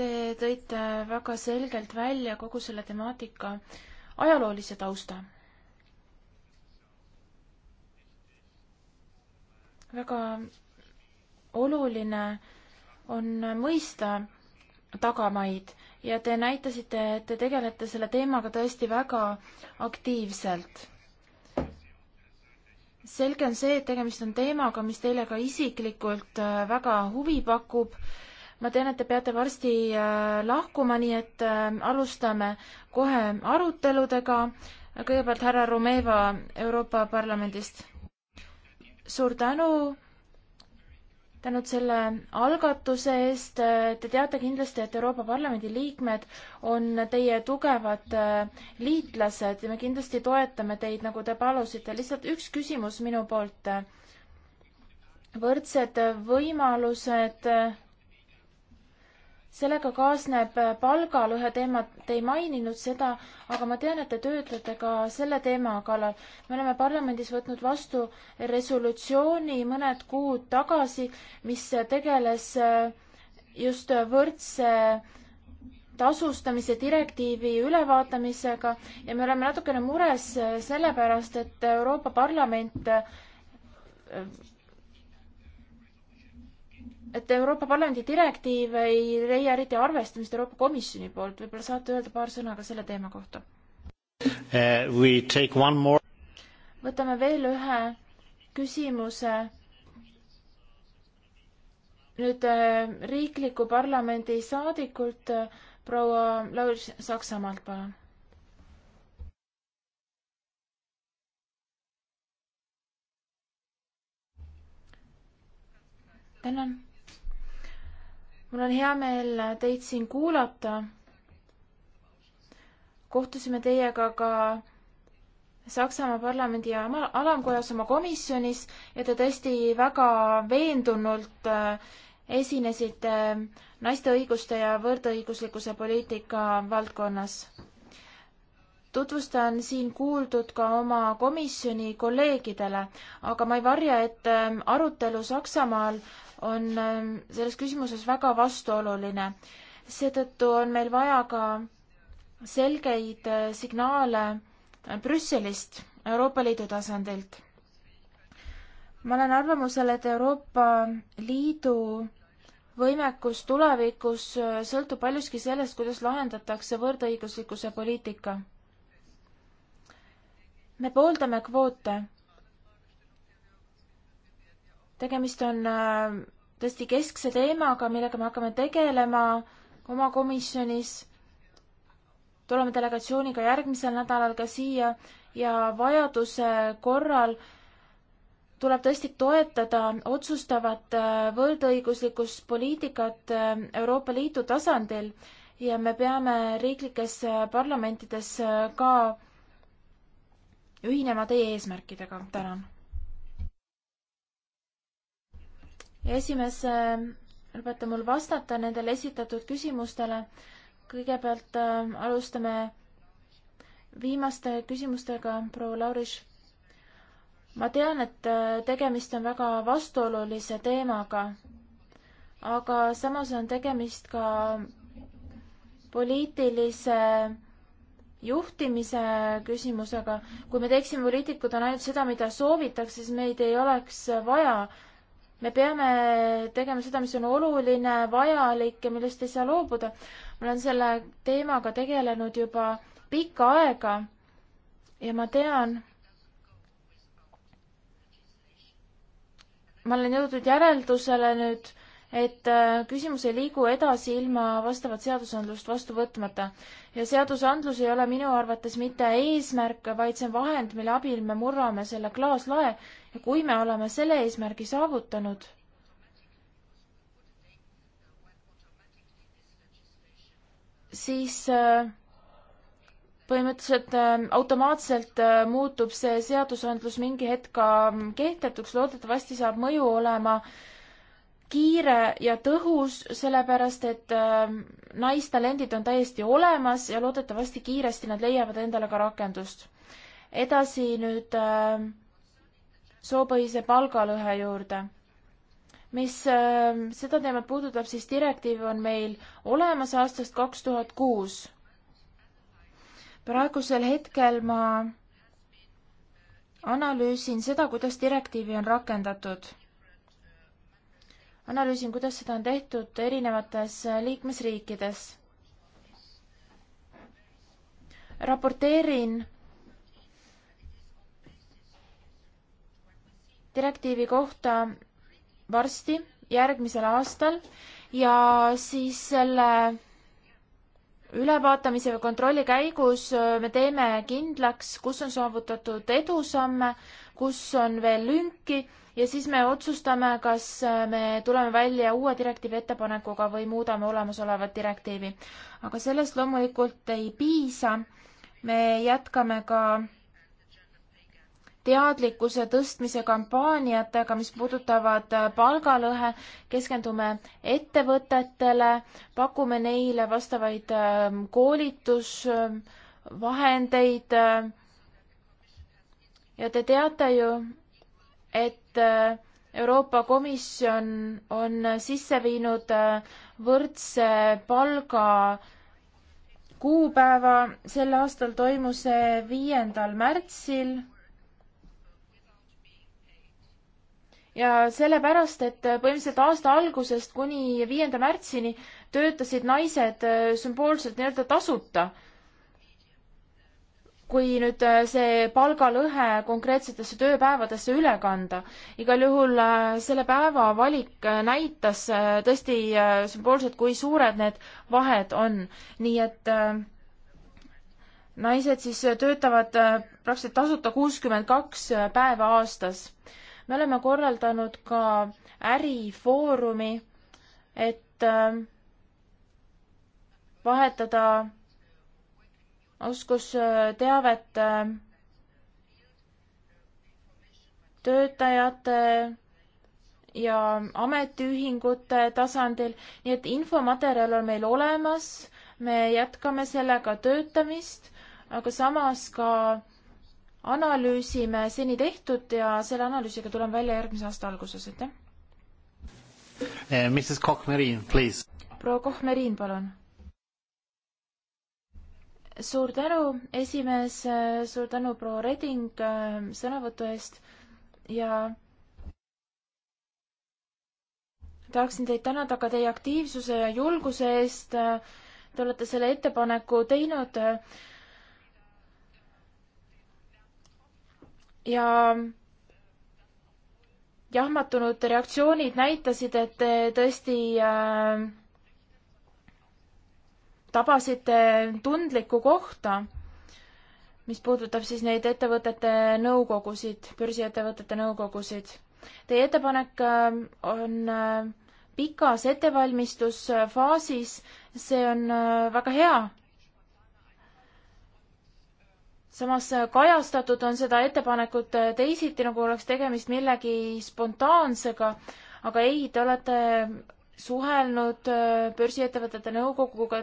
Te tõite väga selgelt välja kogu selle temaatika ajaloolise tausta. väga oluline on mõista tagamaid ja te näitasite, et te tegelete selle teemaga tõesti väga aktiivselt. selge on see, et tegemist on teemaga, mis teile ka isiklikult väga huvi pakub ma tean, et te peate varsti äh, lahkuma, nii et äh, alustame kohe aruteludega. kõigepealt härra Romeva Euroopa Parlamendist. suur tänu, tänud selle algatuse eest. Te teate kindlasti, et Euroopa Parlamendi liikmed on teie tugevad äh, liitlased ja me kindlasti toetame teid, nagu te palusite. lihtsalt üks küsimus minu poolt võrdsed võimalused äh, sellega kaasneb äh, palgalõhe teema, te ei maininud seda, aga ma tean, et te töötate ka selle teema kallal. me oleme parlamendis võtnud vastu resolutsiooni mõned kuud tagasi, mis tegeles äh, just võrdse tasustamise direktiivi ülevaatamisega ja me oleme natukene mures äh, sellepärast, et Euroopa Parlament et Euroopa Parlamendi direktiiv ei leia eriti arvestamist Euroopa Komisjoni poolt, võib-olla saate öelda paar sõna ka selle teema kohta uh,? võtame veel ühe küsimuse. nüüd eh, riikliku parlamendi saadikult eh, proua Laur Saksamaalt, palun. tänan mul on hea meel teid siin kuulata. kohtusime teiega ka Saksamaa parlamendi ja alamkojas oma komisjonis ja te tõesti väga veendunult äh, esinesite äh, naiste õiguste ja võrdõiguslikkuse poliitika valdkonnas. tutvustan siin kuuldud ka oma komisjoni kolleegidele, aga ma ei varja, et äh, arutelu Saksamaal on ähm, selles küsimuses väga vastuoluline. seetõttu on meil vaja ka selgeid äh, signaale äh, Brüsselist, Euroopa Liidu tasandilt. ma olen arvamusel, et Euroopa Liidu võimekus tulevikus äh, sõltub paljuski sellest, kuidas lahendatakse võrdõiguslikkuse poliitika. me pooldame kvoote tegemist on äh, tõesti keskse teemaga, millega me hakkame tegelema oma komisjonis. tuleme delegatsiooniga järgmisel nädalal ka siia ja vajaduse korral tuleb tõesti toetada otsustavat äh, võrdõiguslikkuspoliitikat äh, Euroopa Liidu tasandil ja me peame riiklikes parlamentides ka ühinema teie eesmärkidega. tänan esimese lubate mul vastata nendele esitatud küsimustele. kõigepealt äh, alustame viimaste küsimustega, proua Lauris. ma tean, et äh, tegemist on väga vastuolulise teemaga, aga samas on tegemist ka poliitilise juhtimise küsimusega. kui me teeksime, poliitikud on ainult seda, mida soovitakse, siis meid ei oleks vaja me peame tegema seda, mis on oluline, vajalik ja millest ei saa loobuda. ma olen selle teemaga tegelenud juba pikka aega ja ma tean, ma olen jõudnud järeldusele nüüd, et äh, küsimus ei liigu edasi ilma vastavat seadusandlust vastu võtmata. ja seadusandlus ei ole minu arvates mitte eesmärk, vaid see on vahend, mille abil me murrame selle klaaslae, ja kui me oleme selle eesmärgi saavutanud, siis äh, põhimõtteliselt äh, automaatselt äh, muutub see seadusandlus mingi hetk ka mm, kehtetuks, loodetavasti saab mõju olema kiire ja tõhus, sellepärast et naistalendid on täiesti olemas ja loodetavasti kiiresti nad leiavad endale ka rakendust. edasi nüüd soopõhise palgalõhe juurde. mis äh, seda teemat puudutab, siis direktiiv on meil olemas aastast kaks tuhat kuus. praegusel hetkel ma analüüsin seda, kuidas direktiivi on rakendatud. analüüsin, kuidas seda on tehtud erinevates äh, liikmesriikides. raporteerin direktiivi kohta varsti, järgmisel aastal ja siis selle ülevaatamise või kontrolli käigus me teeme kindlaks, kus on saavutatud edusamme, kus on veel lünki ja siis me otsustame, kas me tuleme välja uue direktiivi ettepanekuga või muudame olemasolevat direktiivi. aga sellest loomulikult ei piisa. me jätkame ka teadlikkuse tõstmise kampaaniatega, mis puudutavad äh, palgalõhe, keskendume ettevõtetele, pakume neile vastavaid ähm, koolitusvahendeid. Äh. ja te teate ju, et äh, Euroopa Komisjon on sisse viinud võrdse palga kuupäeva, sel aastal toimus see viiendal märtsil ja sellepärast, et põhimõtteliselt aasta algusest kuni viienda märtsini töötasid naised äh, sümboolselt nii-öelda tasuta. kui nüüd äh, see palgalõhe konkreetsetesse tööpäevadesse üle kanda, igal juhul äh, selle päeva valik näitas tõesti sümboolselt, kui suured need vahed on, nii et naised siis töötavad praktiliselt tasuta kuuskümmend kaks päeva aastas me oleme korraldanud ka ärifoorumi, et äh, vahetada oskusteavet äh, töötajate ja ametiühingute tasandil, nii et infomaterjal on meil olemas, me jätkame sellega töötamist, aga samas ka analüüsime seni tehtud ja selle analüüsiga tuleme välja järgmise aasta alguses, aitäh. Eh, Mrs Koch-Merin, please. proua Koch-Merin, palun. suur tänu, esimees, suur tänu, proua Reding, sõnavõtu eest ja tahaksin teid tänada ka teie aktiivsuse ja julguse eest. Te olete selle ettepaneku teinud ja jahmatunud reaktsioonid näitasid, et te tõesti äh, tabasite tundlikku kohta, mis puudutab siis neid ettevõtete nõukogusid, börsiettevõtete nõukogusid. Teie ettepanek äh, on äh, pikas ettevalmistusfaasis, see on äh, väga hea samas äh, kajastatud on seda ettepanekut äh, teisiti, nagu oleks tegemist millegi spontaansega, aga ei, te olete suhelnud äh, börsiettevõtete nõukoguga,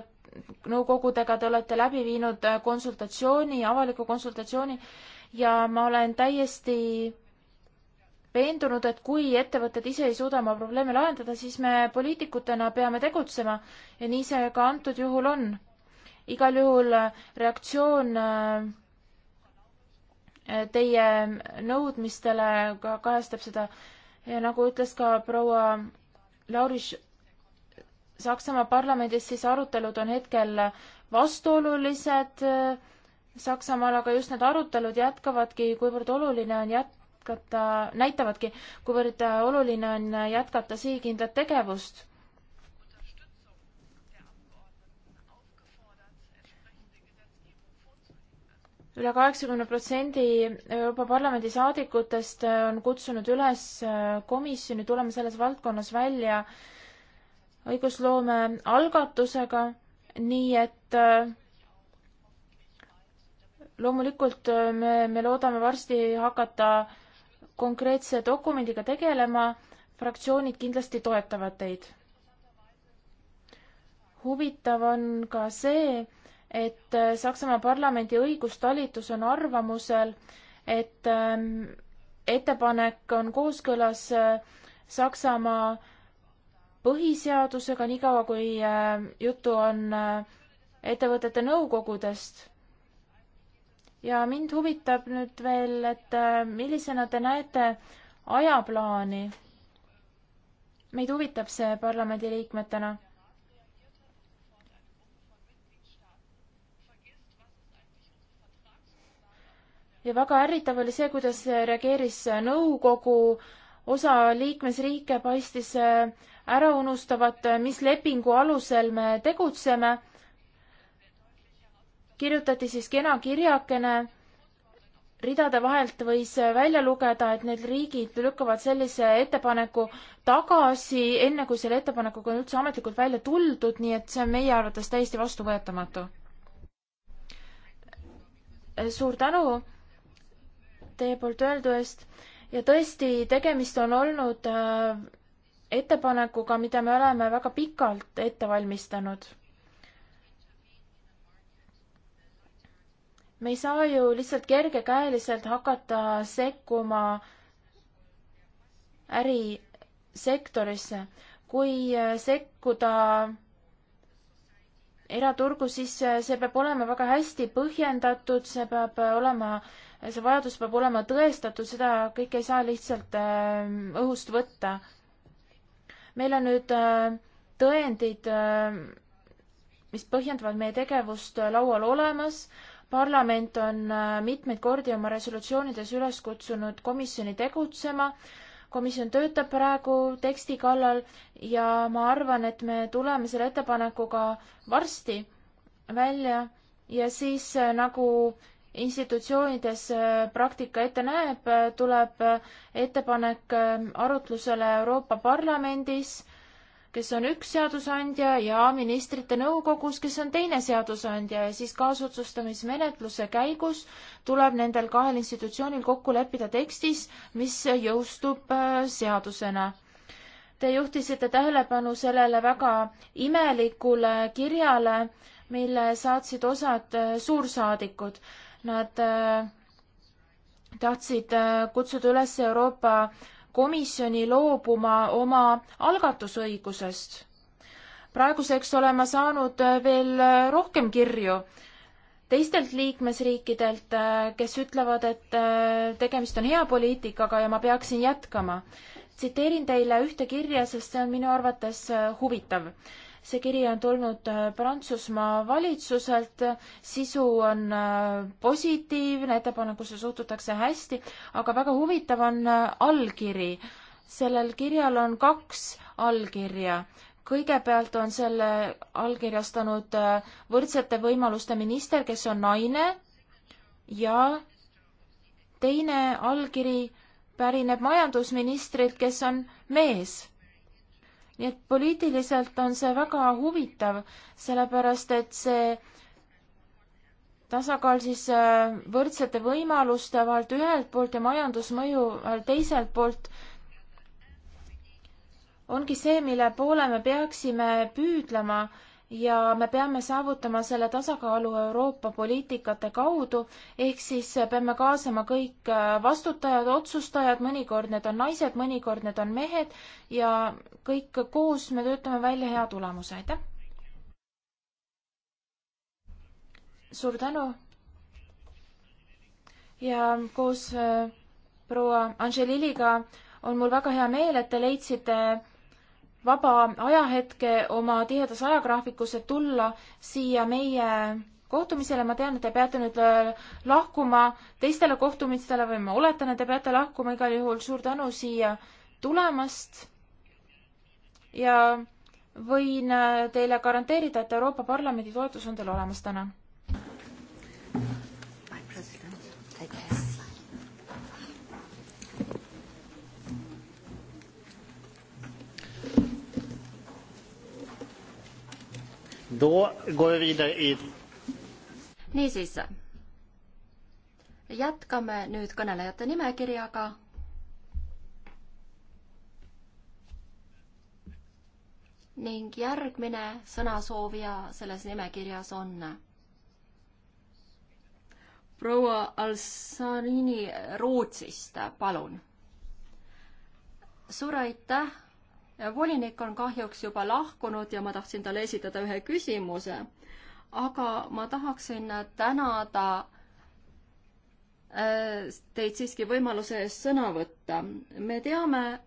nõukogudega, te olete läbi viinud konsultatsiooni, avaliku konsultatsiooni ja ma olen täiesti veendunud, et kui ettevõtted ise ei suuda oma probleeme lahendada, siis me poliitikutena peame tegutsema ja nii see ka antud juhul on. igal juhul reaktsioon äh, teie nõudmistele ka kajastab seda ja nagu ütles ka proua Lauris, Saksamaa parlamendis siis arutelud on hetkel vastuolulised äh, Saksamaal, aga just need arutelud jätkavadki, kuivõrd oluline on jätkata, näitavadki, kuivõrd oluline on jätkata sihikindlat tegevust üle kaheksakümne protsendi Euroopa Parlamendi saadikutest äh, on kutsunud üles äh, komisjoni tulema selles valdkonnas välja õigusloome algatusega, nii et äh, loomulikult me, me loodame varsti hakata konkreetse dokumendiga tegelema, fraktsioonid kindlasti toetavad teid. huvitav on ka see, et äh, Saksamaa parlamendi õigustalitus on arvamusel, et ähm, ettepanek on kooskõlas äh, Saksamaa põhiseadusega, niikaua kui äh, juttu on ettevõtete nõukogudest. ja mind huvitab nüüd veel, et millisena te näete ajaplaani? meid huvitab see parlamendiliikmetena ja väga ärritav oli see, kuidas reageeris nõukogu, osa liikmesriike paistis ära unustavat, mis lepingu alusel me tegutseme. kirjutati siis kena kirjakene, ridade vahelt võis välja lugeda, et need riigid lükkavad sellise ettepaneku tagasi, enne kui selle ettepanekuga on üldse ametlikult välja tuldud, nii et see on meie arvates täiesti vastuvõetamatu. suur tänu teie poolt öeldu eest ja tõesti, tegemist on olnud äh, ettepanekuga, mida me oleme väga pikalt ette valmistanud. me ei saa ju lihtsalt kergekäeliselt hakata sekkuma ärisektorisse. kui äh, sekkuda eraturgu, siis äh, see peab olema väga hästi põhjendatud, see peab olema äh, see vajadus peab olema tõestatud, seda kõike ei saa lihtsalt äh, õhust võtta. meil on nüüd äh, tõendid, äh, mis põhjendavad meie tegevust laual olemas, parlament on mitmeid kordi oma resolutsioonides üles kutsunud komisjoni tegutsema, komisjon töötab praegu teksti kallal ja ma arvan, et me tuleme selle ettepanekuga varsti välja ja siis nagu institutsioonides äh, praktika ette näeb, tuleb äh, ettepanek äh, arutlusele Euroopa Parlamendis, kes on üks seadusandja ja ministrite nõukogus, kes on teine seadusandja ja siis kaasotsustamismenetluse käigus tuleb nendel kahel institutsioonil kokku leppida tekstis, mis jõustub seadusena Te juhtisite tähelepanu sellele väga imelikule kirjale, mille saatsid osad suursaadikud. Nad äh, tahtsid äh, kutsuda üles Euroopa Komisjoni loobuma oma algatusõigusest. praeguseks olen ma saanud äh, veel rohkem kirju teistelt liikmesriikidelt, kes ütlevad, et tegemist on hea poliitikaga ja ma peaksin jätkama. tsiteerin teile ühte kirja, sest see on minu arvates huvitav see kiri on tulnud äh, Prantsusmaa valitsuselt, sisu on äh, positiivne, ettepanekusse suhtutakse hästi, aga väga huvitav on äh, allkiri. sellel kirjal on kaks allkirja. kõigepealt on selle allkirjastanud võrdsete võimaluste minister, kes on naine ja teine allkiri pärineb majandusministrilt, kes on mees nii et poliitiliselt on see väga huvitav, sellepärast et see tasakaal siis äh, võrdsete võimaluste vahelt ühelt poolt ja majandusmõju äh, teiselt poolt ongi see, mille poole me peaksime püüdlema ja me peame saavutama selle tasakaalu Euroopa poliitikate kaudu, ehk siis peame kaasama kõik äh, vastutajad, otsustajad, mõnikord need on naised, mõnikord need on mehed ja kõik koos me töötame välja hea tulemuse, aitäh! suur tänu! ja koos äh, proua Angeliliga on mul väga hea meel, et te leidsite vaba ajahetke oma tihedas ajagraafikus, et tulla siia meie kohtumisele, ma tean, et te peate nüüd äh, lahkuma teistele kohtumistele või ma oletan, et te peate lahkuma, igal juhul suur tänu siia tulemast. ja võin äh, teile garanteerida, et Euroopa Parlamendi toetus on teil olemas täna Då går vi vidare i... niisiis, jätkame nüüd kõnelejate nimekirjaga. ning järgmine sõnasoovija selles nimekirjas on proua Alsanini Rootsist, palun. suur aitäh volinik on kahjuks juba lahkunud ja ma tahtsin talle esitada ühe küsimuse. aga ma tahaksin tänada äh, teid siiski võimaluse eest sõna võtta. me teame,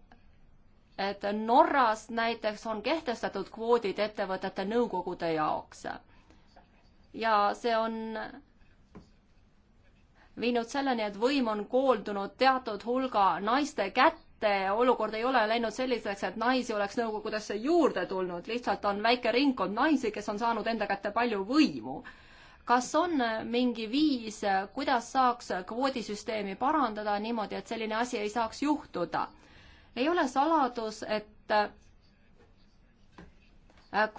et Norras näiteks on kehtestatud kvoodid ettevõtete nõukogude jaoks. ja see on viinud selleni, et võim on kooldunud teatud hulga naiste kätte kätte, olukord ei ole läinud selliseks, et naisi oleks nõukogudesse juurde tulnud, lihtsalt on väike ringkond naisi, kes on saanud enda kätte palju võimu. kas on mingi viis, kuidas saaks kvoodisüsteemi parandada niimoodi, et selline asi ei saaks juhtuda? ei ole saladus, et äh,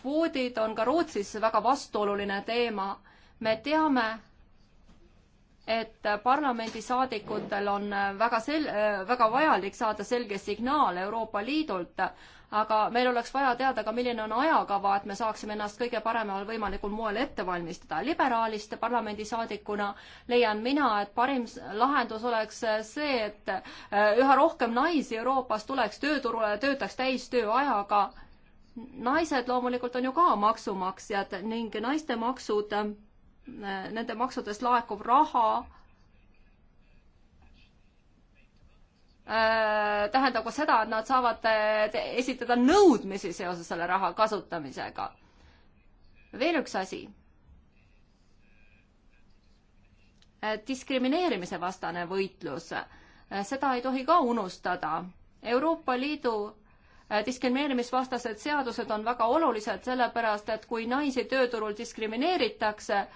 kvoodid on ka Rootsis väga vastuoluline teema. me teame, et parlamendisaadikutel on väga sel-, väga vajalik saada selge signaal Euroopa Liidult, aga meil oleks vaja teada ka, milline on ajakava, et me saaksime ennast kõige paremal võimalikul moel ette valmistada. liberaaliste parlamendisaadikuna leian mina, et parim lahendus oleks see, et äh, üha rohkem naisi Euroopas tuleks tööturule, töötaks täistööajaga. naised loomulikult on ju ka maksumaksjad ning naiste maksud nende maksudest laekuv raha äh, tähendab ka seda, et nad saavad esitada nõudmisi seoses selle raha kasutamisega. veel üks asi. diskrimineerimise vastane võitlus, seda ei tohi ka unustada. Euroopa Liidu äh, diskrimineerimisvastased seadused on väga olulised, sellepärast et kui naisi tööturul diskrimineeritakse,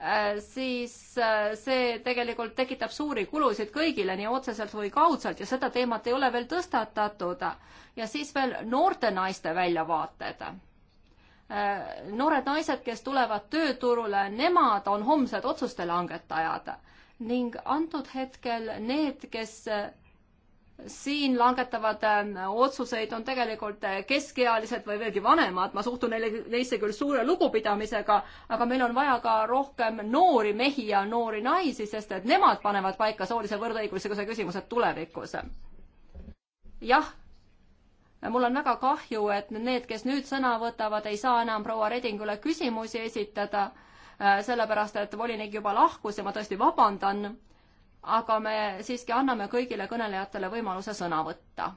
Äh, siis äh, see tegelikult tekitab suuri kulusid kõigile, nii otseselt kui kaudselt ja seda teemat ei ole veel tõstatatud. ja siis veel noorte naiste väljavaated. Äh, noored naised, kes tulevad tööturule, nemad on homsed otsuste langetajad ning antud hetkel need, kes siin langetavad äh, otsuseid on tegelikult äh, keskealised või veelgi vanemad, ma suhtun neile, neisse küll suure lugupidamisega, aga meil on vaja ka rohkem noori mehi ja noori naisi, sest et nemad panevad paika soolise võrdõiguslikkuse küsimused tulevikus. jah, mul on väga kahju, et need, kes nüüd sõna võtavad, ei saa enam proua Redingule küsimusi esitada, äh, sellepärast et volinik juba lahkus ja ma tõesti vabandan aga me siiski anname kõigile kõnelejatele võimaluse sõna võtta.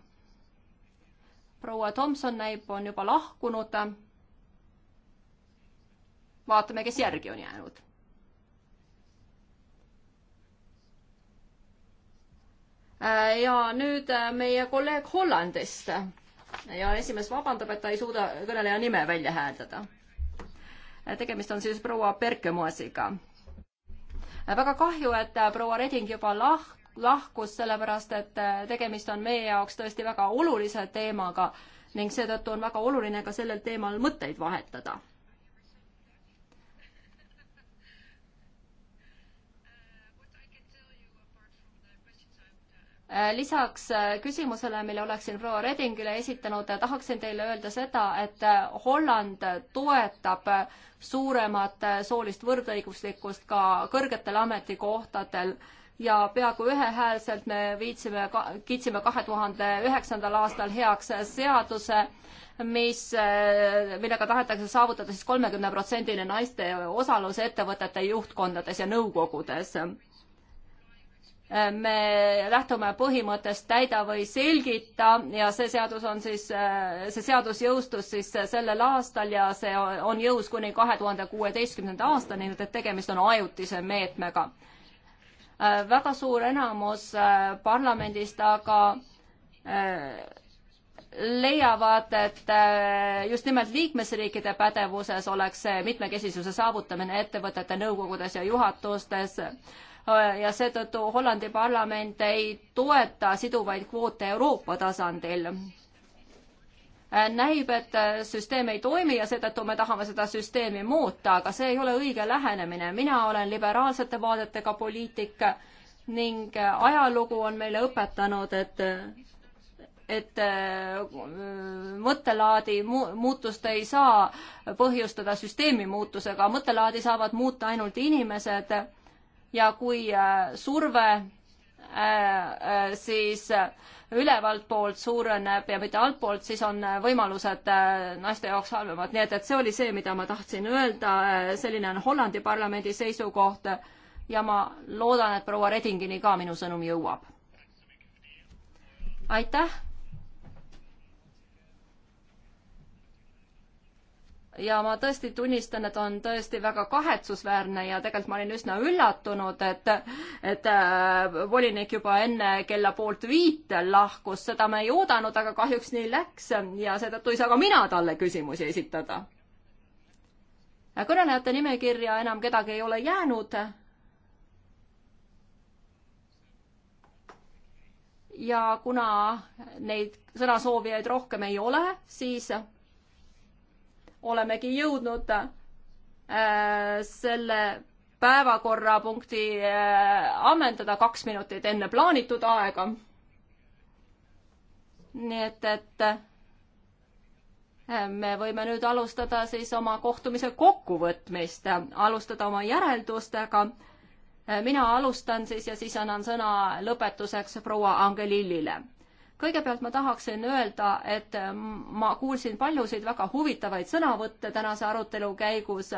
proua Tomson näib, on juba lahkunud. vaatame, kes järgi on jäänud. ja nüüd meie kolleeg Hollandist ja esimees vabandab, et ta ei suuda kõneleja nime välja hääldada. tegemist on siis proua Berkemoesiga väga kahju, et äh, proua Reding juba lah-, lahkus, sellepärast et äh, tegemist on meie jaoks tõesti väga olulise teemaga ning seetõttu on väga oluline ka sellel teemal mõtteid vahetada Äh, lisaks äh, küsimusele, mille oleksin proua Redingile esitanud, äh, tahaksin teile öelda seda, et Holland toetab suuremat soolist võrdõiguslikkust ka kõrgetel ametikohtadel ja peaaegu ühehäälselt me viitsime, kiitsime kahe tuhande üheksandal aastal heaks seaduse, mis, millega tahetakse saavutada siis kolmekümneprotsendine naiste osalus ettevõtete juhtkondades ja nõukogudes me lähtume põhimõttest täida või selgita ja see seadus on siis, see seadus jõustus siis sellel aastal ja see on jõus kuni kahe tuhande kuueteistkümnenda aastani, nii et tegemist on ajutise meetmega. väga suur enamus äh, parlamendist aga äh, leiavad, et äh, just nimelt liikmesriikide pädevuses oleks see mitmekesisuse saavutamine ettevõtete nõukogudes ja juhatustes ja seetõttu Hollandi parlament ei toeta siduvaid kvoote Euroopa tasandil. näib, et süsteem ei toimi ja seetõttu me tahame seda süsteemi muuta, aga see ei ole õige lähenemine. mina olen liberaalsete vaadetega poliitik ning ajalugu on meile õpetanud, et et äh, mõttelaadi mu-, muutust ei saa põhjustada süsteemi muutusega, mõttelaadi saavad muuta ainult inimesed ja kui äh, surve äh, äh, siis ülevalt poolt suureneb ja mitte altpoolt, siis on võimalused naiste jaoks halvemad, nii et, et see oli see, mida ma tahtsin öelda, selline on Hollandi parlamendi seisukoht ja ma loodan, et proua Redingini ka minu sõnum jõuab. aitäh ja ma tõesti tunnistan, et on tõesti väga kahetsusväärne ja tegelikult ma olin üsna üllatunud, et, et äh, volinik juba enne kella poolt viite lahkus, seda me ei oodanud, aga kahjuks nii läks ja seetõttu ei saa ka mina talle küsimusi esitada. kõnelejate nimekirja enam kedagi ei ole jäänud. ja kuna neid sõnasoovijaid rohkem ei ole, siis olemegi jõudnud äh, selle päevakorrapunkti äh, ammendada kaks minutit enne plaanitud aega. nii et, et äh, me võime nüüd alustada siis oma kohtumise kokkuvõtmist, alustada oma järeldustega. mina alustan siis ja siis annan sõna lõpetuseks proua Angelillile kõigepealt ma tahaksin öelda, et ma kuulsin paljusid väga huvitavaid sõnavõtte tänase arutelu käigus.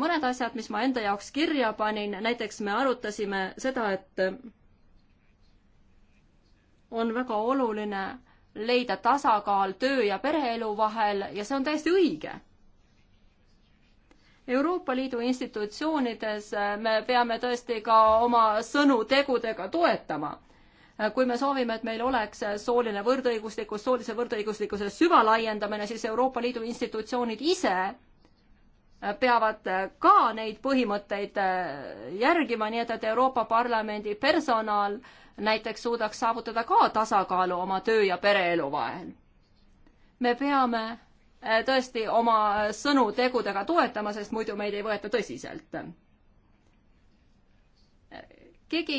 mõned asjad, mis ma enda jaoks kirja panin, näiteks me arutasime seda, et on väga oluline leida tasakaal töö ja pereelu vahel ja see on täiesti õige. Euroopa Liidu institutsioonides me peame tõesti ka oma sõnu tegudega toetama Äh, kui me soovime, et meil oleks äh, sooline võrdõiguslikkus, soolise võrdõiguslikkuse süvalaiendamine, siis Euroopa Liidu institutsioonid ise äh, peavad ka neid põhimõtteid järgima, nii et, et Euroopa Parlamendi personal näiteks suudaks saavutada ka tasakaalu oma töö ja pereelu vahel. me peame tõesti oma sõnu tegudega toetama, sest muidu meid ei võeta tõsiselt keegi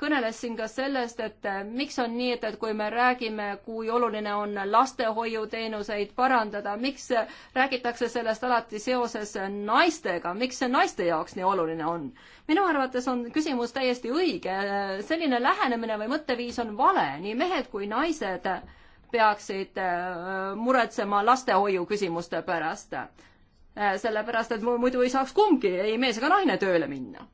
kõneles siin ka sellest, et äh, miks on nii, et, et kui me räägime, kui oluline on lastehoiuteenuseid parandada, miks äh, räägitakse sellest alati seoses äh, naistega, miks see naiste jaoks nii oluline on? minu arvates on küsimus täiesti õige, selline lähenemine või mõtteviis on vale, nii mehed kui naised peaksid muretsema lastehoiu küsimuste pärast. sellepärast, et muidu ei saaks kumbki, ei mees ega naine tööle minna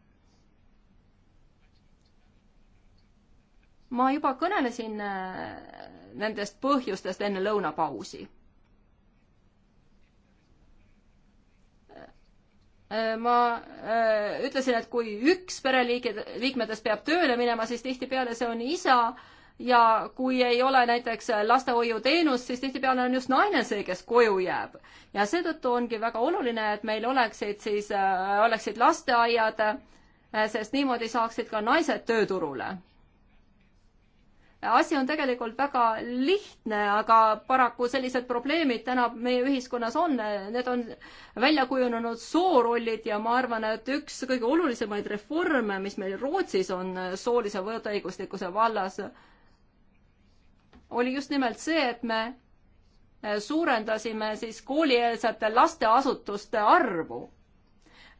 ma juba kõnelesin äh, nendest põhjustest enne lõunapausi. Äh, äh, ma ütlesin, et kui üks pereliige, liikmetest peab tööle minema, siis tihtipeale see on isa ja kui ei ole näiteks lastehoiuteenust, siis tihtipeale on just naine see, kes koju jääb. ja seetõttu ongi väga oluline, et meil oleksid siis, oleksid lasteaiad, sest niimoodi saaksid ka naised tööturule asi on tegelikult väga lihtne, aga paraku sellised probleemid täna meie ühiskonnas on, need on välja kujunenud soorollid ja ma arvan, et üks kõige olulisemaid reforme, mis meil Rootsis on soolise võrdõiguslikkuse vallas, oli just nimelt see, et me suurendasime siis koolieelsete lasteasutuste arvu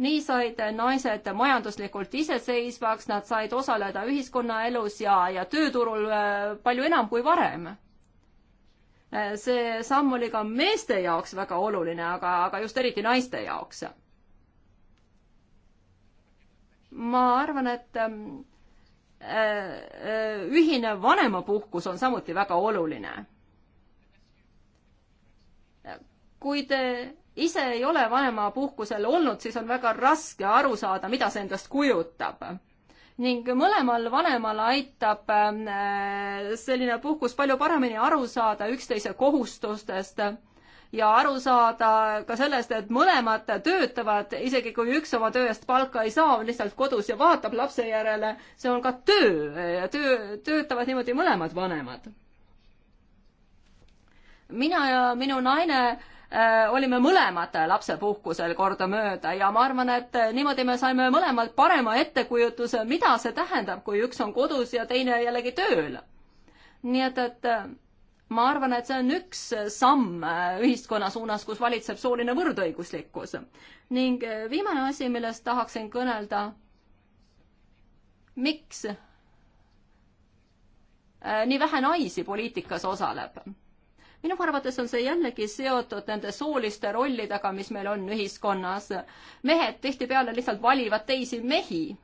nii said naised majanduslikult iseseisvaks, nad said osaleda ühiskonnaelus ja, ja tööturul äh, palju enam kui varem. see samm oli ka meeste jaoks väga oluline, aga, aga just eriti naiste jaoks. ma arvan, et ähm, äh, ühine vanemapuhkus on samuti väga oluline. kui te ise ei ole vanemapuhkusel olnud, siis on väga raske aru saada, mida see endast kujutab ning mõlemal vanemal aitab äh, selline puhkus palju paremini aru saada üksteise kohustustest ja aru saada ka sellest, et mõlemad töötavad, isegi kui üks oma töö eest palka ei saa, on lihtsalt kodus ja vaatab lapse järele, see on ka töö ja töö, töötavad niimoodi mõlemad vanemad. mina ja minu naine äh, Äh, olime mõlemad lapsepuhkusel kordamööda ja ma arvan, et äh, niimoodi me saime mõlemalt parema ettekujutuse, mida see tähendab, kui üks on kodus ja teine jällegi tööl. nii et, et äh, ma arvan, et see on üks samm ühiskonna suunas, kus valitseb sooline võrdõiguslikkus. ning viimane asi, millest tahaksin kõnelda. miks nii vähe naisi poliitikas osaleb? minu arvates on see jällegi seotud nende sooliste rollidega, mis meil on ühiskonnas. mehed tihtipeale lihtsalt valivad teisi mehi.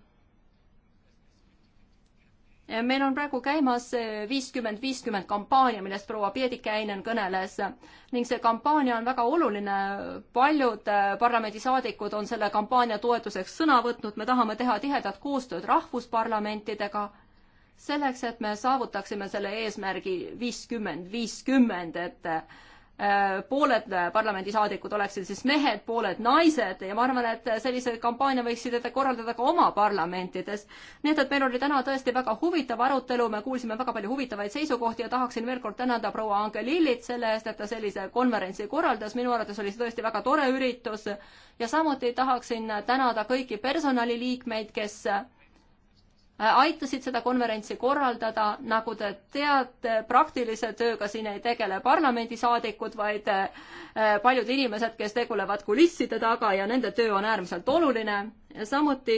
meil on praegu käimas viiskümmend viiskümmend kampaania, millest proua Piedikäinen kõneles ning see kampaania on väga oluline. paljud äh, parlamendisaadikud on selle kampaania toetuseks sõna võtnud, me tahame teha tihedat koostööd rahvusparlamentidega selleks, et me saavutaksime selle eesmärgi viiskümmend, viiskümmend, et äh, pooled parlamendisaadikud oleksid siis mehed, pooled naised ja ma arvan, et sellise kampaania võiksid korraldada ka oma parlamentides. nii et, et meil oli täna tõesti väga huvitav arutelu, me kuulsime väga palju huvitavaid seisukohti ja tahaksin veel kord tänada proua Angelillit selle eest, et ta sellise konverentsi korraldas, minu arvates oli see tõesti väga tore üritus ja samuti tahaksin tänada kõiki personaliliikmeid, kes Äh, aitasid seda konverentsi korraldada, nagu te teate, praktilise tööga siin ei tegele parlamendisaadikud, vaid äh, paljud inimesed, kes tegulevad kulisside taga ja nende töö on äärmiselt oluline. samuti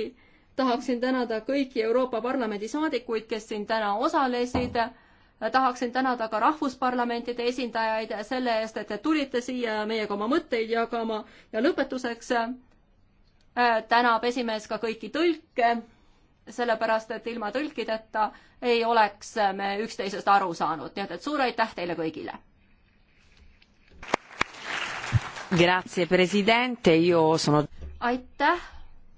tahaksin tänada kõiki Euroopa Parlamendi saadikuid, kes siin täna osalesid. Äh, tahaksin tänada ka rahvusparlamentide esindajaid selle eest, et te tulite siia meiega oma mõtteid jagama ja lõpetuseks tänab esimees ka kõiki tõlke sellepärast et ilma tõlkideta ei oleks me üksteisest aru saanud, nii et, et suur aitäh teile kõigile! Grazie presidente, io sono aitäh,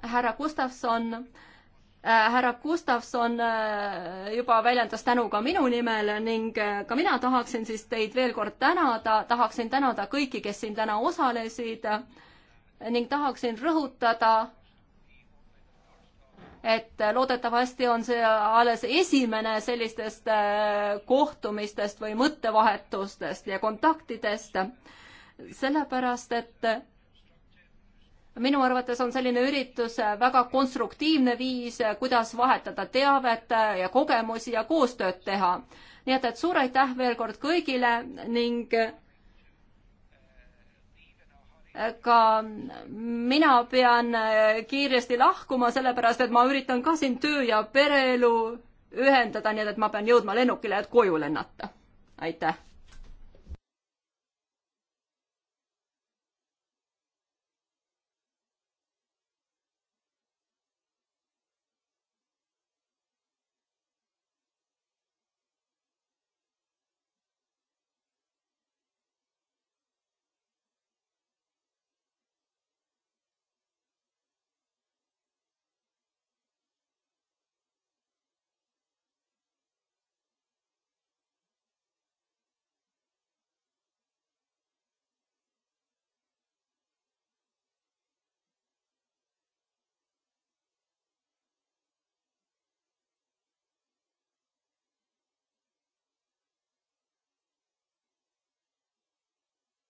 härra Gustavson äh,. härra Gustavson äh, juba väljendas tänu ka minu nimel ning äh, ka mina tahaksin siis teid veel kord tänada, tahaksin tänada kõiki, kes siin täna osalesid ning tahaksin rõhutada et loodetavasti on see alles esimene sellistest äh, kohtumistest või mõttevahetustest ja kontaktidest, sellepärast et minu arvates on selline üritus väga konstruktiivne viis, kuidas vahetada teavet ja kogemusi ja koostööd teha. nii et, et suur aitäh veel kord kõigile ning ka mina pean äh, kiiresti lahkuma, sellepärast et ma üritan ka siin töö ja pereelu ühendada, nii et ma pean jõudma lennukile, et koju lennata. aitäh